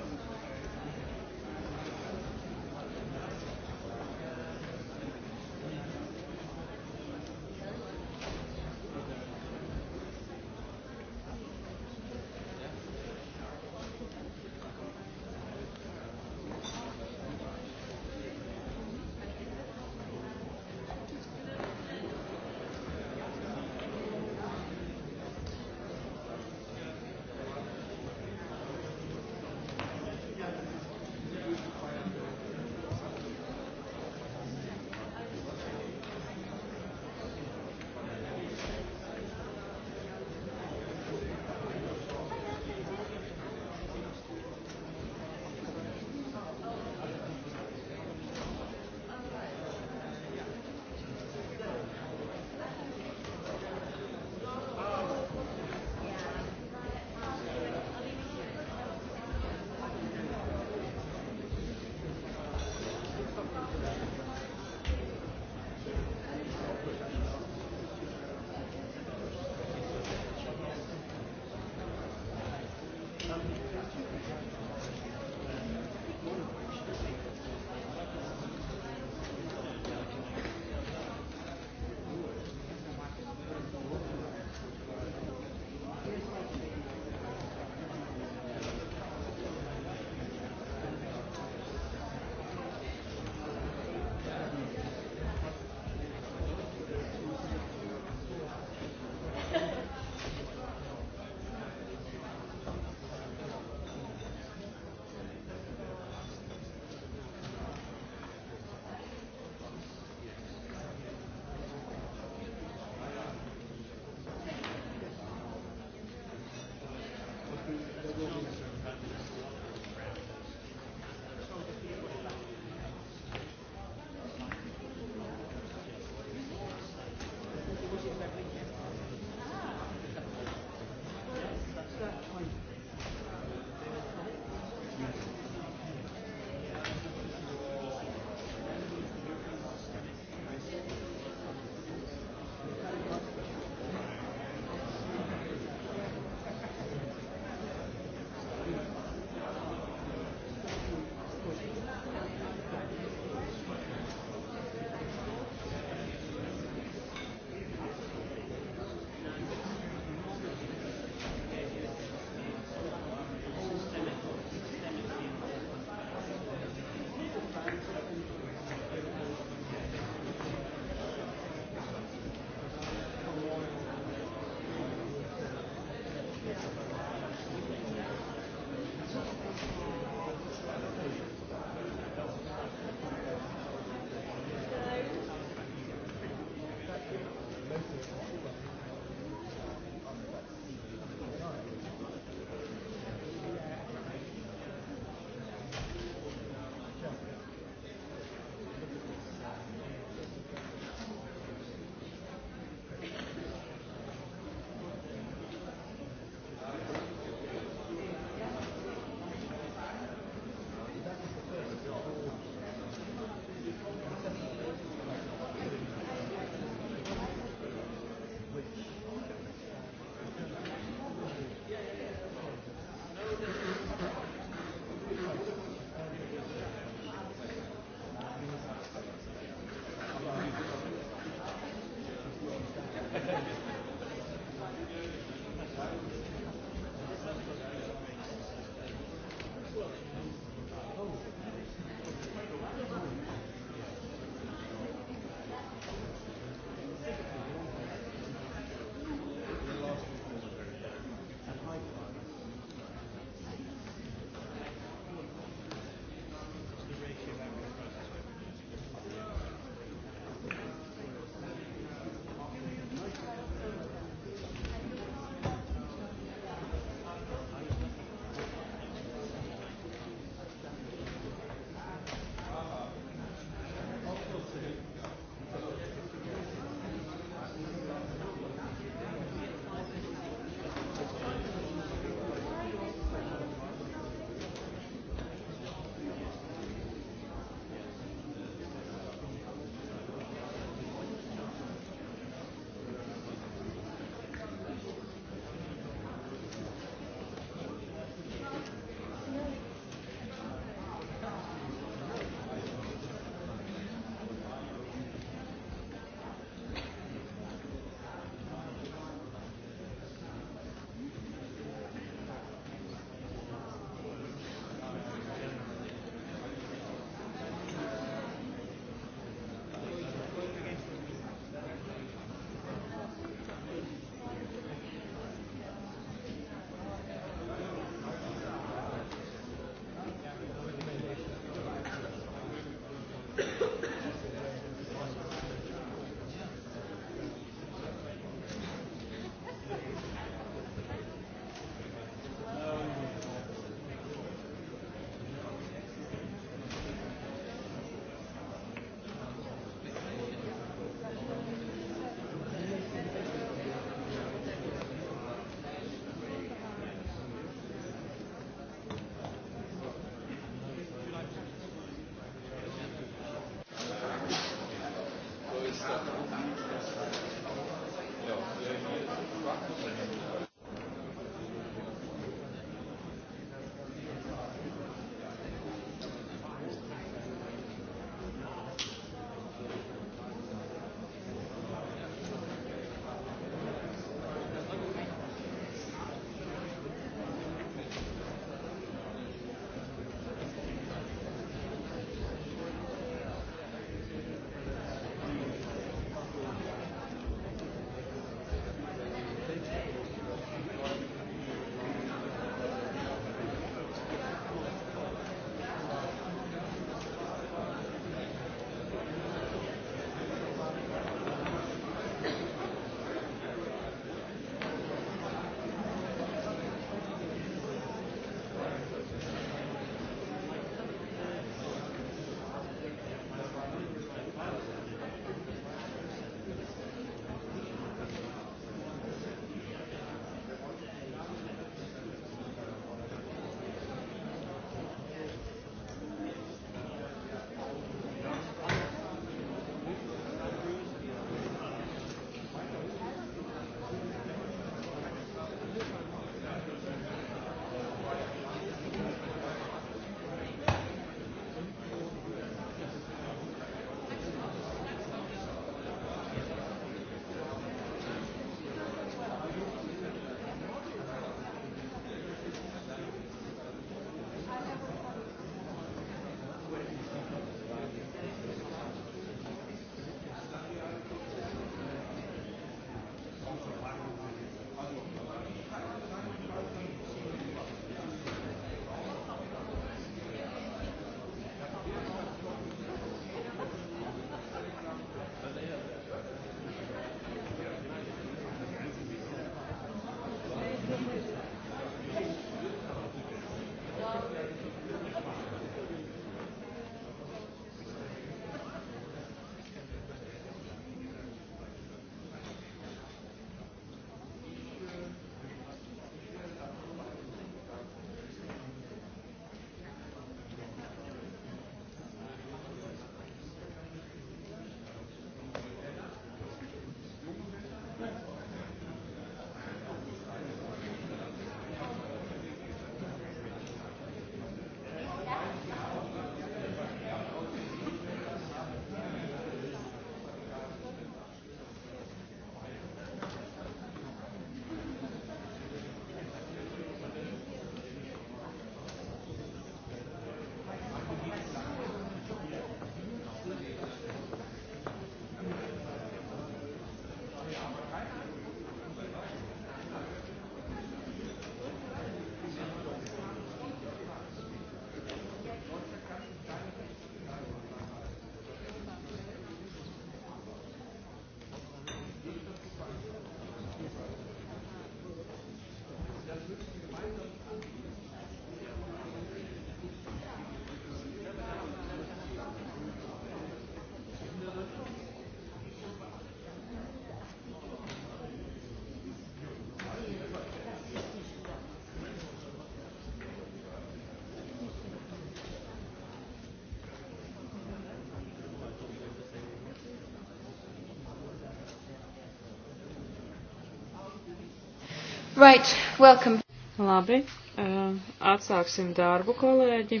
[SPEAKER 4] Right, welcome. Labi, uh, atsāksim darbu, kolēģi.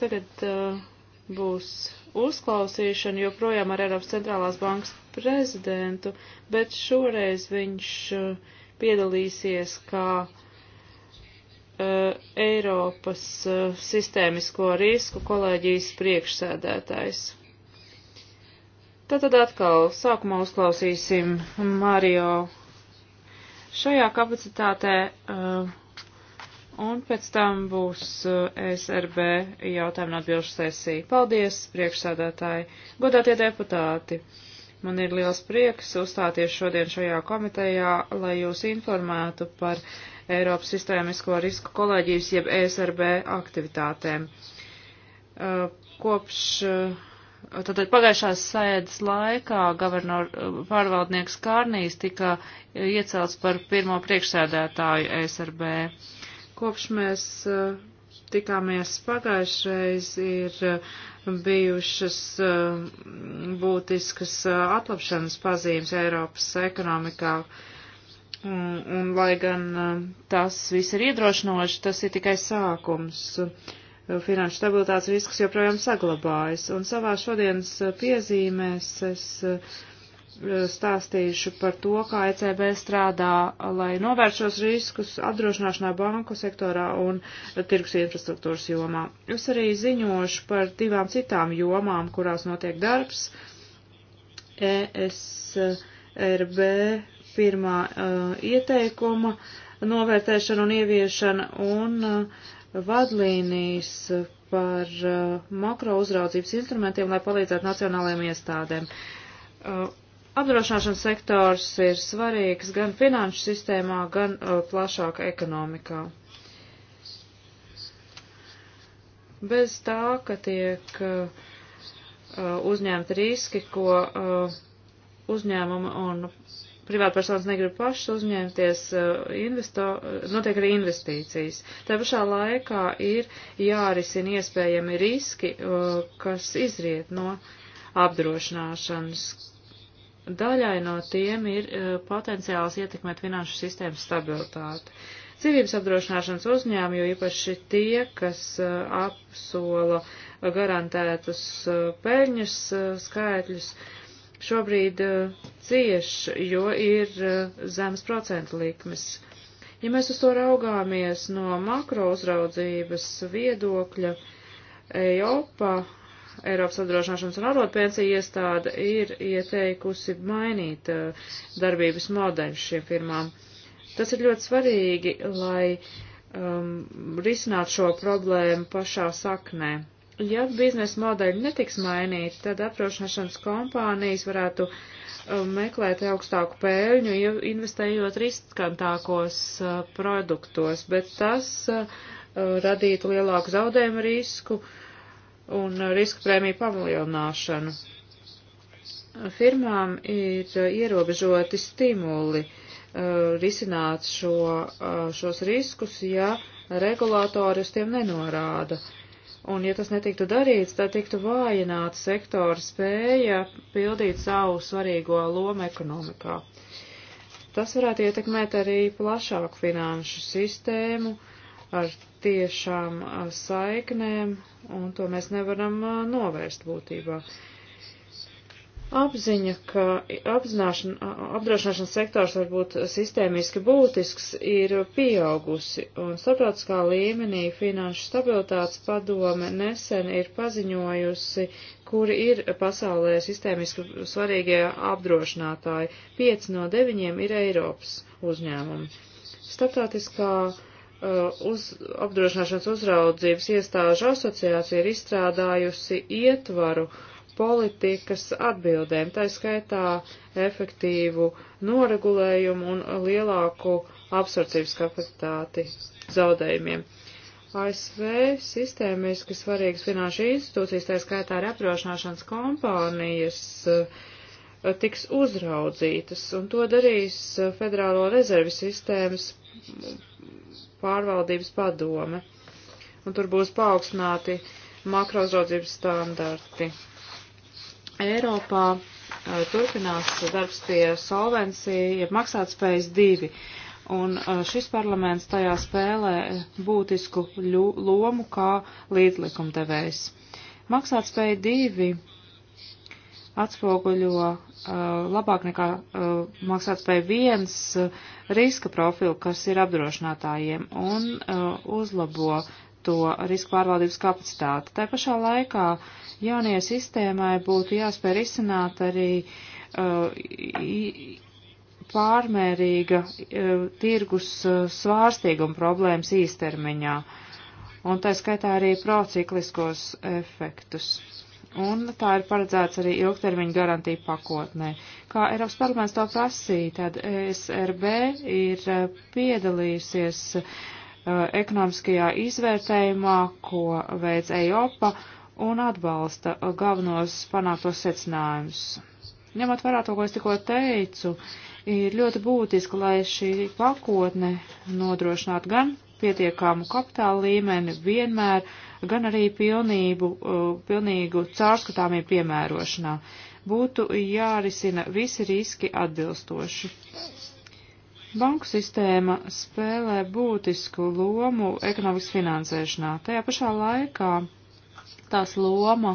[SPEAKER 4] Tagad uh, būs uzklausīšana joprojām ar Eiropas centrālās bankas prezidentu, bet šoreiz viņš uh, piedalīsies kā Eiropas sistēmisko risku kolēģijas priekšsēdētājs. Tātad atkal sākumā uzklausīsim Mario šajā kapacitātē, uh, un pēc tam būs uh, SRB jautājuma atbilžu sesija. Paldies, priekšsādātāji, godātie deputāti! Man ir liels prieks uzstāties šodien šajā komitejā, lai jūs informētu par Eiropas sistēmisko risku kolēģijas jeb ESRB aktivitātēm. Uh, kopš Tātad pagājušās sēdes laikā gavernor eh, pārvaldnieks Kārnīs tika iecelts par pirmo priekšsēdētāju ESRB. Kopš mēs eh, tikāmies pagājušreiz ir eh, bijušas būtiskas atlapšanas pazīmes Eiropas ekonomikā. Un, un lai gan tas viss ir iedrošinoši, tas ir tikai sākums. Uh, finanšu stabilitātes risks joprojām saglabājas. Un savā šodienas eh, piezīmēs es eh, stāstīšu par to, kā ECB strādā, lai novērš šos riskus apdrošināšanā banku sektorā un tirgus infrastruktūras jomā. Es arī ziņošu par divām citām jomām, kurās notiek darbs. ESRB pirmā uh, ieteikuma novērtēšana un ieviešana un uh, vadlīnijas par uh, makro uzraudzības instrumentiem, lai palīdzētu nacionālajiem iestādēm. Uh, apdrošināšanas sektors ir svarīgs gan finanšu sistēmā, gan uh, plašāk ekonomikā. Bez tā, ka tiek uzņemti riski, ko uzņēmumi un privātpersonas negrib pašas uzņemties, eh, investo, eh, notiek arī investīcijas. Tā pašā laikā ir jārisina iespējami riski, eh, kas izriet no apdrošināšanas. Daļai no tiem ir potenciāls ietekmēt finanšu sistēmas stabilitāti. Dzīvības apdrošināšanas uzņēmumi, jo īpaši tie, kas apsola garantētus peļņas skaitļus, uh, šobrīd uh, cieš, jo ir uh, zemes procentu likmes. Ja mēs uz to raugāmies no makro uzraudzības viedokļa, Eiropa, Eiropas apdrošināšanas un arotpensija iestāde ir ieteikusi mainīt uh, darbības modeļu šiem firmām. Tas ir ļoti svarīgi, lai um, risinātu šo problēmu pašā saknē. Ja biznesa modeļi netiks mainīti, tad apdrošināšanas kompānijas varētu um, meklēt augstāku pēļņu, investējot riskantākos uh, produktos, bet tas uh, radītu lielāku zaudējumu risku un uh, riska prēmiju palielināšanu. Firmām ir ierobežoti stimuli risināt šo, šos riskus, ja regulātori uz tiem nenorāda. Uh, Un, ja tas netiktu darīts, tad tiktu vājināta sektora spēja pildīt savu svarīgo lomu ekonomikā. Tas varētu ietekmēt arī plašāku finanšu sistēmu ar tiešām saiknēm, un to mēs nevaram novērst būtībā. Apziņa, ka apdrošināšanas sektors var būt sistēmiski būtisks, ir pieaugusi, un starptautiskā līmenī Finanšu stabilitātes padome nesen ir paziņojusi, kuri ir pasaulē sistēmiski svarīgie apdrošinātāji. Pieci no deviņiem ir Eiropas uzņēmumi. Starptautiskā uh, uz, apdrošināšanas uzraudzības iestāžu asociācija ir izstrādājusi ietvaru, uh, politikas atbildēm, tā skaitā efektīvu noregulējumu un lielāku absorpcijas kapacitāti zaudējumiem. ASV sistēmiski svarīgas finanšu institūcijas, tā skaitā arī apdrošināšanas kompānijas, eh, tiks uzraudzītas, un to darīs eh, Federālo rezervi sistēmas pārvaldības padome. Un tur būs paaugstināti makrouzraudzības standarti. Eiropā turpinās darbs pie solvencija, jeb maksātspējas divi. Un šis parlaments tajā spēlē būtisku lomu kā līdzlikumdevējs. Maksātspēja divi atspoguļo uh, labāk nekā uh, maksātspēja viens uh, riska profilu, kas ir apdrošinātājiem un uh, uzlabo to risku pārvaldības kapacitāti. Tā pašā laikā jaunajai sistēmai būtu jāspēj risināt arī uh, pārmērīga uh, tirgus uh, svārstīguma problēmas īstermiņā, un tā skaitā arī procikliskos efektus. Un tā ir paredzēts arī ilgtermiņa garantija pakotnē. Kā Eiropas parlaments to prasīja, tad ESRB ir uh, piedalījusies uh, Uh, ekonomiskajā izvērtējumā, ko veic Eiropa un atbalsta galvenos panāktos secinājumus. Ņemot vērā to, ko es tikko teicu, ir ļoti būtiski, lai šī pakotne nodrošinātu gan pietiekamu kapitāla līmeni vienmēr, gan arī pilnību, uh, pilnīgu caurskatāmību piemērošanā. Būtu jārisina visi riski atbilstoši. Banku sistēma spēlē būtisku lomu ekonomikas finansēšanā. Tajā pašā laikā tās loma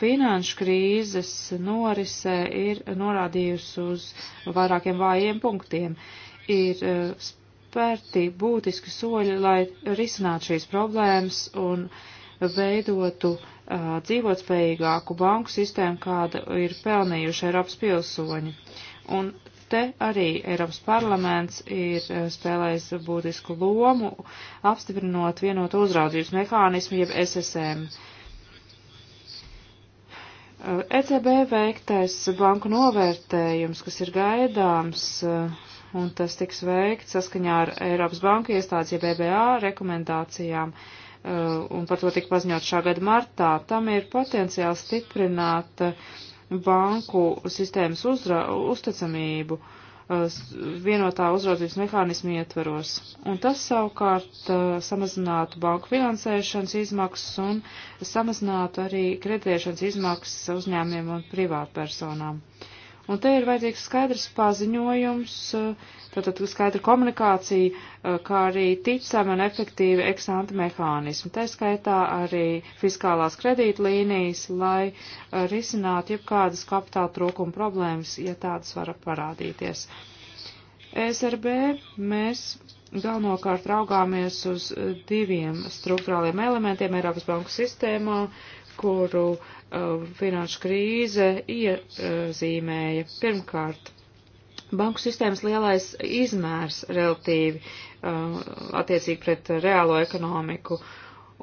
[SPEAKER 4] finanšu krīzes norise ir norādījusi uz vairākiem vājiem punktiem. Ir e, spērti būtiski soļi, lai risinātu šīs problēmas un veidotu uh, dzīvotspējīgāku banku sistēmu, kāda ir pelnījuši Eiropas pilsoņi. Un te arī Eiropas parlaments ir eh, spēlējis būtisku lomu, apstiprinot vienotu uzraudzības mehānismu, jeb SSM. ECB eh, e veiktais banku novērtējums, kas ir gaidāms, eh, un tas tiks veikts saskaņā ar Eiropas banku iestādes, jeb EBA rekomendācijām, un par to tika paziņot šā gada martā, tam ir potenciāls stiprināt uh, banku sistēmas uzra, uzticamību uh, vienotā uzraudzības mehānismu ietveros. Un tas savukārt uh, samazinātu banku finansēšanas izmaksas un samazinātu arī kreditēšanas izmaksas uzņēmiem un privātpersonām. personām. Un te ir vajadzīgs skaidrs paziņojums, eh, tātad skaidra komunikācija, eh, kā arī ticami un efektīvi eksanta mehānismi. Tā skaitā arī fiskālās kredītlīnijas, lai eh, risinātu jebkādas kapitāla trūkuma problēmas, ja tādas var parādīties. ESRB mēs galvenokārt raugāmies uz diviem struktūrāliem elementiem Eiropas banku sistēmā, kuru Uh, finanšu krīze iezīmēja. Pirmkārt, banku sistēmas lielais izmērs relatīvi uh, attiecīgi pret reālo ekonomiku.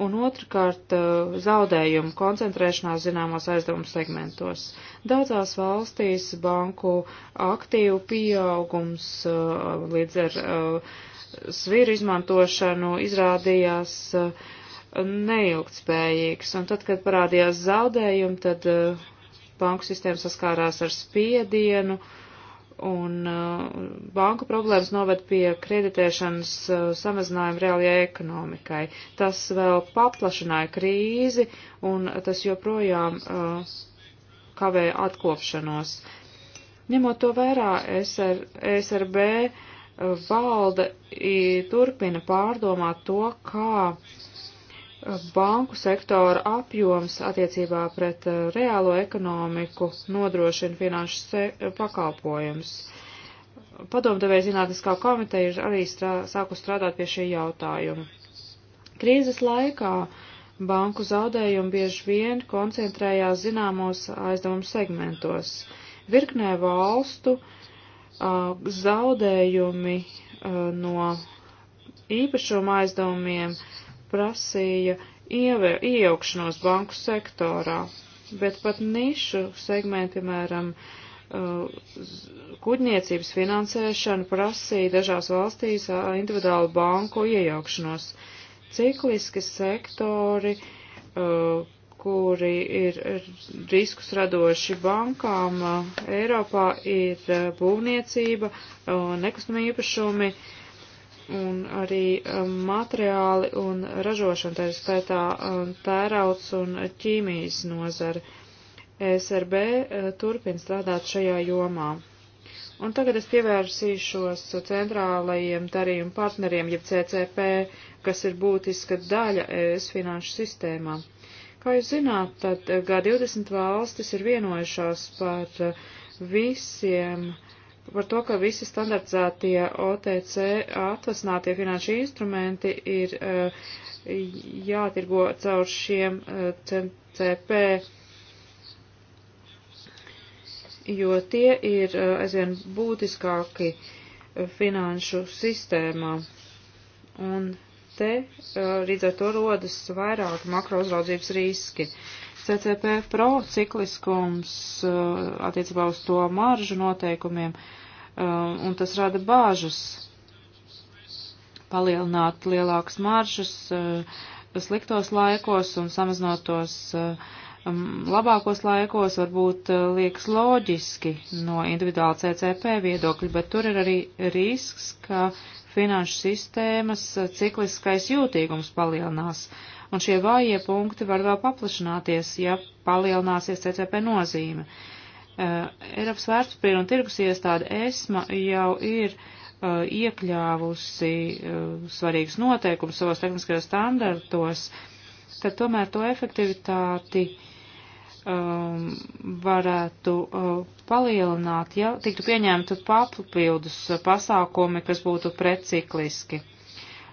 [SPEAKER 4] Un otrkārt, uh, zaudējumu koncentrēšanās zināmos aizdevumu segmentos. Daudzās valstīs banku aktīvu pieaugums līdz ar sviru izmantošanu izrādījās uh, neilgtspējīgs. Un tad, kad parādījās zaudējumi, tad uh, banku sistēma saskārās ar spiedienu, un uh, banku problēmas noved pie kreditēšanas uh, samazinājuma reālajai ekonomikai. Tas vēl paplašināja krīzi, un tas joprojām kavē atkopšanos. Ņemot to vērā, SR, SRB valde turpina pārdomāt to, kā uh, banku sektora apjoms attiecībā pret eh, reālo ekonomiku nodrošina finanšu pakalpojumus. Padomdevēja zinātniskā komiteja ir arī strā, sāku strādāt pie šī jautājuma. Krīzes laikā banku zaudējumi bieži vien koncentrējās zināmos aizdevumu segmentos. Virknē valstu uh, zaudējumi uh, no īpašuma aizdevumiem uh, prasīja ieve, iejaukšanos banku sektorā, bet pat nišu segmenti, piemēram, uh, kuģniecības finansēšana prasīja dažās valstīs uh, individuālu banku iejaukšanos. Cikliski sektori, uh, kuri ir riskus radoši bankām Eiropā, ir būvniecība, nekustamie īpašumi, un arī um, materiāli un ražošana, tā ir skaitā um, tērauts un ķīmijas nozara. ESRB uh, turpina strādāt šajā jomā. Un tagad es pievērsīšos centrālajiem darījumu partneriem, jeb CCP, kas ir būtiska daļa ES finanšu sistēmā. Kā jūs zināt, tad uh, G20 valstis ir vienojušās par uh, visiem uh, par to, ka visi standartizētie OTC atvasinātie finanšu instrumenti ir eh, jātirgo caur šiem eh, CP, jo tie ir eh, aizvien būtiskāki finanšu sistēmā. Un te līdz ar to rodas vairāk makrouzraudzības riski. Uh, CCP procikliskums uh, attiecībā uz to maržu noteikumiem, uh, un tas rada bāžas palielināt lielākas maržas uh, sliktos laikos un samazinot tos um, labākos laikos, varbūt liekas loģiski no individuāla CCP viedokļa, bet tur ir arī risks, ka finanšu sistēmas cikliskais jūtīgums palielinās un šie vājie punkti var vēl paplašināties, ja palielināsies CCP nozīme. Uh, Eiropas vērtspapīra un tirgus iestāde ESMA jau ir uh, iekļāvusi uh, svarīgus noteikumus savos tehniskajos standartos, tad tomēr to efektivitāti um, varētu uh, palielināt, ja tiktu pieņemta papildus uh, pasākumi, kas būtu precikliski.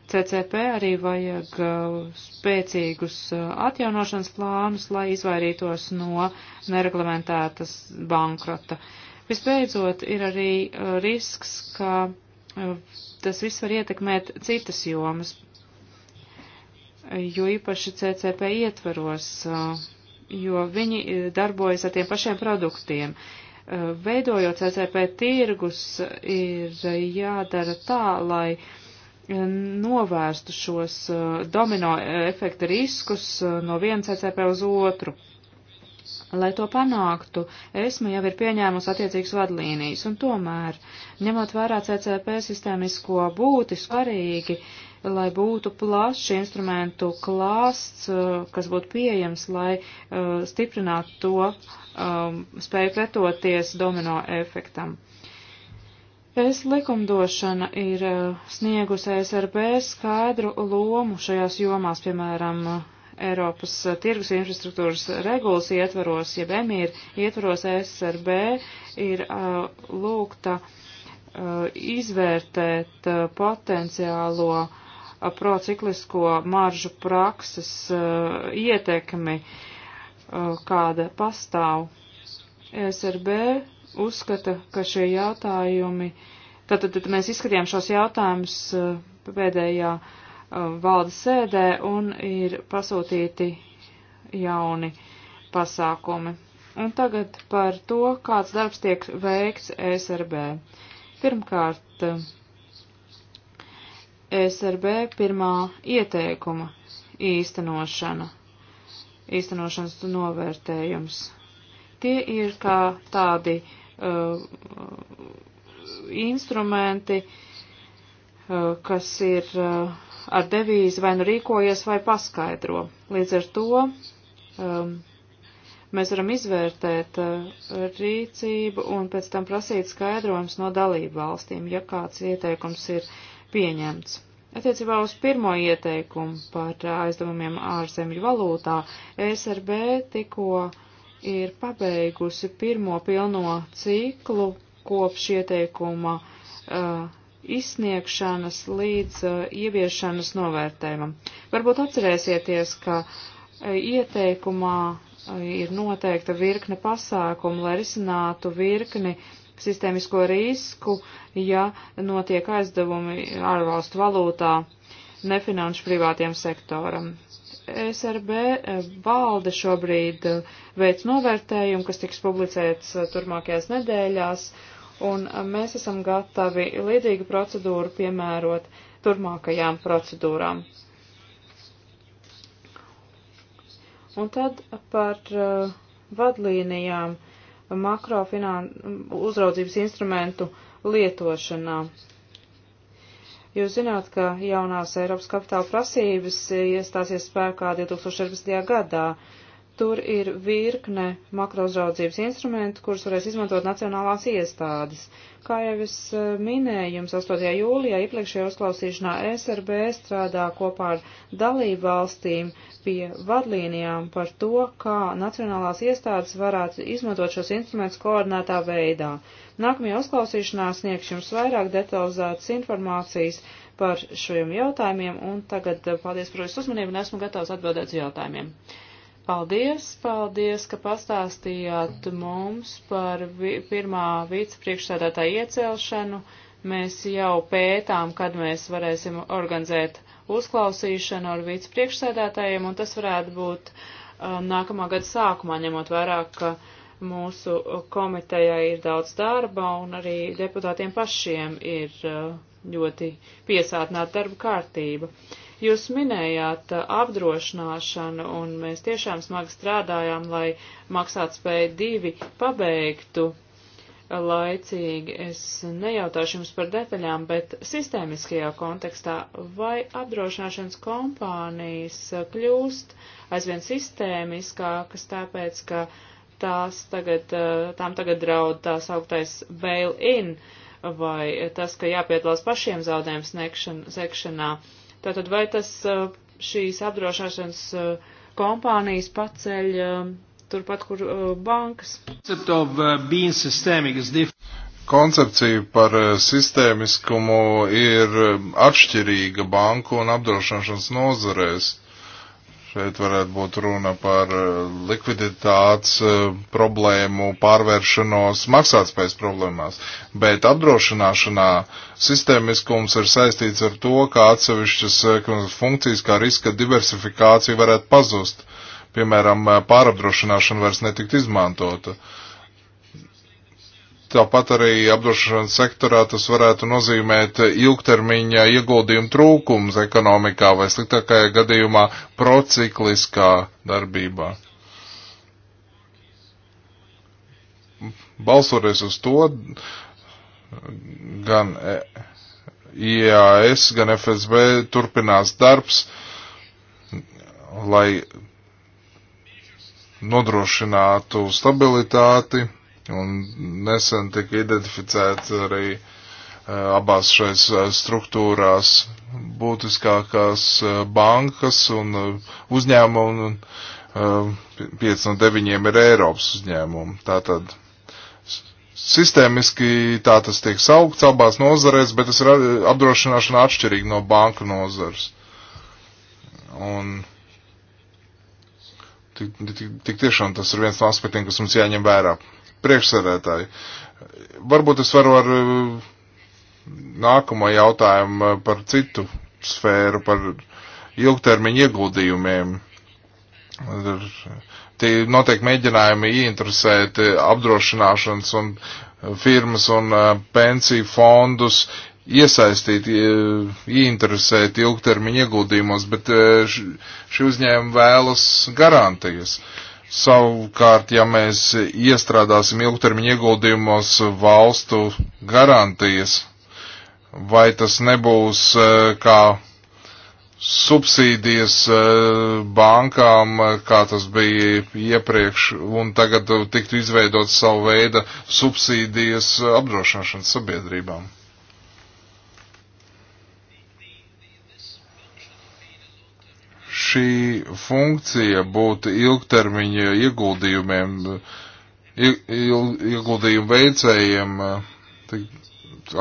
[SPEAKER 4] CCP arī vajag uh, spēcīgus uh, atjaunošanas plānus, lai izvairītos no nereglamentētas bankrota. Visbeidzot, ir arī uh, risks, ka tas viss var ietekmēt citas jomas, jo īpaši CCP ietvaros, jo viņi darbojas ar tiem pašiem produktiem veidojot CCP tirgus, ir jādara tā, lai Um, novērstu šos uh, domino uh, efekta riskus uh, no viena CCP uz otru. Lai to panāktu, ESMA jau ir pieņēmusi attiecīgas vadlīnijas, un tomēr, ņemot vērā CCP sistēmisko būti, svarīgi, lai būtu plašs instrumentu klāsts, kas būtu pieejams, lai uh, stiprinātu to um, spēju pretoties domino efektam. Uh, Es likumdošana ir eh, sniegusi SRB skaidru lomu šajās jomās, piemēram, Eiropas tirgus infrastruktūras regulas ietvaros, jeb emīri ietvaros SRB ir uh, lūgta uh, izvērtēt uh, potenciālo uh, prociklisko maržu prakses uh, ietekmi, uh, kāda pastāv. SRB uzskata, ka šie jautājumi, tad, tad, tad mēs izskatījām šos jautājumus uh, pēdējā uh, valdes sēdē un ir pasūtīti jauni pasākumi. Un tagad par to, kāds darbs tiek veikts ESRB. Pirmkārt, uh, ESRB pirmā ieteikuma īstenošana, īstenošanas novērtējums. Tie ir kā tādi Uh, instrumenti, uh, kas ir uh, ar devīzi vai nu rīkojies vai paskaidro. Līdz ar to um, mēs varam izvērtēt uh, rīcību un pēc tam prasīt skaidrojums no dalību valstīm, ja kāds ieteikums ir pieņemts. Attiecībā uz pirmo ieteikumu par uh, aizdevumiem ārzemju valūtā, SRB tikko uh, ir pabeigusi pirmo pilno ciklu kopš ieteikuma uh, izsniegšanas līdz uh, ieviešanas novērtējumam. Varbūt atcerēsieties, ka uh, ieteikumā uh, ir noteikta virkne pasākumu, lai risinātu virkni sistēmisko risku, ja notiek aizdevumi ārvalstu valūtā nefinanšu privātiem sektoram. SRB eh, valde šobrīd eh, veic novērtējumu, kas tiks publicēts eh, turmākajās nedēļās, un mēs esam gatavi līdzīgu procedūru piemērot turmākajām procedūrām. Un tad par uh, vadlīnijām makrofinan uzraudzības instrumentu lietošanā. Uh, Jūs zināt, ka jaunās Eiropas kapitāla prasības iestāsies spēkā 2014. gadā. Tur ir virkne makrouzraudzības instrumentu, kurus varēs izmantot nacionālās iestādes. Kā jau es e, minēju, jums 8. jūlijā iepriekšējā uzklausīšanā SRB strādā kopā ar dalību valstīm pie vadlīnijām par to, kā nacionālās iestādes varētu izmantot šos instrumentus koordinētā veidā. Nākamajā uzklausīšanā sniegšu jums vairāk detalizētas informācijas par šiem jautājumiem, un tagad eh, paldies par jūsu uzmanību, un esmu gatavs atbildēt uz jautājumiem. Paldies, paldies, ka pastāstījāt mums par vi pirmā vicepriekšsēdētāja iecelšanu. Mēs jau pētām, kad mēs varēsim organizēt uzklausīšanu ar vicepriekšsēdētājiem, un tas varētu būt uh, nākamā gada sākumā, ņemot vairāk, ka uh, Mūsu komitejai ir daudz darba un arī deputātiem pašiem ir uh, ļoti piesātināta darba kārtība. Jūs minējāt uh, apdrošināšanu, un mēs tiešām smagi strādājām, lai maksātspēja divi pabeigtu laicīgi. Es nejautāšu jums par detaļām, bet sistēmiskajā kontekstā vai apdrošināšanas kompānijas kļūst aizvien sistēmiskākas tāpēc, ka tās tagad, eh, tām tagad draud tās augtais bail-in vai tas, ka jāpiedalās pašiem zaudējumu sekšanā. Tātad vai tas eh, šīs apdrošināšanas eh, kompānijas paceļ turpat, kur bankas?
[SPEAKER 3] Koncepcija par sistēmiskumu ir atšķirīga banku un apdrošināšanas nozarēs Šeit varētu būt runa par eh, likviditātes eh, problēmu, pārvēršanos, maksātspējas problēmās. Bet apdrošināšanā sistēmiskums ir saistīts ar to, kā atsevišķas eh, funkcijas, kā riska diversifikācija varētu pazust. Piemēram, pārapdrošināšana vairs netikt izmantota. Uh, Tāpat arī apdrošināšanas sektorā tas varētu nozīmēt ilgtermiņa ieguldījumu trūkums ekonomikā vai sliktākajā gadījumā procikliskā darbībā. Balsoties uz to, gan IAS, gan FSB turpinās darbs, lai nodrošinātu stabilitāti Un nesen tika identificēts arī abās šais struktūrās būtiskākās bankas un uzņēmumu, un 5 no 9 ir Eiropas uzņēmumi. Tātad sistēmiski tā tas tiek saukts abās nozarēs, bet tas ir apdrošināšana atšķirīga no banku nozars. Un tik, tik, tik tiešām tas ir viens no aspektiem, kas mums jāņem vērā priekšsēdētāji. Varbūt es varu ar eh, nākamo jautājumu eh, par citu sfēru, par ilgtermiņa ieguldījumiem. Tie notiek mēģinājumi ieinteresēt eh, apdrošināšanas un firmas un pensiju fondus iesaistīt, ieinteresēt ilgtermiņa ieguldījumos, bet šī uzņēma vēlas garantijas. Uh, Savukārt, ja mēs iestrādāsim ilgtermiņa ieguldījumos valstu garantijas, vai tas nebūs e, kā subsīdijas e, bankām, e, kā tas bija iepriekš, un tagad tiktu izveidot savu veidu subsīdijas apdrošināšanas sabiedrībām? šī funkcija būtu ilgtermiņa ieguldījumiem, ieguldījumu veicējiem,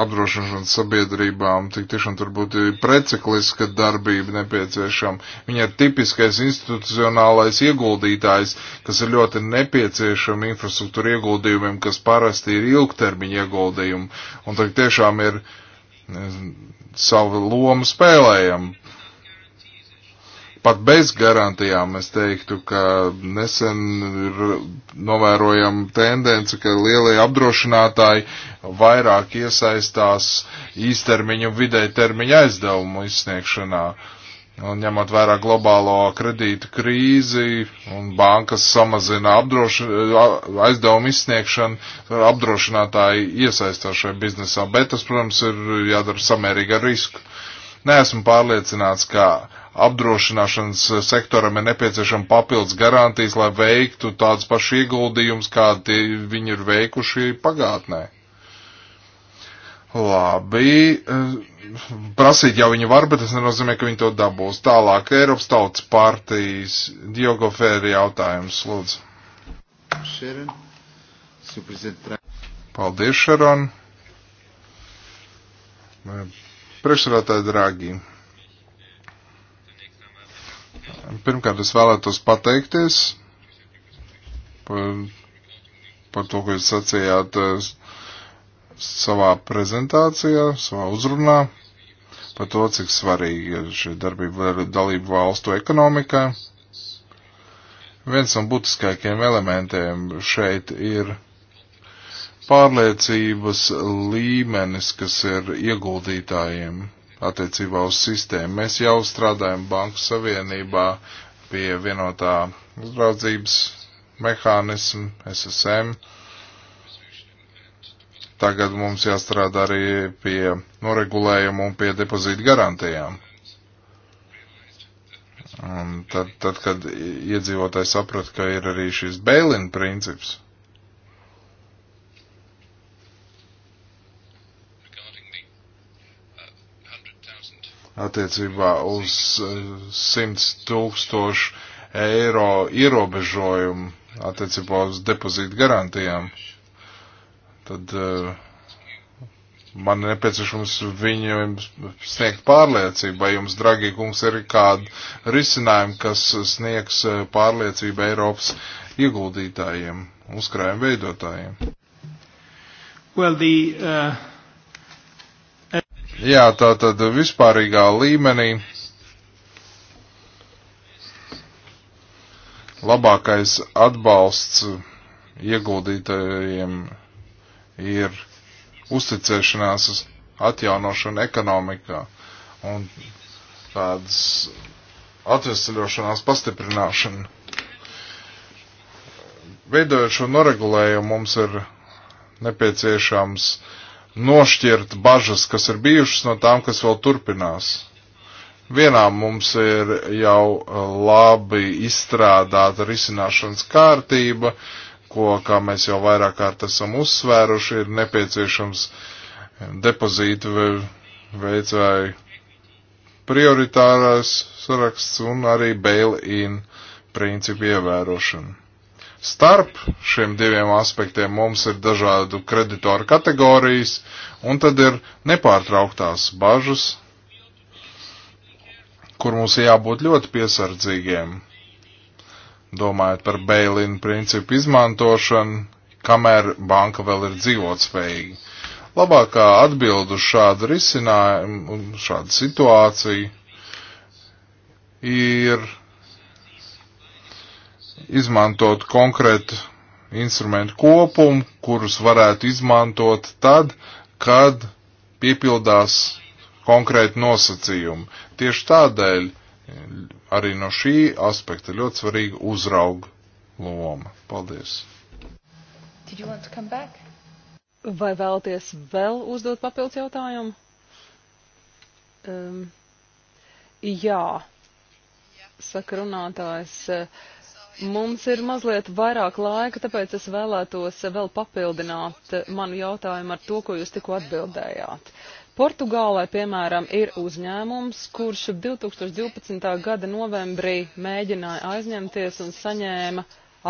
[SPEAKER 3] apdrošināšanas sabiedrībām, tik tiešām tur būtu precikliska darbība nepieciešama. Viņa ir tipiskais institucionālais ieguldītājs, kas ir ļoti nepieciešama infrastruktūra ieguldījumiem, kas parasti ir ilgtermiņa ieguldījumi. Un tad tiešām ir savu lomu spēlējam pat bez garantijām es teiktu, ka nesen ir novērojama tendence, ka lielie apdrošinātāji vairāk iesaistās īstermiņu vidē termiņa aizdevumu izsniegšanā. Un ņemot vērā globālo kredītu krīzi un bankas samazina apdroši, aizdevumu izsniegšanu, apdrošinātāji iesaistās šajā biznesā, bet tas, protams, ir jādara samērīgi ar risku. Neesmu pārliecināts, ka apdrošināšanas eh, sektoram ir nepieciešama papildus garantijas, lai veiktu tāds paši ieguldījums, kādi viņi ir veikuši pagātnē. Labi, eh, prasīt jau viņi var, bet tas nenozīmē, ka viņi to dabūs. Tālāk, Eiropas tautas partijas Diogo Fēri jautājums, lūdzu. Šeren, Paldies, Šeron. Priekšsarātāji, dragi. Pirmkārt, es vēlētos pateikties par, par to, ko jūs sacījāt eh, savā prezentācijā, savā uzrunā, par to, cik svarīgi ir šī darbība dalību valstu ekonomikā. Viens no būtiskākajiem elementiem šeit ir pārliecības līmenis, kas ir ieguldītājiem attiecībā uz sistēmu. Mēs jau strādājam Banku Savienībā pie vienotā uzraudzības mehānismu, SSM. Tagad mums jāstrādā arī pie noregulējumu un pie depozītu garantijām. Un tad, tad, kad iedzīvotājs saprat, ka ir arī šis bailin princips, attiecībā uz 100 eh, tūkstošu eiro ierobežojumu attiecībā uz depozītu garantijām, tad eh, man nepieciešams viņiem sniegt pārliecību, vai jums, dragie kungs, ir kādi risinājumi, kas sniegs eh, pārliecību Eiropas ieguldītājiem, uzkrājuma veidotājiem.
[SPEAKER 1] Well, the, uh...
[SPEAKER 3] Jā, tā tad vispārīgā līmenī labākais atbalsts ieguldītājiem ir uzticēšanās uz atjaunošanu ekonomikā un tādas atvesaļošanās pastiprināšanu. Veidojot šo noregulējumu, mums ir nepieciešams uh, nošķirt bažas, kas ir bijušas no tām, kas vēl turpinās. Vienā mums ir jau uh, labi izstrādāta risināšanas kārtība, ko, kā mēs jau vairāk kārt esam uzsvēruši, ir nepieciešams depozītu veicēju prioritārās saraksts un arī bail-in principu ievērošana. Starp šiem diviem aspektiem mums ir dažādu kreditoru kategorijas, un tad ir nepārtrauktās bažas, kur mums jābūt ļoti piesardzīgiem. Domājot par bailinu principu izmantošanu, kamēr banka vēl ir dzīvotspējīga. Labākā atbildu uz šādu risinājumu, šādu situāciju ir izmantot konkrētu instrumentu kopumu, kurus varētu izmantot tad, kad piepildās konkrēti nosacījumi. Tieši tādēļ arī no šī aspekta ļoti svarīga uzrauga loma. Paldies!
[SPEAKER 2] Vai vēlties vēl uzdot papildus jautājumu? Um, jā, saka runātājs. Uh, Mums ir mazliet vairāk laika, tāpēc es vēlētos vēl papildināt manu jautājumu ar to, ko jūs tikko atbildējāt. Portugālē, piemēram, ir uzņēmums, kurš 2012. gada novembrī mēģināja aizņemties un saņēma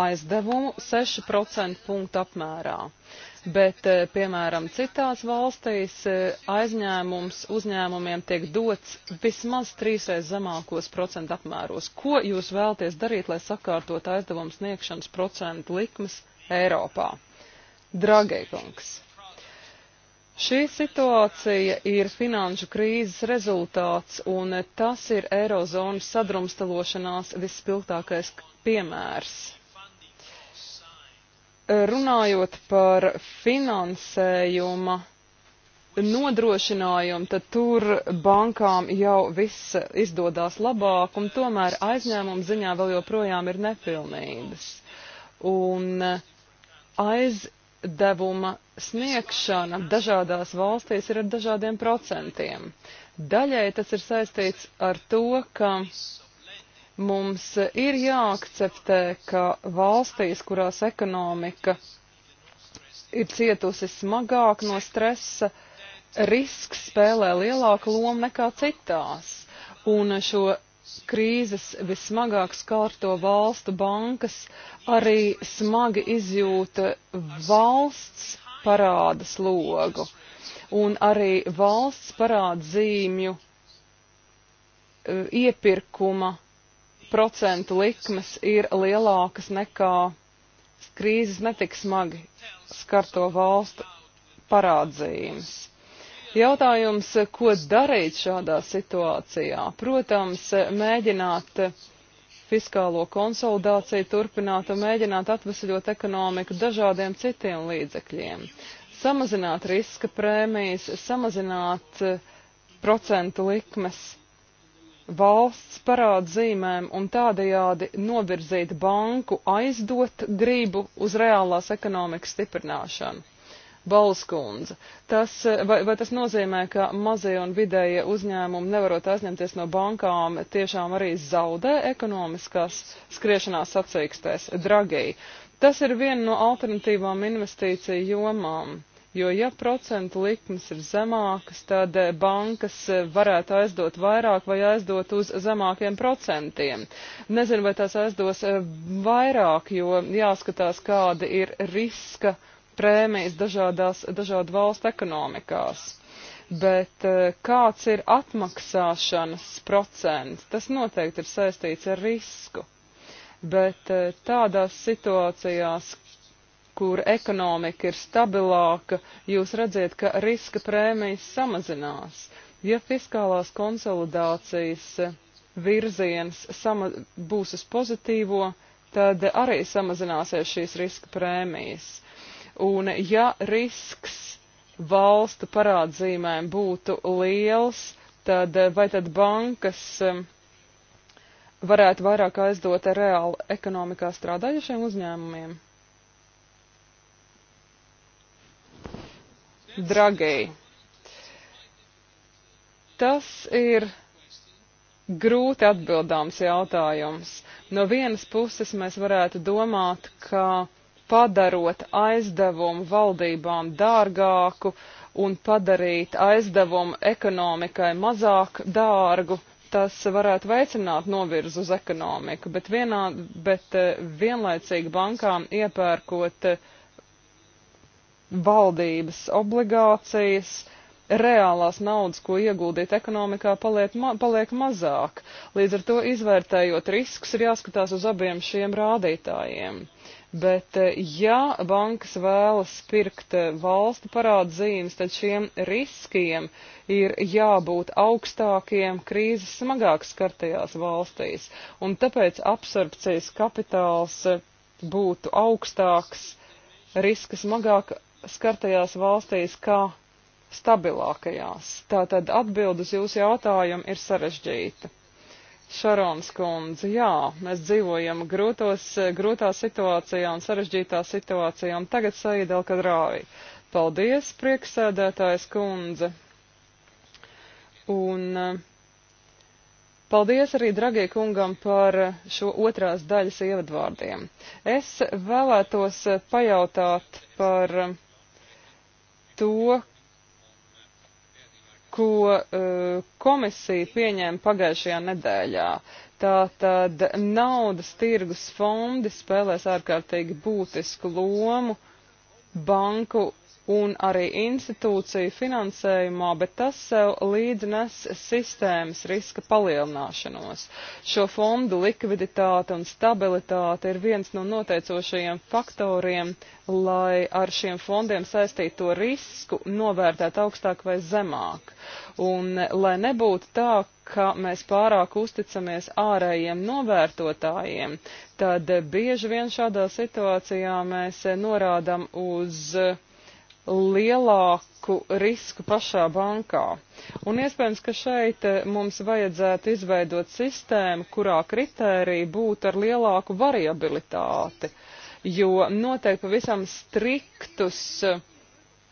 [SPEAKER 2] aizdevumu 6% punktu apmērā. Uh, bet, eh, piemēram, citās valstīs eh, aizņēmums uzņēmumiem tiek dots vismaz trīsreiz zemākos procentu apmēros. Ko jūs vēlties darīt, lai sakārtot aizdevumu sniegšanas procentu likmes Eiropā? Dragēkungs. Šī situācija ir finanšu krīzes rezultāts, un tas ir Eirozonas sadrumstalošanās visspilgtākais piemērs runājot par finansējuma nodrošinājumu, tad tur bankām jau viss izdodas labāk, un tomēr aizņēmuma ziņā vēl joprojām ir nepilnības. Un aizdevuma sniegšana dažādās valstīs ir ar dažādiem procentiem. Daļai tas ir saistīts ar to, ka Mums ir jāakceptē, ka valstīs, kurās ekonomika ir cietusi smagāk no stresa, risks spēlē lielāku lomu nekā citās. Un šo krīzes vismagāk skārto valstu bankas arī smagi izjūta valsts parāda slogu un arī valsts parādzīmju e, iepirkuma procentu likmes ir lielākas nekā krīzes netik smagi skarto valstu parādzīmes. Jautājums, ko darīt šādā situācijā? Protams, mēģināt fiskālo konsolidāciju turpināt un mēģināt atvesaļot ekonomiku dažādiem citiem līdzekļiem. Samazināt riska prēmijas, samazināt eh, procentu likmes valsts parādzīmēm un tādējādi novirzīt banku aizdot gribu uz reālās ekonomikas stiprināšanu. Balskundze, tas, vai, vai tas nozīmē, ka mazie un vidējie uzņēmumi nevarot aizņemties no bankām, tiešām arī zaudē ekonomiskās skriešanās sacīkstēs? Dragī, tas ir viena no alternatīvām investīciju jomām jo ja procentu likmes ir zemākas, tad eh, bankas eh, varētu aizdot vairāk vai aizdot uz zemākiem procentiem. Nezinu, vai tās aizdos eh, vairāk, jo jāskatās, kāda ir riska prēmijas dažādās, dažādu valstu ekonomikās. Bet kāds ir atmaksāšanas procents? Tas noteikti ir saistīts ar risku. Bet tādās situācijās, kur ekonomika ir stabilāka, jūs redziet, ka riska prēmijas samazinās. Ja fiskālās konsolidācijas virziens sama, būs uz pozitīvo, tad arī samazināsies šīs riska prēmijas. Un ja risks valstu parādzīmēm būtu liels, tad vai tad bankas um, varētu vairāk aizdot ar reāli ekonomikā strādājušiem uzņēmumiem? Dragī. Tas ir grūti atbildāms jautājums. No vienas puses mēs varētu domāt, ka padarot aizdevumu valdībām dārgāku un padarīt aizdevumu ekonomikai mazāk dārgu, tas varētu veicināt novirzu uz ekonomiku, bet, vienā, bet eh, vienlaicīgi bankām iepērkot uh, valdības obligācijas, reālās naudas, ko ieguldīt ekonomikā, paliek, ma paliek mazāk. Līdz ar to izvērtējot riskus, ir jāskatās uz abiem šiem rādītājiem. Bet eh, ja bankas vēlas pirkt eh, valstu parādzīmes, tad šiem riskiem ir jābūt augstākiem krīzes smagāk skartajās valstīs. Un tāpēc absorpcijas kapitāls eh, būtu augstāks, riska smagāk skartajās valstīs kā stabilākajās. Tātad atbildes jūsu jautājumu ir sarežģīta. Šarons kundze, jā, mēs dzīvojam grūtos, grūtā situācijā un sarežģītā situācijā, un tagad Saida Elkadrāvi. Paldies, prieksēdētājs kundze. Un paldies arī, dragie kungam, par šo otrās daļas ievadvārdiem. Es vēlētos pajautāt par to, ko uh, komisija pieņēma pagājušajā nedēļā. Tātad naudas tirgus fondi spēlēs ārkārtīgi būtisku lomu banku un arī institūciju finansējumā, bet tas sev līdzi nes sistēmas riska palielināšanos. Šo fondu likviditāte un stabilitāte ir viens no noteicošajiem faktoriem, lai ar šiem fondiem saistīto risku novērtētu augstāk vai zemāk. Un lai nebūtu tā, ka mēs pārāk uzticamies ārējiem novērtotājiem, tad bieži vien šādā situācijā mēs norādam uz uh, lielāku risku pašā bankā. Un iespējams, ka šeit eh, mums vajadzētu izveidot sistēmu, kurā kritērija būtu ar lielāku variabilitāti, jo noteikti pavisam striktus eh,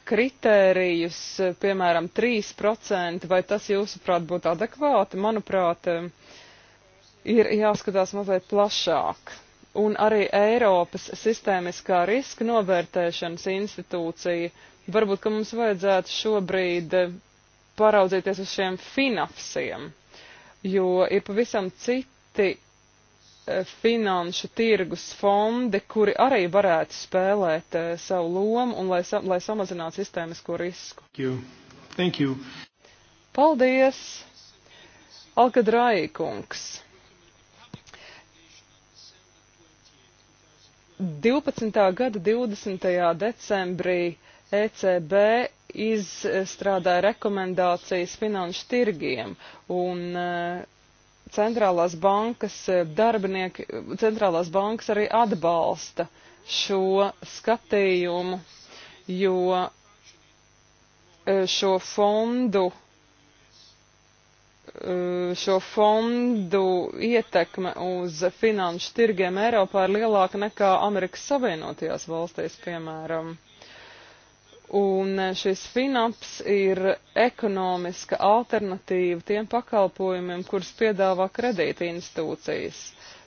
[SPEAKER 2] kritērijus, eh, piemēram, 3%, vai tas jūsuprāt būtu adekvāti, manuprāt, ir jāskatās mazliet plašāk un arī Eiropas sistēmiskā riska novērtēšanas institūcija. Varbūt, ka mums vajadzētu šobrīd eh, paraudzīties uz šiem finafsiem, jo ir pavisam citi eh, finanšu tirgus fondi, kuri arī varētu spēlēt eh, savu lomu un lai, sa lai samazinātu sistēmisko risku.
[SPEAKER 1] Thank you. Thank you.
[SPEAKER 2] Paldies! Alkadraikungs! 12. gada 20. decembrī ECB izstrādāja rekomendācijas finanšu tirgiem un eh, centrālās bankas eh, darbinieki, centrālās bankas arī atbalsta šo skatījumu, jo eh, šo fondu uh, Eh, šo fondu ietekme uz finanšu tirgiem Eiropā ir lielāka nekā Amerikas Savienotajās valstīs, piemēram. Un eh, šis finaps ir ekonomiska alternatīva tiem pakalpojumiem, kurus piedāvā kredīti institūcijas.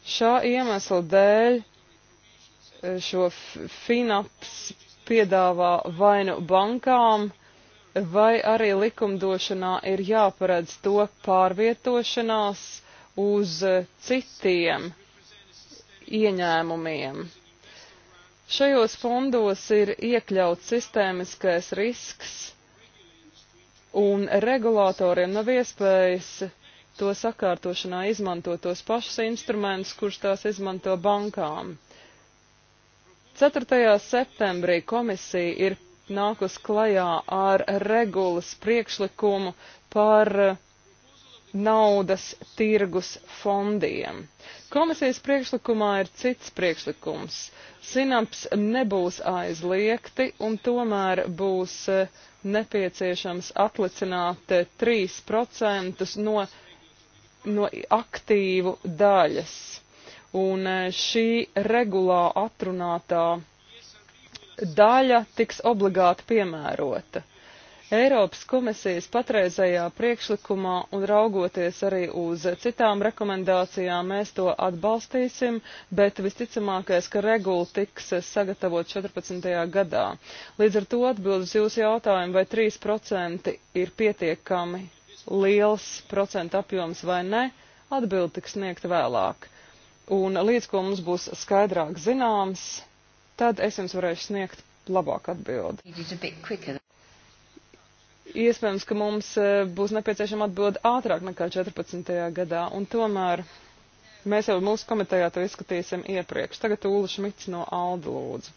[SPEAKER 2] Šā iemesla dēļ eh, šo finaps piedāvā vainu bankām, uh, vai arī likumdošanā ir jāparedz to pārvietošanās uz citiem ieņēmumiem. Šajos fondos ir iekļauts sistēmiskais risks, un regulātoriem nav iespējas to sakārtošanā izmantot tos pašus instrumentus, kurus tās izmanto bankām. 4. septembrī komisija ir nākus klajā ar regulas priekšlikumu par eh, naudas tirgus fondiem. Komisijas priekšlikumā ir cits priekšlikums. Sinaps nebūs aizliegti un tomēr būs eh, nepieciešams atlicināt 3% eh, no, no aktīvu daļas. Un šī regulā atrunātā daļa tiks obligāti piemērota. Eiropas komisijas patreizējā priekšlikumā un raugoties arī uz citām rekomendācijām, mēs to atbalstīsim, bet visticamākais, ka regula tiks sagatavot 14. gadā. Līdz ar to atbildes jūsu jautājumu, vai 3% ir pietiekami liels procentu apjoms vai ne, atbildi tiks sniegta vēlāk. Un līdz ko mums būs skaidrāk zināms, tad es jums varēšu sniegt labāku atbildi. Iespējams, ka mums e, būs nepieciešama atbilde ātrāk nekā 14. gadā, un tomēr mēs jau mūsu komitejā to izskatīsim iepriekš. Tagad Ūla Šmits no Alda lūdzu.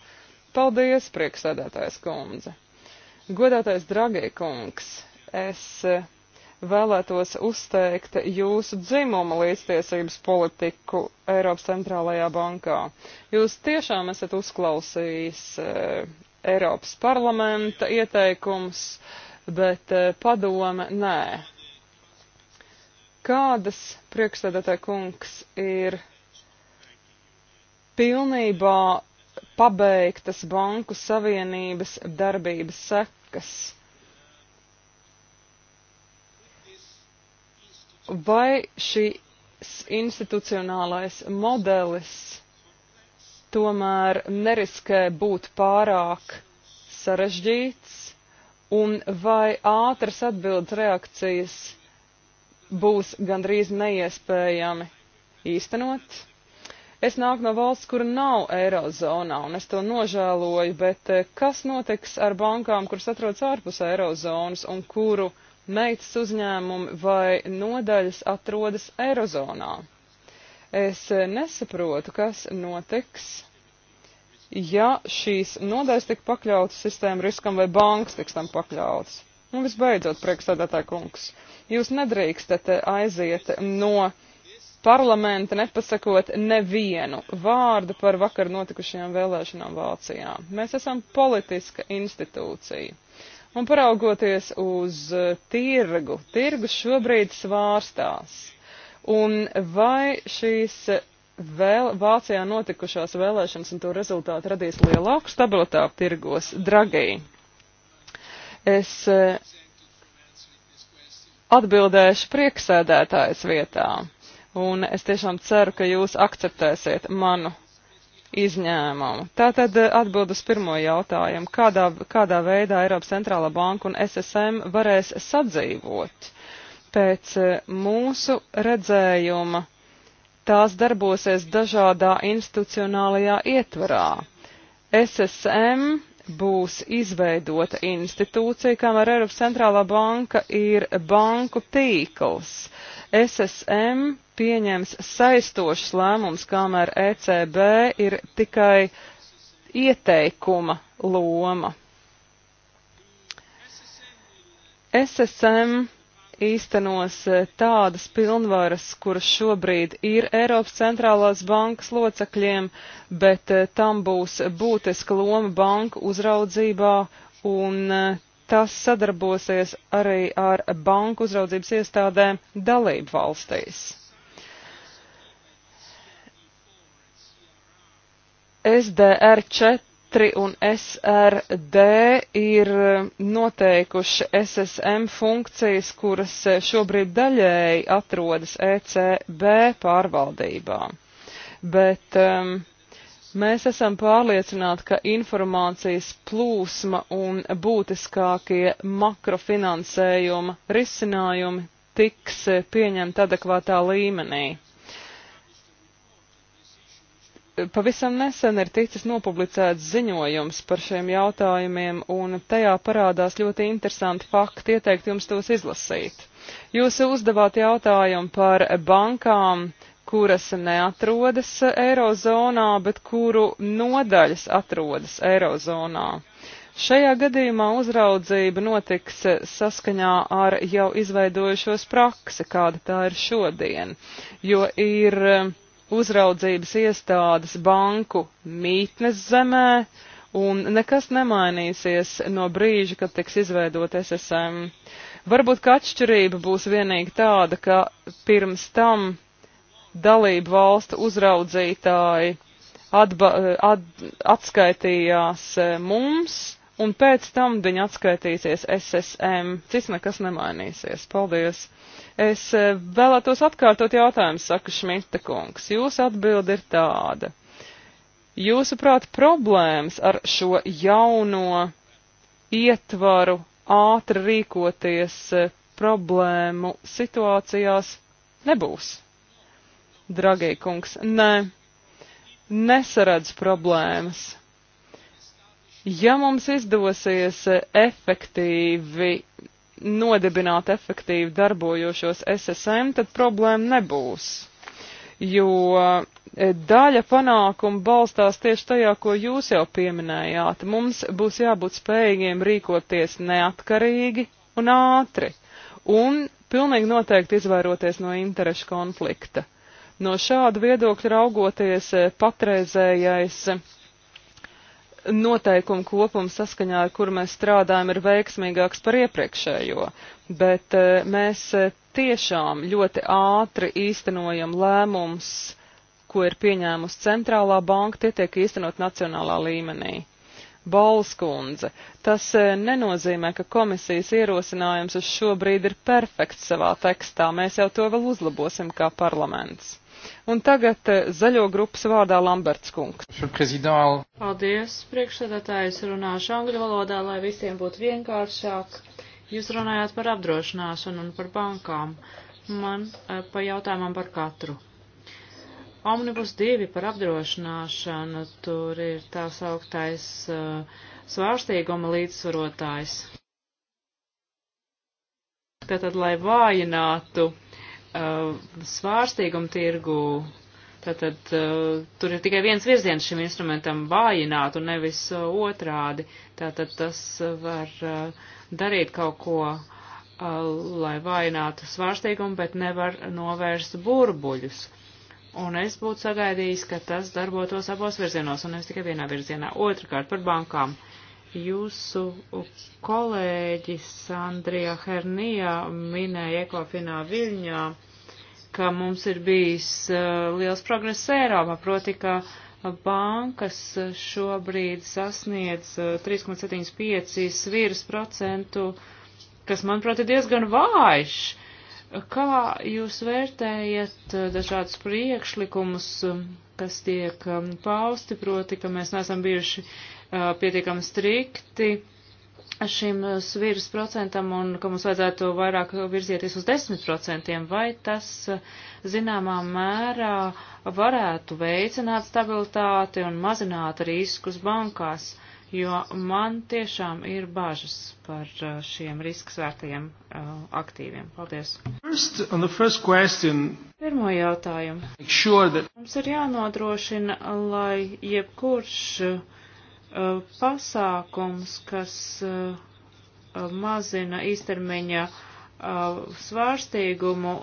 [SPEAKER 2] Paldies, prieksēdētājs kundze! Godātais Dragie kungs, es e, vēlētos uzteikt jūsu dzimuma līdztiesības politiku Eiropas centrālajā bankā. Jūs tiešām esat uzklausījis e, Eiropas parlamenta ieteikums, bet e, padome nē. Kādas priekšstādātāja kungs ir pilnībā pabeigtas banku savienības darbības sekas? vai šis institucionālais modelis tomēr neriskē būt pārāk sarežģīts, un vai ātras atbildes reakcijas būs gandrīz neiespējami īstenot. Es nāku no valsts, kur nav eirozonā, un es to nožēloju, bet eh, kas notiks ar bankām, kuras atrodas ārpus eirozonas un kuru uh, meitas uzņēmumi vai nodaļas atrodas Eirozonā. Es nesaprotu, kas notiks, ja šīs nodaļas tik pakļautas sistēma riskam vai bankas tiks tam pakļautas. Un visbeidzot, priekšstādātāja kungs, jūs nedrīkstat aiziet no parlamenta nepasakot nevienu vārdu par vakar notikušajām vēlēšanām Vācijā. Mēs esam politiska institūcija Un paraugoties uz eh, tirgu, tirgus šobrīd svārstās. Un vai šīs eh, vēl, Vācijā notikušās vēlēšanas un to rezultāti radīs lielāku stabilitāti tirgos? Dragī, es eh, atbildēšu prieksēdētājas vietā. Un es tiešām ceru, ka jūs akceptēsiet manu izņēmumu. Tātad eh, atbild uz pirmo jautājumu. Kādā, kādā veidā Eiropas centrālā banka un SSM varēs sadzīvot? Pēc eh, mūsu redzējuma tās darbosies dažādā institucionālajā ietvarā. SSM būs izveidota institūcija, kamēr Eiropas centrālā banka ir banku tīkls. Uh, SSM pieņems saistošus lēmumus, kamēr ECB ir tikai ieteikuma loma. SSM īstenos e, tādas pilnvaras, kuras šobrīd ir Eiropas centrālās bankas locekļiem, bet e, tam būs būtiska loma banku uzraudzībā un e, tās sadarbosies arī ar banku uzraudzības iestādēm dalību valstīs. SDR 4 un SRD ir noteikuši SSM funkcijas, kuras šobrīd daļēji atrodas ECB pārvaldībā. Bet um, Mēs esam pārliecināti, ka informācijas plūsma un būtiskākie makrofinansējuma risinājumi tiks pieņemti adekvātā līmenī. Pavisam nesen ir ticis nopublicēts ziņojums par šiem jautājumiem, un tajā parādās ļoti interesanti fakti, ieteikt jums tos izlasīt. Jūs uzdevāt jautājumu par bankām, uh, kuras neatrodas Eirozonā, bet kuru nodaļas atrodas Eirozonā. Šajā gadījumā uzraudzība notiks saskaņā ar jau izveidojušos praksi, kāda tā ir šodien, jo ir uzraudzības iestādes banku mītnes zemē, un nekas nemainīsies no brīža, kad tiks izveidot SSM. Varbūt, ka atšķirība būs vienīgi tāda, ka pirms tam dalību valstu uzraudzītāji atba, eh, at, atskaitījās eh, mums, un pēc tam viņi atskaitīsies SSM. Cits nekas nemainīsies. Paldies! Es eh, vēlētos atkārtot jautājumu, saka Šmita kungs. Jūsu atbilde ir tāda. Jūsuprāt, problēmas ar šo jauno ietvaru ātri rīkoties problēmu situācijās nebūs. Dragī kungs, nē, nesaredz problēmas. Ja mums izdosies efektīvi nodibināt efektīvi darbojošos SSM, tad problēma nebūs. Jo e, daļa panākumu balstās tieši tajā, ko jūs jau pieminējāt. Mums būs jābūt spējīgiem rīkoties neatkarīgi un ātri. Un pilnīgi noteikti izvairoties no interešu konflikta. No šāda viedokļa raugoties e, patreizējais e, noteikumu kopums saskaņā, ar kuru mēs strādājam, ir veiksmīgāks par iepriekšējo, bet e, mēs tiešām ļoti ātri īstenojam lēmums, ko ir pieņēmusi centrālā banka, tie tiek īstenot nacionālā līmenī. Balskundze, tas nenozīmē, ka komisijas ierosinājums uz šo brīdi ir perfekts savā tekstā, mēs jau to vēl uzlabosim kā parlaments. Un tagad eh, zaļo grupas vārdā Lamberts kungs.
[SPEAKER 4] Paldies, priekšsēdētājs, runāšu angļu valodā, lai visiem būtu vienkāršāk. Jūs runājāt par apdrošināšanu un par bankām. Man eh, pa jautājumam par katru. Omnibus 2 par apdrošināšanu, tur ir tā sauktais uh, svārstīguma līdzsvarotājs. Tātad, lai vājinātu uh, uh, svārstīgumu tirgu. Tātad uh, tur ir tikai viens virziens šim instrumentam vājināt un nevis uh, otrādi. Tātad tas uh, var uh, darīt kaut ko, uh, lai vājinātu svārstīgumu, bet nevar novērst burbuļus. Un es būtu sagaidījis, ka tas darbotos abos virzienos un nevis tikai vienā virzienā. Otrakārt par bankām. Uh, Jūsu kolēģis Andrija Hernija minēja ekofinā Viļņā, ka mums ir bijis uh, liels progress Eiropā, proti, ka bankas šobrīd sasniedz 3,75 uh, svīras procentu, kas, manuprāt, ir diezgan vājš. Kā jūs vērtējat uh, dažādus priekšlikumus, um, kas tiek um, pausti, proti, ka mēs neesam bijuši Uh, pietiekami strikti šim uh, svīras procentam un ka mums vajadzētu vairāk virzieties uz 10%, vai tas uh, zināmā mērā varētu veicināt stabilitāti un mazināt riskus bankās, jo man tiešām ir bažas par šiem risksvērtajiem aktīviem. Paldies.
[SPEAKER 1] First, first question,
[SPEAKER 4] Pirmo jautājumu. Sure that... Mums ir jānodrošina, lai jebkurš uh, Uh, pasākums, kas uh, mazina īstermiņa uh, svārstīgumu,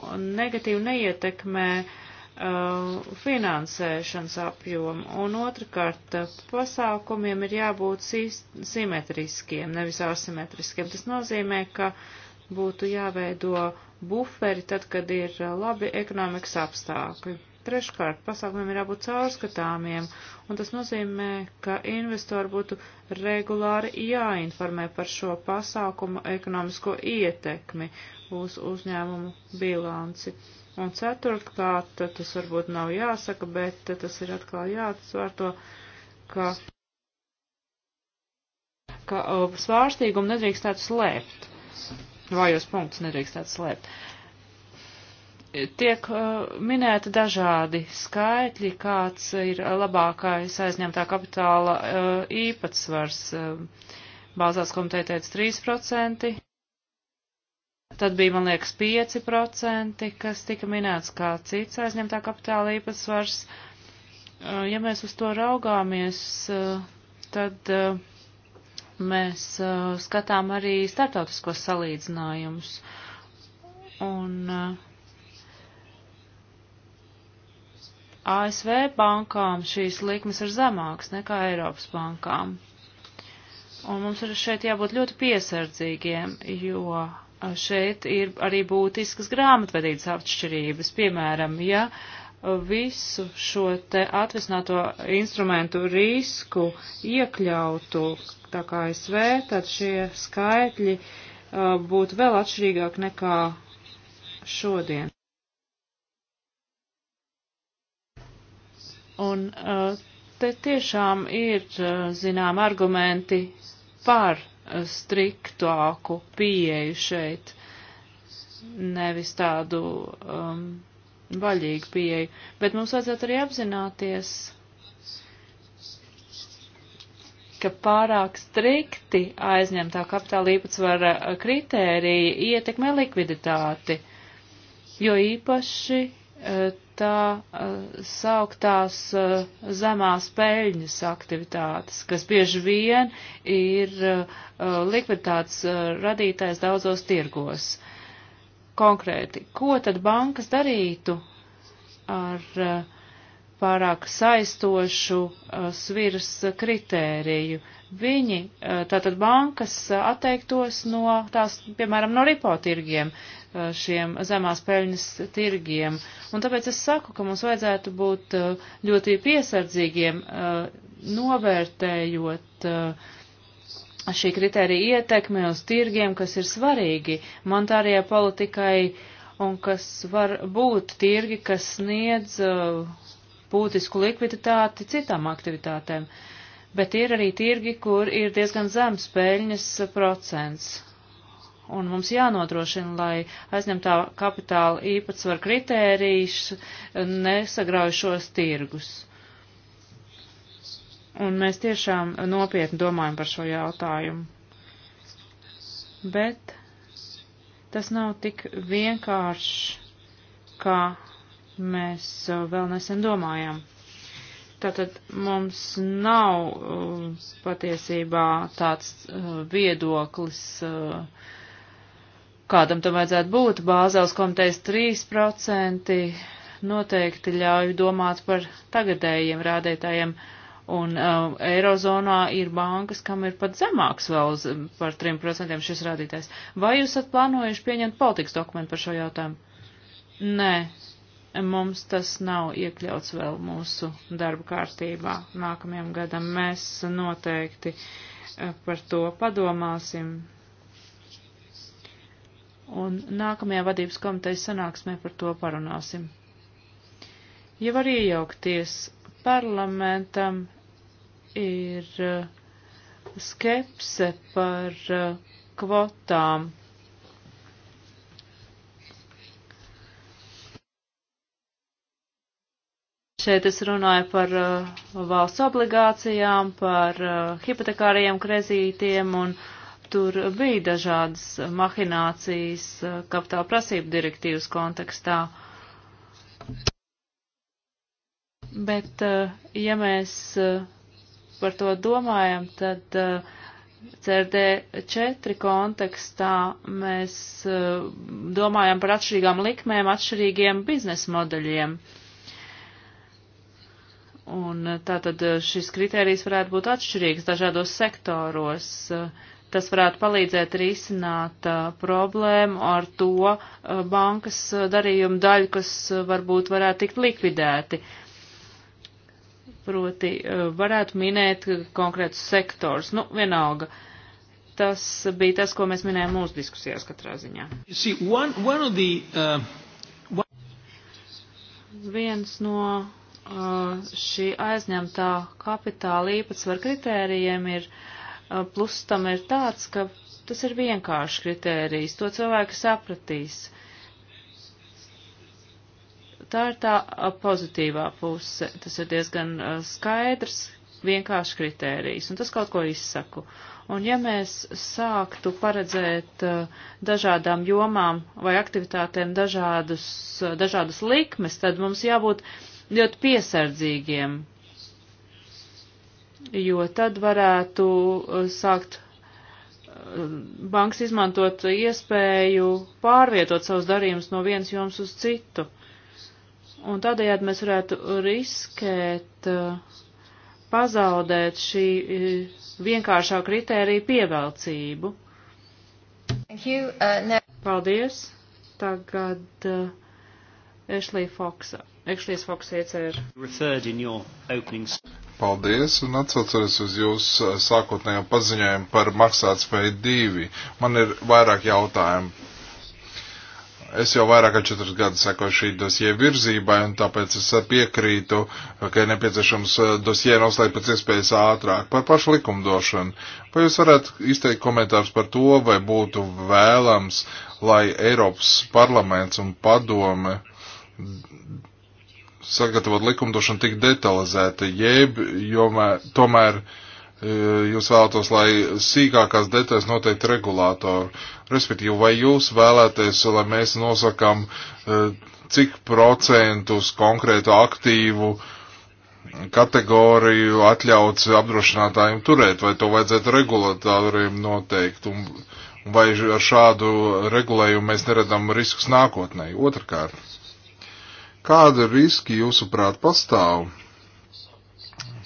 [SPEAKER 4] negatīvi neietekmē finansēšanas apjomu, un otrkārt pasākumiem ir jābūt simetriskiem, nevis asimetriskiem. Tas nozīmē, ka būtu jāveido buferi tad, kad ir labi ekonomikas apstākļi. Treškārt, pasākumiem ir jābūt caurskatāmiem, un tas nozīmē, ka investori būtu regulāri jāinformē par šo pasākumu ekonomisko ietekmi uz uzņēmumu bilanci. Un ceturtkārt, tas varbūt nav jāsaka, bet tas ir atkal jāatsvērto, ka, ka uh, svārstīgumu nedrīkstētu slēpt. Vājos punktus nedrīkstētu slēpt. Uh, tiek uh, minēti dažādi skaitļi, kāds ir labākais aizņemtā kapitāla uh, īpatsvars. Uh, Bāzās komiteja teica 3%, tad bija, man liekas, 5%, kas tika minēts kā cits aizņemtā kapitāla īpatsvars. Ja mēs uz to raugāmies, tad mēs skatām arī startautiskos salīdzinājumus. Un uh, ASV bankām šīs likmes ir zemākas nekā Eiropas bankām. Un mums ir šeit jābūt ļoti piesardzīgiem, jo šeit ir arī būtiskas grāmatvedības atšķirības. Piemēram, ja visu šo te atvisināto instrumentu risku iekļautu tā kā ASV, tad šie skaitļi uh, būtu vēl atšķirīgāk nekā šodien. Un uh, te tiešām ir, uh, zinām, argumenti par uh, striktāku pieeju šeit, nevis tādu um, vaļīgu pieeju. Bet mums vajadzētu arī apzināties, ka pārāk strikti aizņemtā kapitāla īpatsvara uh, kritērija ietekmē likviditāti, jo īpaši tā uh, sauktās uh, zemās peļņas aktivitātes, kas bieži vien ir uh, likviditātes radītājs daudzos tirgos. Konkrēti, ko tad bankas darītu ar pārāk saistošu sviras kritēriju? Viņi, tātad bankas, atteiktos no tās, piemēram, no ripo tirgiem, Eh, šiem zemās peļņas tirgiem. Un tāpēc es saku, ka mums vajadzētu būt eh, ļoti piesardzīgiem, eh, novērtējot šī kritērija ietekme uz tirgiem, kas ir svarīgi monetārajai politikai un kas var būt tirgi, kas sniedz būtisku likviditāti citām aktivitātēm. Bet ir arī tirgi, kur ir diezgan zems peļņas procents, un mums jānodrošina, lai aizņemtā kapitāla īpatsvar kritērijus nesagrauj šos tirgus. Un mēs tiešām nopietni domājam par šo jautājumu. Bet tas nav tik vienkārši, kā mēs vēl nesen domājam. Tātad mums nav uh, patiesībā tāds uh, viedoklis uh, kādam tam vajadzētu būt. Bāzels komitejas 3% noteikti ļauj domāt par tagadējiem rādītājiem, un um, Eirozonā ir bankas, kam ir pat zemāks vēl uz, par 3% šis rādītājs. Vai jūs esat plānojuši pieņemt politikas dokumentu par šo jautājumu? Nē, mums tas nav iekļauts vēl mūsu darba kārtībā. Nākamajam gadam mēs noteikti uh, par to padomāsim un nākamajā vadības komitejas sanāksmē par to parunāsim. Ja var iejaukties, parlamentam ir uh, skepse par uh, kvotām. Šeit es runāju par uh, valsts obligācijām, par uh, hipotekāriem krezītiem un uh, tur bija dažādas mahinācijas eh, kapitāla prasību direktīvas kontekstā. Bet, eh, ja mēs eh, par to domājam, tad CRD4 kontekstā mēs domājam par atšķirīgām likmēm, atšķirīgiem biznesa modeļiem. Un tātad šis kriterijs varētu būt atšķirīgs dažādos sektoros. Uh, Tas varētu palīdzēt risināt uh, problēmu ar to uh, bankas darījumu daļu, kas uh, varbūt varētu tikt likvidēti. Proti, varētu minēt konkrētus sektors. Nu, vienalga. Tas bija tas, ko mēs minējām mūsu diskusijās katrā ziņā.
[SPEAKER 1] See, one, one of the, uh, one... Viens no šī
[SPEAKER 4] aizņemtā kapitāla īpatsvar kritērijiem ir uh, Plus tam ir tāds, ka tas ir vienkāršs kritērijs, to cilvēki sapratīs. Tā ir tā pozitīvā puse. Tas ir diezgan skaidrs, vienkāršs kritērijs, un tas kaut ko izsaku. Un ja mēs sāktu paredzēt dažādām jomām vai aktivitātēm dažādus, dažādas likmes, tad mums jābūt ļoti piesardzīgiem jo tad varētu uh, sākt uh, banks izmantot iespēju pārvietot savus darījumus no vienas jomas uz citu. Un tādējādi mēs varētu riskēt uh, pazaudēt šī vienkāršā kritērija pievelcību. You, uh, Paldies. Tagad uh, Ešlī Foksa. Ešlīs Foksa iecer.
[SPEAKER 3] Paldies un atsaucoties uz jūsu eh, sākotnējo paziņojumu par maksātspēju divi. Man ir vairāk jautājumu. Es jau vairāk kā četrus gadus sekoju šī dosie virzībai un tāpēc es eh, piekrītu, ka ir nepieciešams eh, dosie noslēgt pēc iespējas ātrāk par pašu likumdošanu. Vai jūs varētu izteikt komentārus par to, vai būtu vēlams, lai Eiropas parlaments un padome sagatavot likumdošanu tik detalizēta, jeb jomē, tomēr e, jūs vēlētos, lai sīkākās detaļas noteikti regulātori. Respektīvi, vai jūs vēlēties, lai mēs nosakam, e, cik procentus konkrētu aktīvu kategoriju atļauts apdrošinātājiem turēt, vai to vajadzētu regulātoriem noteikt, un vai ar šādu regulējumu mēs neredam riskus nākotnē. Otrakārt Kāda riski jūsuprāt pastāv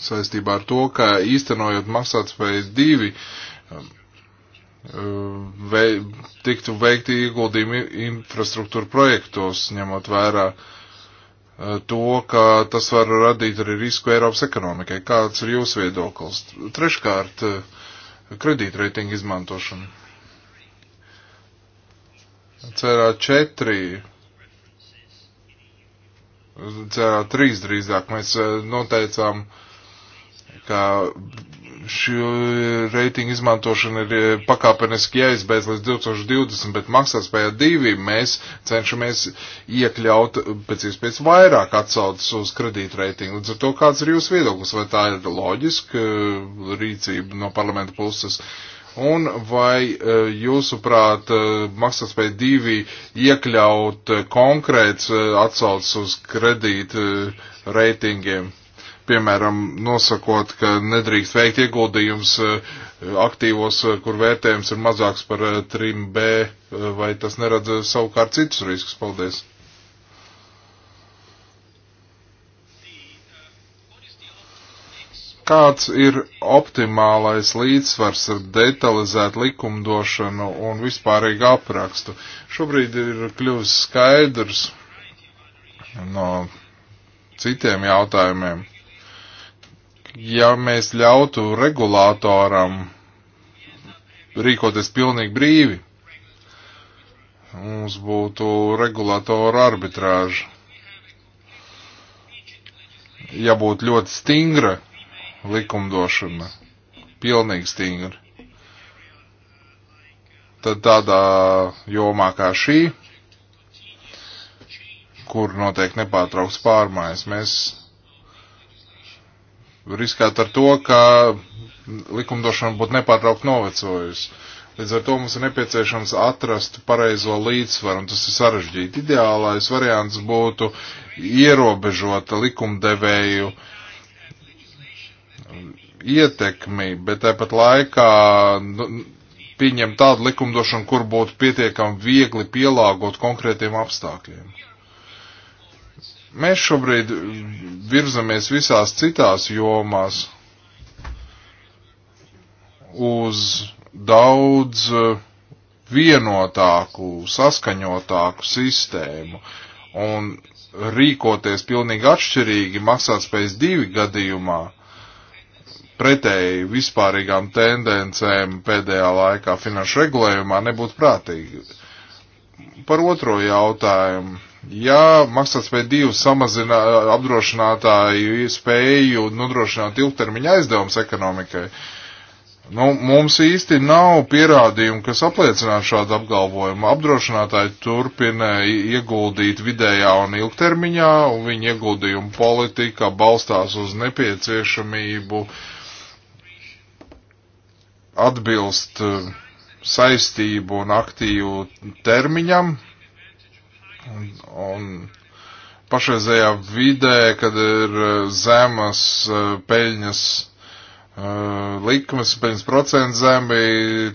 [SPEAKER 3] saistībā ar to, ka īstenojot maksātspējas divi, um, uh, vei, tiktu veikti ieguldījumi infrastruktūra projektos, ņemot vērā uh, to, ka tas var radīt arī risku Eiropas ekonomikai. Kāds ir jūsu viedoklis? Treškārt, uh, kredītreitinga izmantošana. CRA 4 CA3 drīzāk mēs noteicām, ka šī reitinga izmantošana ir pakāpeniski jāizbeidz līdz 2020, bet maksātspējā divi mēs cenšamies iekļaut pēc iespējas vairāk atsaucas uz kredītreitingu. Līdz ar to kāds ir jūsu viedoklis, vai tā ir loģiska rīcība no parlamenta puses? Uh, Un vai e, jūsuprāt e, maksātspēja divi iekļaut konkrēts e, atsaucas uz kredītu reitingiem? Piemēram, nosakot, ka nedrīkst veikt ieguldījums aktīvos, kur vērtējums ir mazāks par 3B, vai tas neradz savukārt citus riskus? Paldies! kāds ir optimālais līdzsvars ar detalizētu likumdošanu un vispārīgu aprakstu. Šobrīd ir kļuvis skaidrs no citiem jautājumiem. Ja mēs ļautu regulātoram rīkoties pilnīgi brīvi, mums būtu regulātora arbitrāža. Ja būtu ļoti stingra likumdošana. Pilnīgi stingri. Tad tādā jomā kā šī, kur notiek nepārtrauks pārmaiņas, mēs riskētu ar to, ka likumdošana būtu nepārtraukt novecojusi. Līdz ar to mums ir nepieciešams atrast pareizo līdzsvaru, un tas ir sarežģīti. Ideālais variants būtu ierobežot likumdevēju uh, ietekmi, bet tāpat laikā nu, pieņem tādu likumdošanu, kur būtu pietiekami viegli pielāgot konkrētiem apstākļiem. Mēs šobrīd virzamies visās citās jomās uz daudz eh, vienotāku, saskaņotāku sistēmu un rīkoties pilnīgi atšķirīgi maksātspējas divi gadījumā pretēji vispārīgām tendencēm pēdējā laikā finanšu regulējumā nebūtu prātīgi. Par otro jautājumu. Ja maksātspēja divu samazina apdrošinātāju spēju nodrošināt ilgtermiņa aizdevums ekonomikai, nu, mums īsti nav pierādījumu, kas apliecinātu šādu apgalvojumu. Apdrošinātāji turpina ieguldīt vidējā un ilgtermiņā, un viņa ieguldījuma politika balstās uz nepieciešamību uh, atbilst eh, saistību un aktīvu termiņam. Un, un pašreizējā vidē, kad ir eh, zemas eh, peļņas likmes, peļņas procents zemi,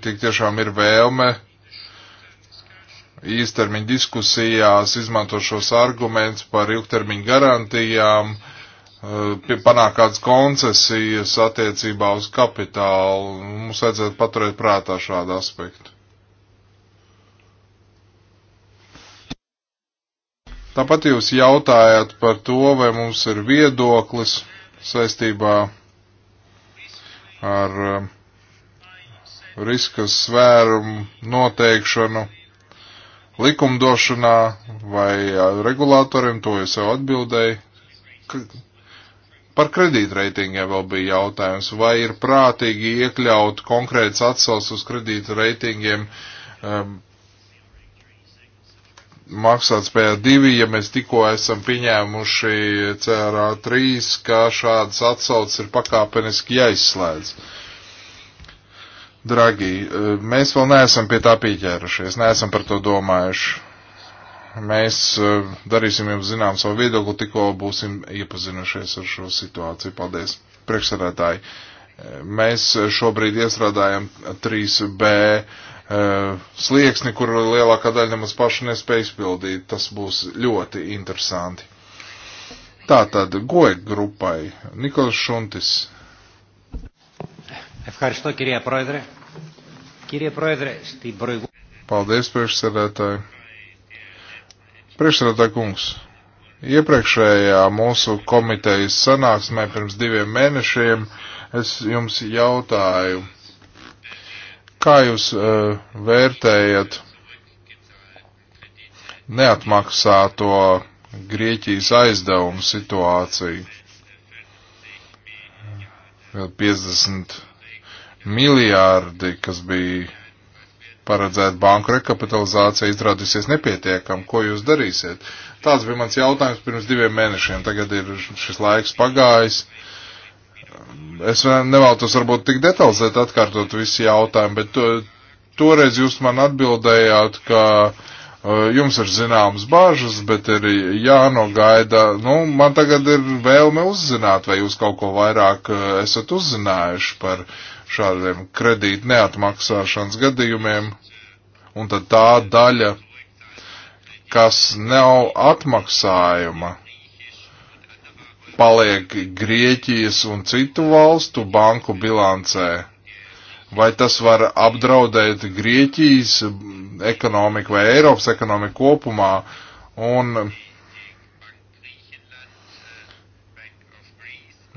[SPEAKER 3] tik tiešām ir vēlme īstermiņa diskusijās izmanto šos argumentus par ilgtermiņa garantijām, panākt kādas koncesijas attiecībā uz kapitālu. Mums vajadzētu paturēt prātā šādu aspektu. Tāpat jūs jautājat par to, vai mums ir viedoklis saistībā ar um, riska svērumu noteikšanu likumdošanā vai uh, regulātoriem, to es jau atbildēju Par kredītreitingiem vēl bija jautājums, vai ir prātīgi iekļaut konkrēts atsauces uz kredītreitingiem um, maksātspējā divi, ja mēs tikko esam pieņēmuši CRA 3, ka šādas atsauces ir pakāpeniski jāizslēdz. Dragi, uh, mēs vēl neesam pie tā pieķērušies, neesam par to domājuši Mēs eh, darīsim jums zinām savu viedokli, tikko būsim iepazinušies ar šo situāciju. Paldies, priekšsarētāji. Eh, mēs šobrīd iestrādājam 3B eh, slieksni, kur lielākā daļa mums paši nespēja izpildīt. Tas būs ļoti interesanti. Tātad, goja grupai, Nikolas Šuntis.
[SPEAKER 1] Ευχαριστώ κυρία Πρόεδρε. Κύριε
[SPEAKER 3] Πρόεδρε, στην προηγούμενη... Paldies, priekšsēdētāji. Priekšsēdētā kungs, iepriekšējā mūsu komitejas sanāksmē pirms diviem mēnešiem es jums jautāju, kā jūs uh, vērtējat neatmaksāto Grieķijas aizdevumu situāciju? 50 miljārdi, kas bija paredzēt banku rekapitalizācija izrādīsies nepietiekama. Ko jūs darīsiet? Tāds bija mans jautājums pirms diviem mēnešiem. Tagad ir šis laiks pagājis. Es nevēlos varbūt tik detalizēt atkārtot visu jautājumu, bet to, toreiz jūs man atbildējāt, ka e, jums ir zināmas bažas, bet ir jānogaida. Nu, man tagad ir vēlme uzzināt, vai jūs kaut ko vairāk e, esat uzzinājuši par uh, šādiem kredītu neatmaksāšanas gadījumiem, un tad tā daļa, kas nav atmaksājuma, paliek Grieķijas un citu valstu banku bilancē. Vai tas var apdraudēt Grieķijas ekonomiku vai Eiropas ekonomiku kopumā? Un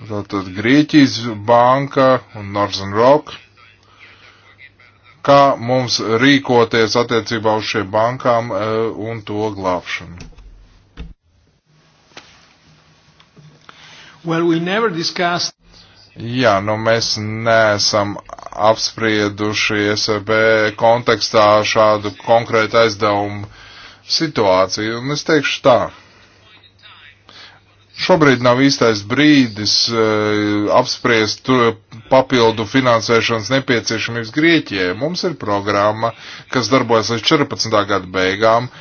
[SPEAKER 3] Tātad Grieķijas banka un Northern Rock. Kā mums rīkoties attiecībā uz šiem bankām e, un to glābšanu? Well, we never discussed Jā, nu mēs neesam apsprieduši SAB kontekstā šādu konkrētu aizdevumu situāciju, un es teikšu tā. Šobrīd nav īstais brīdis uh, apspriest uh, papildu finansēšanas nepieciešamības Grieķijai. Mums ir programma, kas darbojas līdz 14. gada beigām.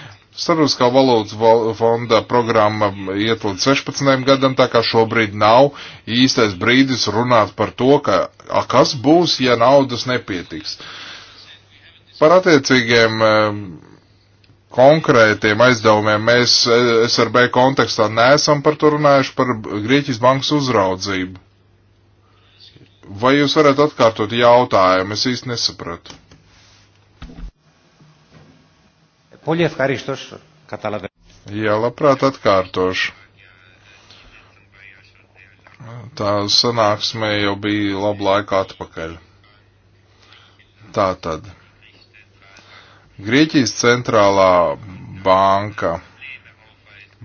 [SPEAKER 3] Starptautiskā valūtas fonda programma iet līdz 16. gadam, tā kā šobrīd nav īstais brīdis runāt par to, ka, a, kas būs, ja naudas nepietiks. Par attiecīgiem uh, konkrētiem aizdevumiem mēs eh, SRB kontekstā neesam par to runājuši, par Grieķijas bankas uzraudzību. Vai jūs varētu atkārtot jautājumu? Es īsti nesapratu. Jā, labprāt atkārtošu. Tā sanāksmē jau bija labu laiku atpakaļ. Tā tad. Grieķijas centrālā banka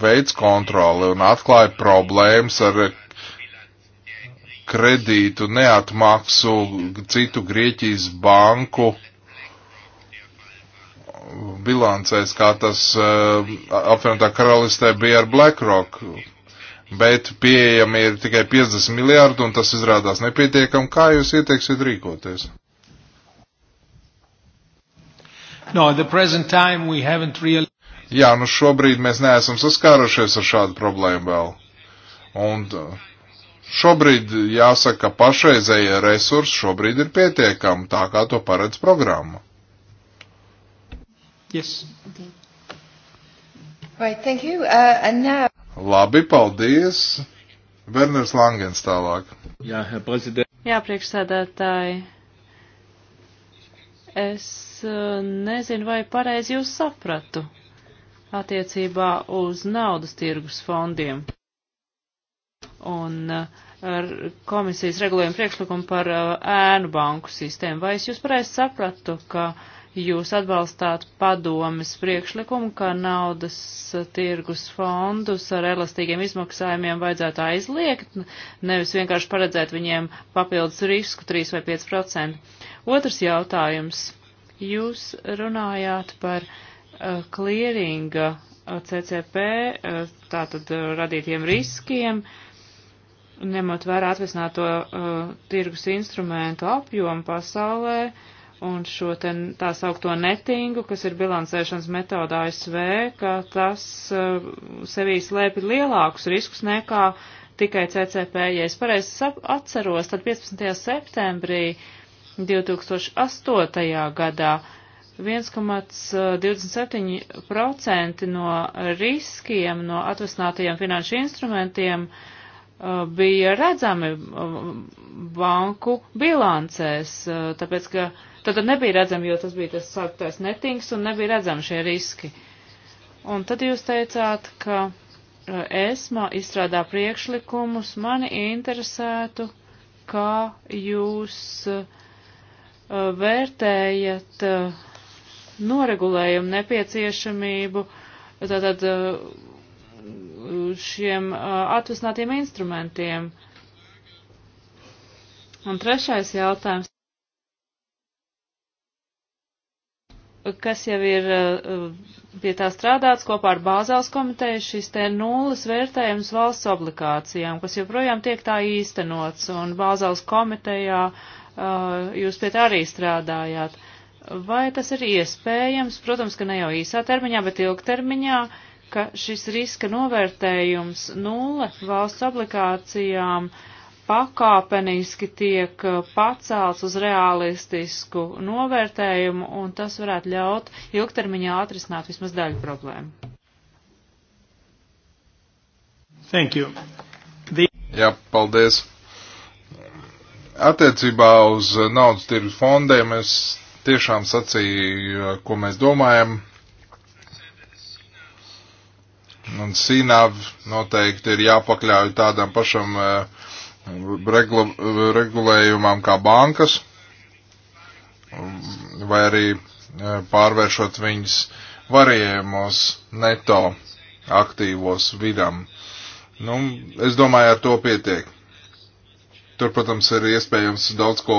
[SPEAKER 3] veids kontroli un atklāja problēmas ar kredītu neatmaksu citu Grieķijas banku bilancēs, kā tas uh, apvienotā karalistē bija ar BlackRock. Bet pieejami ir tikai 50 miljārdi, un tas izrādās nepietiekam. Kā jūs ieteiksiet rīkoties?
[SPEAKER 1] No, at the present time we haven't really...
[SPEAKER 3] Jā, nu šobrīd mēs neesam saskārušies ar šādu problēmu vēl. Un uh, šobrīd jāsaka, pašreizējie resursi šobrīd ir pietiekami, tā kā to paredz programma. Yes.
[SPEAKER 1] Okay. Right, thank you. Uh, and now...
[SPEAKER 3] Labi, paldies. Werners Langens tālāk. Jā, prezident.
[SPEAKER 4] Jā, priekšsēdētāji. Es nezinu, vai pareizi jūs sapratu attiecībā uz naudas tirgus fondiem. Un eh, ar komisijas regulējumu priekšlikumu par eh, ēnu banku sistēmu. Vai es jūs pareizi sapratu, ka jūs atbalstāt padomis priekšlikumu, ka naudas eh, tirgus fondus ar elastīgiem izmaksājumiem vajadzētu aizliegt, nevis vienkārši paredzēt viņiem papildus risku 3 vai 5%? Otrs jautājums Jūs runājāt par klieringa eh, uh, eh, CCP, uh, eh, tātad radītiem riskiem, ņemot vērā atvesināto uh, tirgus instrumentu apjomu pasaulē un šo te tā saukto netingu, kas ir bilancēšanas metoda ASV, ka tas uh, sevī slēpi lielākus riskus nekā tikai CCP. Ja es pareizi atceros, tad 15. septembrī uh, 2008. gadā 1,27% eh, no riskiem no atvesinātajiem finanšu instrumentiem eh, bija redzami eh, banku bilancēs, tāpēc ka tad nebija redzami, jo tas bija tas sāktais netings un nebija redzami šie riski. Un tad jūs teicāt, ka ESMA izstrādā priekšlikumus, mani interesētu, kā jūs uh, Uh, vērtējat uh, noregulējumu nepieciešamību tātad uh, šiem atvesinātiem instrumentiem? Un trešais jautājums. kas jau ir pie tā strādāts kopā ar Bāzēls komiteju, šis te nulles vērtējums valsts obligācijām, kas joprojām tiek tā īstenots, un Bāzēls komitejā Uh, jūs pie tā arī strādājāt. Vai tas ir iespējams, protams, ka ne jau īsā termiņā, bet ilgtermiņā, ka šis riska novērtējums nulle valsts obligācijām pakāpeniski tiek uh, pacelts uz realistisku novērtējumu, un tas varētu ļaut ilgtermiņā atrisināt vismaz daļu problēmu.
[SPEAKER 3] Thank you. The... Jā, paldies. Attiecībā uz naudas tirgus fondiem es tiešām sacīju, ko mēs domājam. Un Sīnāv noteikti ir jāpakļauj tādam pašam eh, regla, regulējumam kā bankas, vai arī eh, pārvēršot viņus varējumos neto aktīvos vidam. Nu, es domāju, ar to pietiek. Tur, protams, ir iespējams daudz ko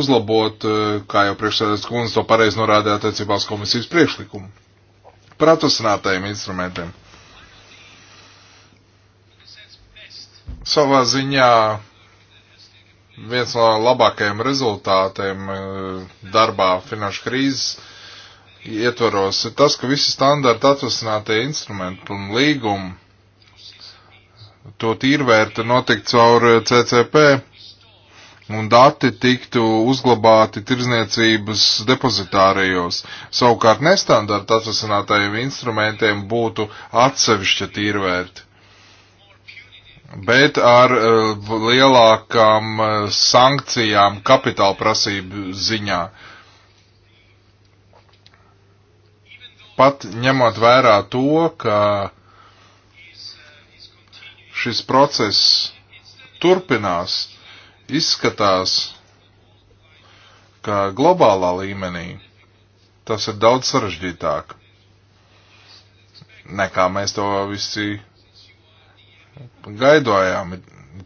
[SPEAKER 3] uzlabot, eh, kā jau priekšsēdētas kundze to pareizi norādīja attiecībā uz komisijas priekšlikumu. Par atrasinātajiem instrumentiem. Savā ziņā viens no labākajiem rezultātiem eh, darbā finanšu krīzes ietvaros ir tas, ka visi standarti atrasinātie instrumenti un līgumi to tīrvērta notikt caur eh, CCP un dati tiktu uzglabāti tirzniecības depozitārijos. Savukārt nestandarta atvasinātajiem instrumentiem būtu atsevišķa tīrvērta. Bet ar uh, lielākām uh, sankcijām kapitāla prasību ziņā. Pat ņemot vērā to, ka uh, šis process turpinās, izskatās, ka globālā līmenī tas ir daudz sarežģītāk nekā mēs to visi gaidojām,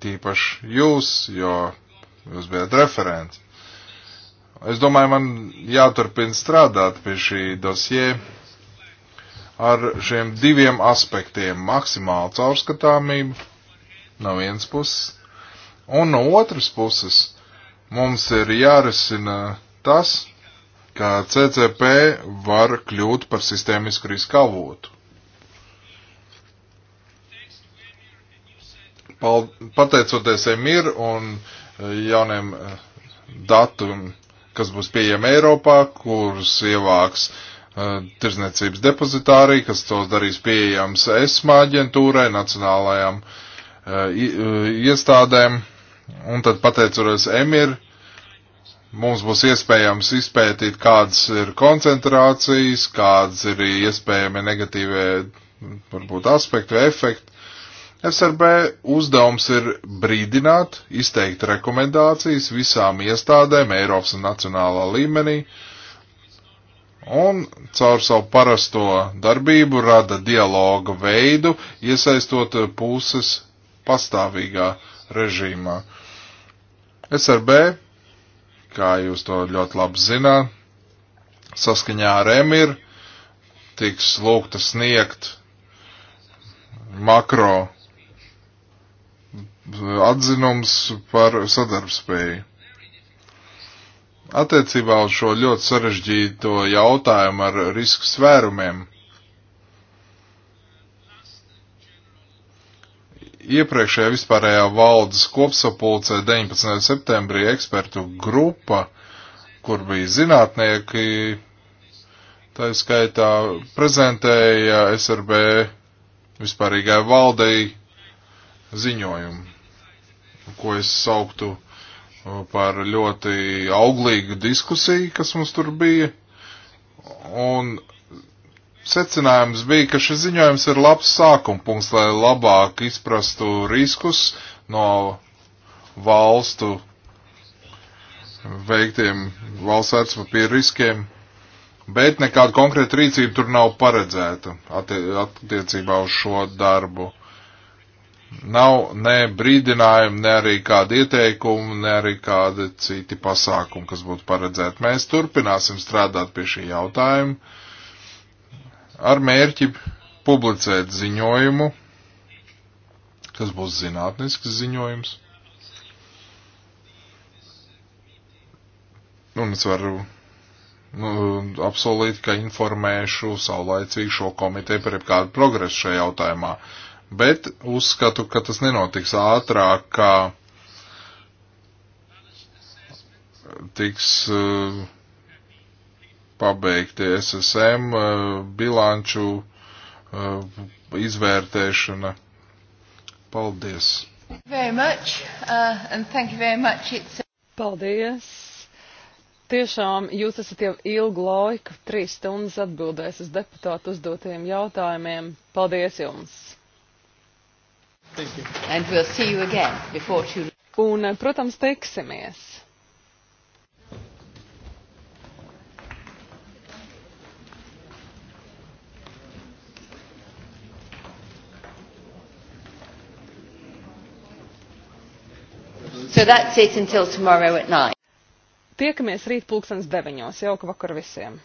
[SPEAKER 3] tīpaši jūs, jo jūs bijat referents. Es domāju, man jāturpina strādāt pie šī dosie ar šiem diviem aspektiem - maksimāla caurskatāmība no vienas puses, un no otras puses mums ir jārisina tas, ka CCP var kļūt par sistēmisku riska avotu. Pateicoties EMIR un eh, jauniem eh, datu, kas būs pieejami Eiropā, kurus ievāks uh, Uh, tirzniecības depozitārī, kas tos darīs pieejams ESMA aģentūrai, nacionālajām uh, uh, iestādēm, un tad pateicoties EMIR, mums būs iespējams izpētīt, kādas ir koncentrācijas, kādas ir iespējami negatīvie, varbūt, aspekti vai efekti. SRB uzdevums ir brīdināt, izteikt rekomendācijas visām iestādēm Eiropas un nacionālā līmenī, uh, un caur savu parasto darbību rada dialoga veidu, iesaistot puses pastāvīgā režīmā. SRB, kā jūs to ļoti labi zināt, saskaņā ar Emir tiks lūgta sniegt makro atzinums par sadarbspēju. Attiecībā uz šo ļoti sarežģīto jautājumu ar risku svērumiem. Iepriekšējā vispārējā valdes kopsapulcē 19. septembrī ekspertu grupa, kur bija zinātnieki, tā skaitā prezentēja SRB vispārīgai valdei ziņojumu, ko es sauktu par ļoti auglīgu diskusiju, kas mums tur bija. Un secinājums bija, ka šis ziņojums ir labs sākumpunkts, lai labāk izprastu riskus no valstu veiktiem valsts vērtspapīra riskiem, bet nekāda konkrēta rīcība tur nav paredzēta attiecībā uz šo darbu. Nav ne brīdinājumi, ne arī kādi ieteikumi, ne arī kādi citi pasākumi, kas būtu paredzēti. Mēs turpināsim strādāt pie šī jautājuma ar mērķi publicēt ziņojumu, kas būs zinātnisks ziņojums. Un es varu nu, apsolīt, ka informēšu saulaicīgi šo komiteju par jebkādu progresu šajā jautājumā. Uh, bet uzskatu, ka tas nenotiks ātrāk, kā tiks uh, pabeigti SSM uh, eh, bilanču uh, izvērtēšana. Paldies!
[SPEAKER 1] Very much, uh, and
[SPEAKER 2] thank you very much. It's... Paldies! Tiešām jūs esat jau ilgu laiku, trīs stundas atbildēs uz deputātu uzdotajiem jautājumiem. Paldies jums!
[SPEAKER 1] We'll you...
[SPEAKER 2] Un, protams, tiksimies!
[SPEAKER 1] So that's it until tomorrow at night.
[SPEAKER 2] Tiekamies rīt pulkstens deviņos. Jauka vakar visiem!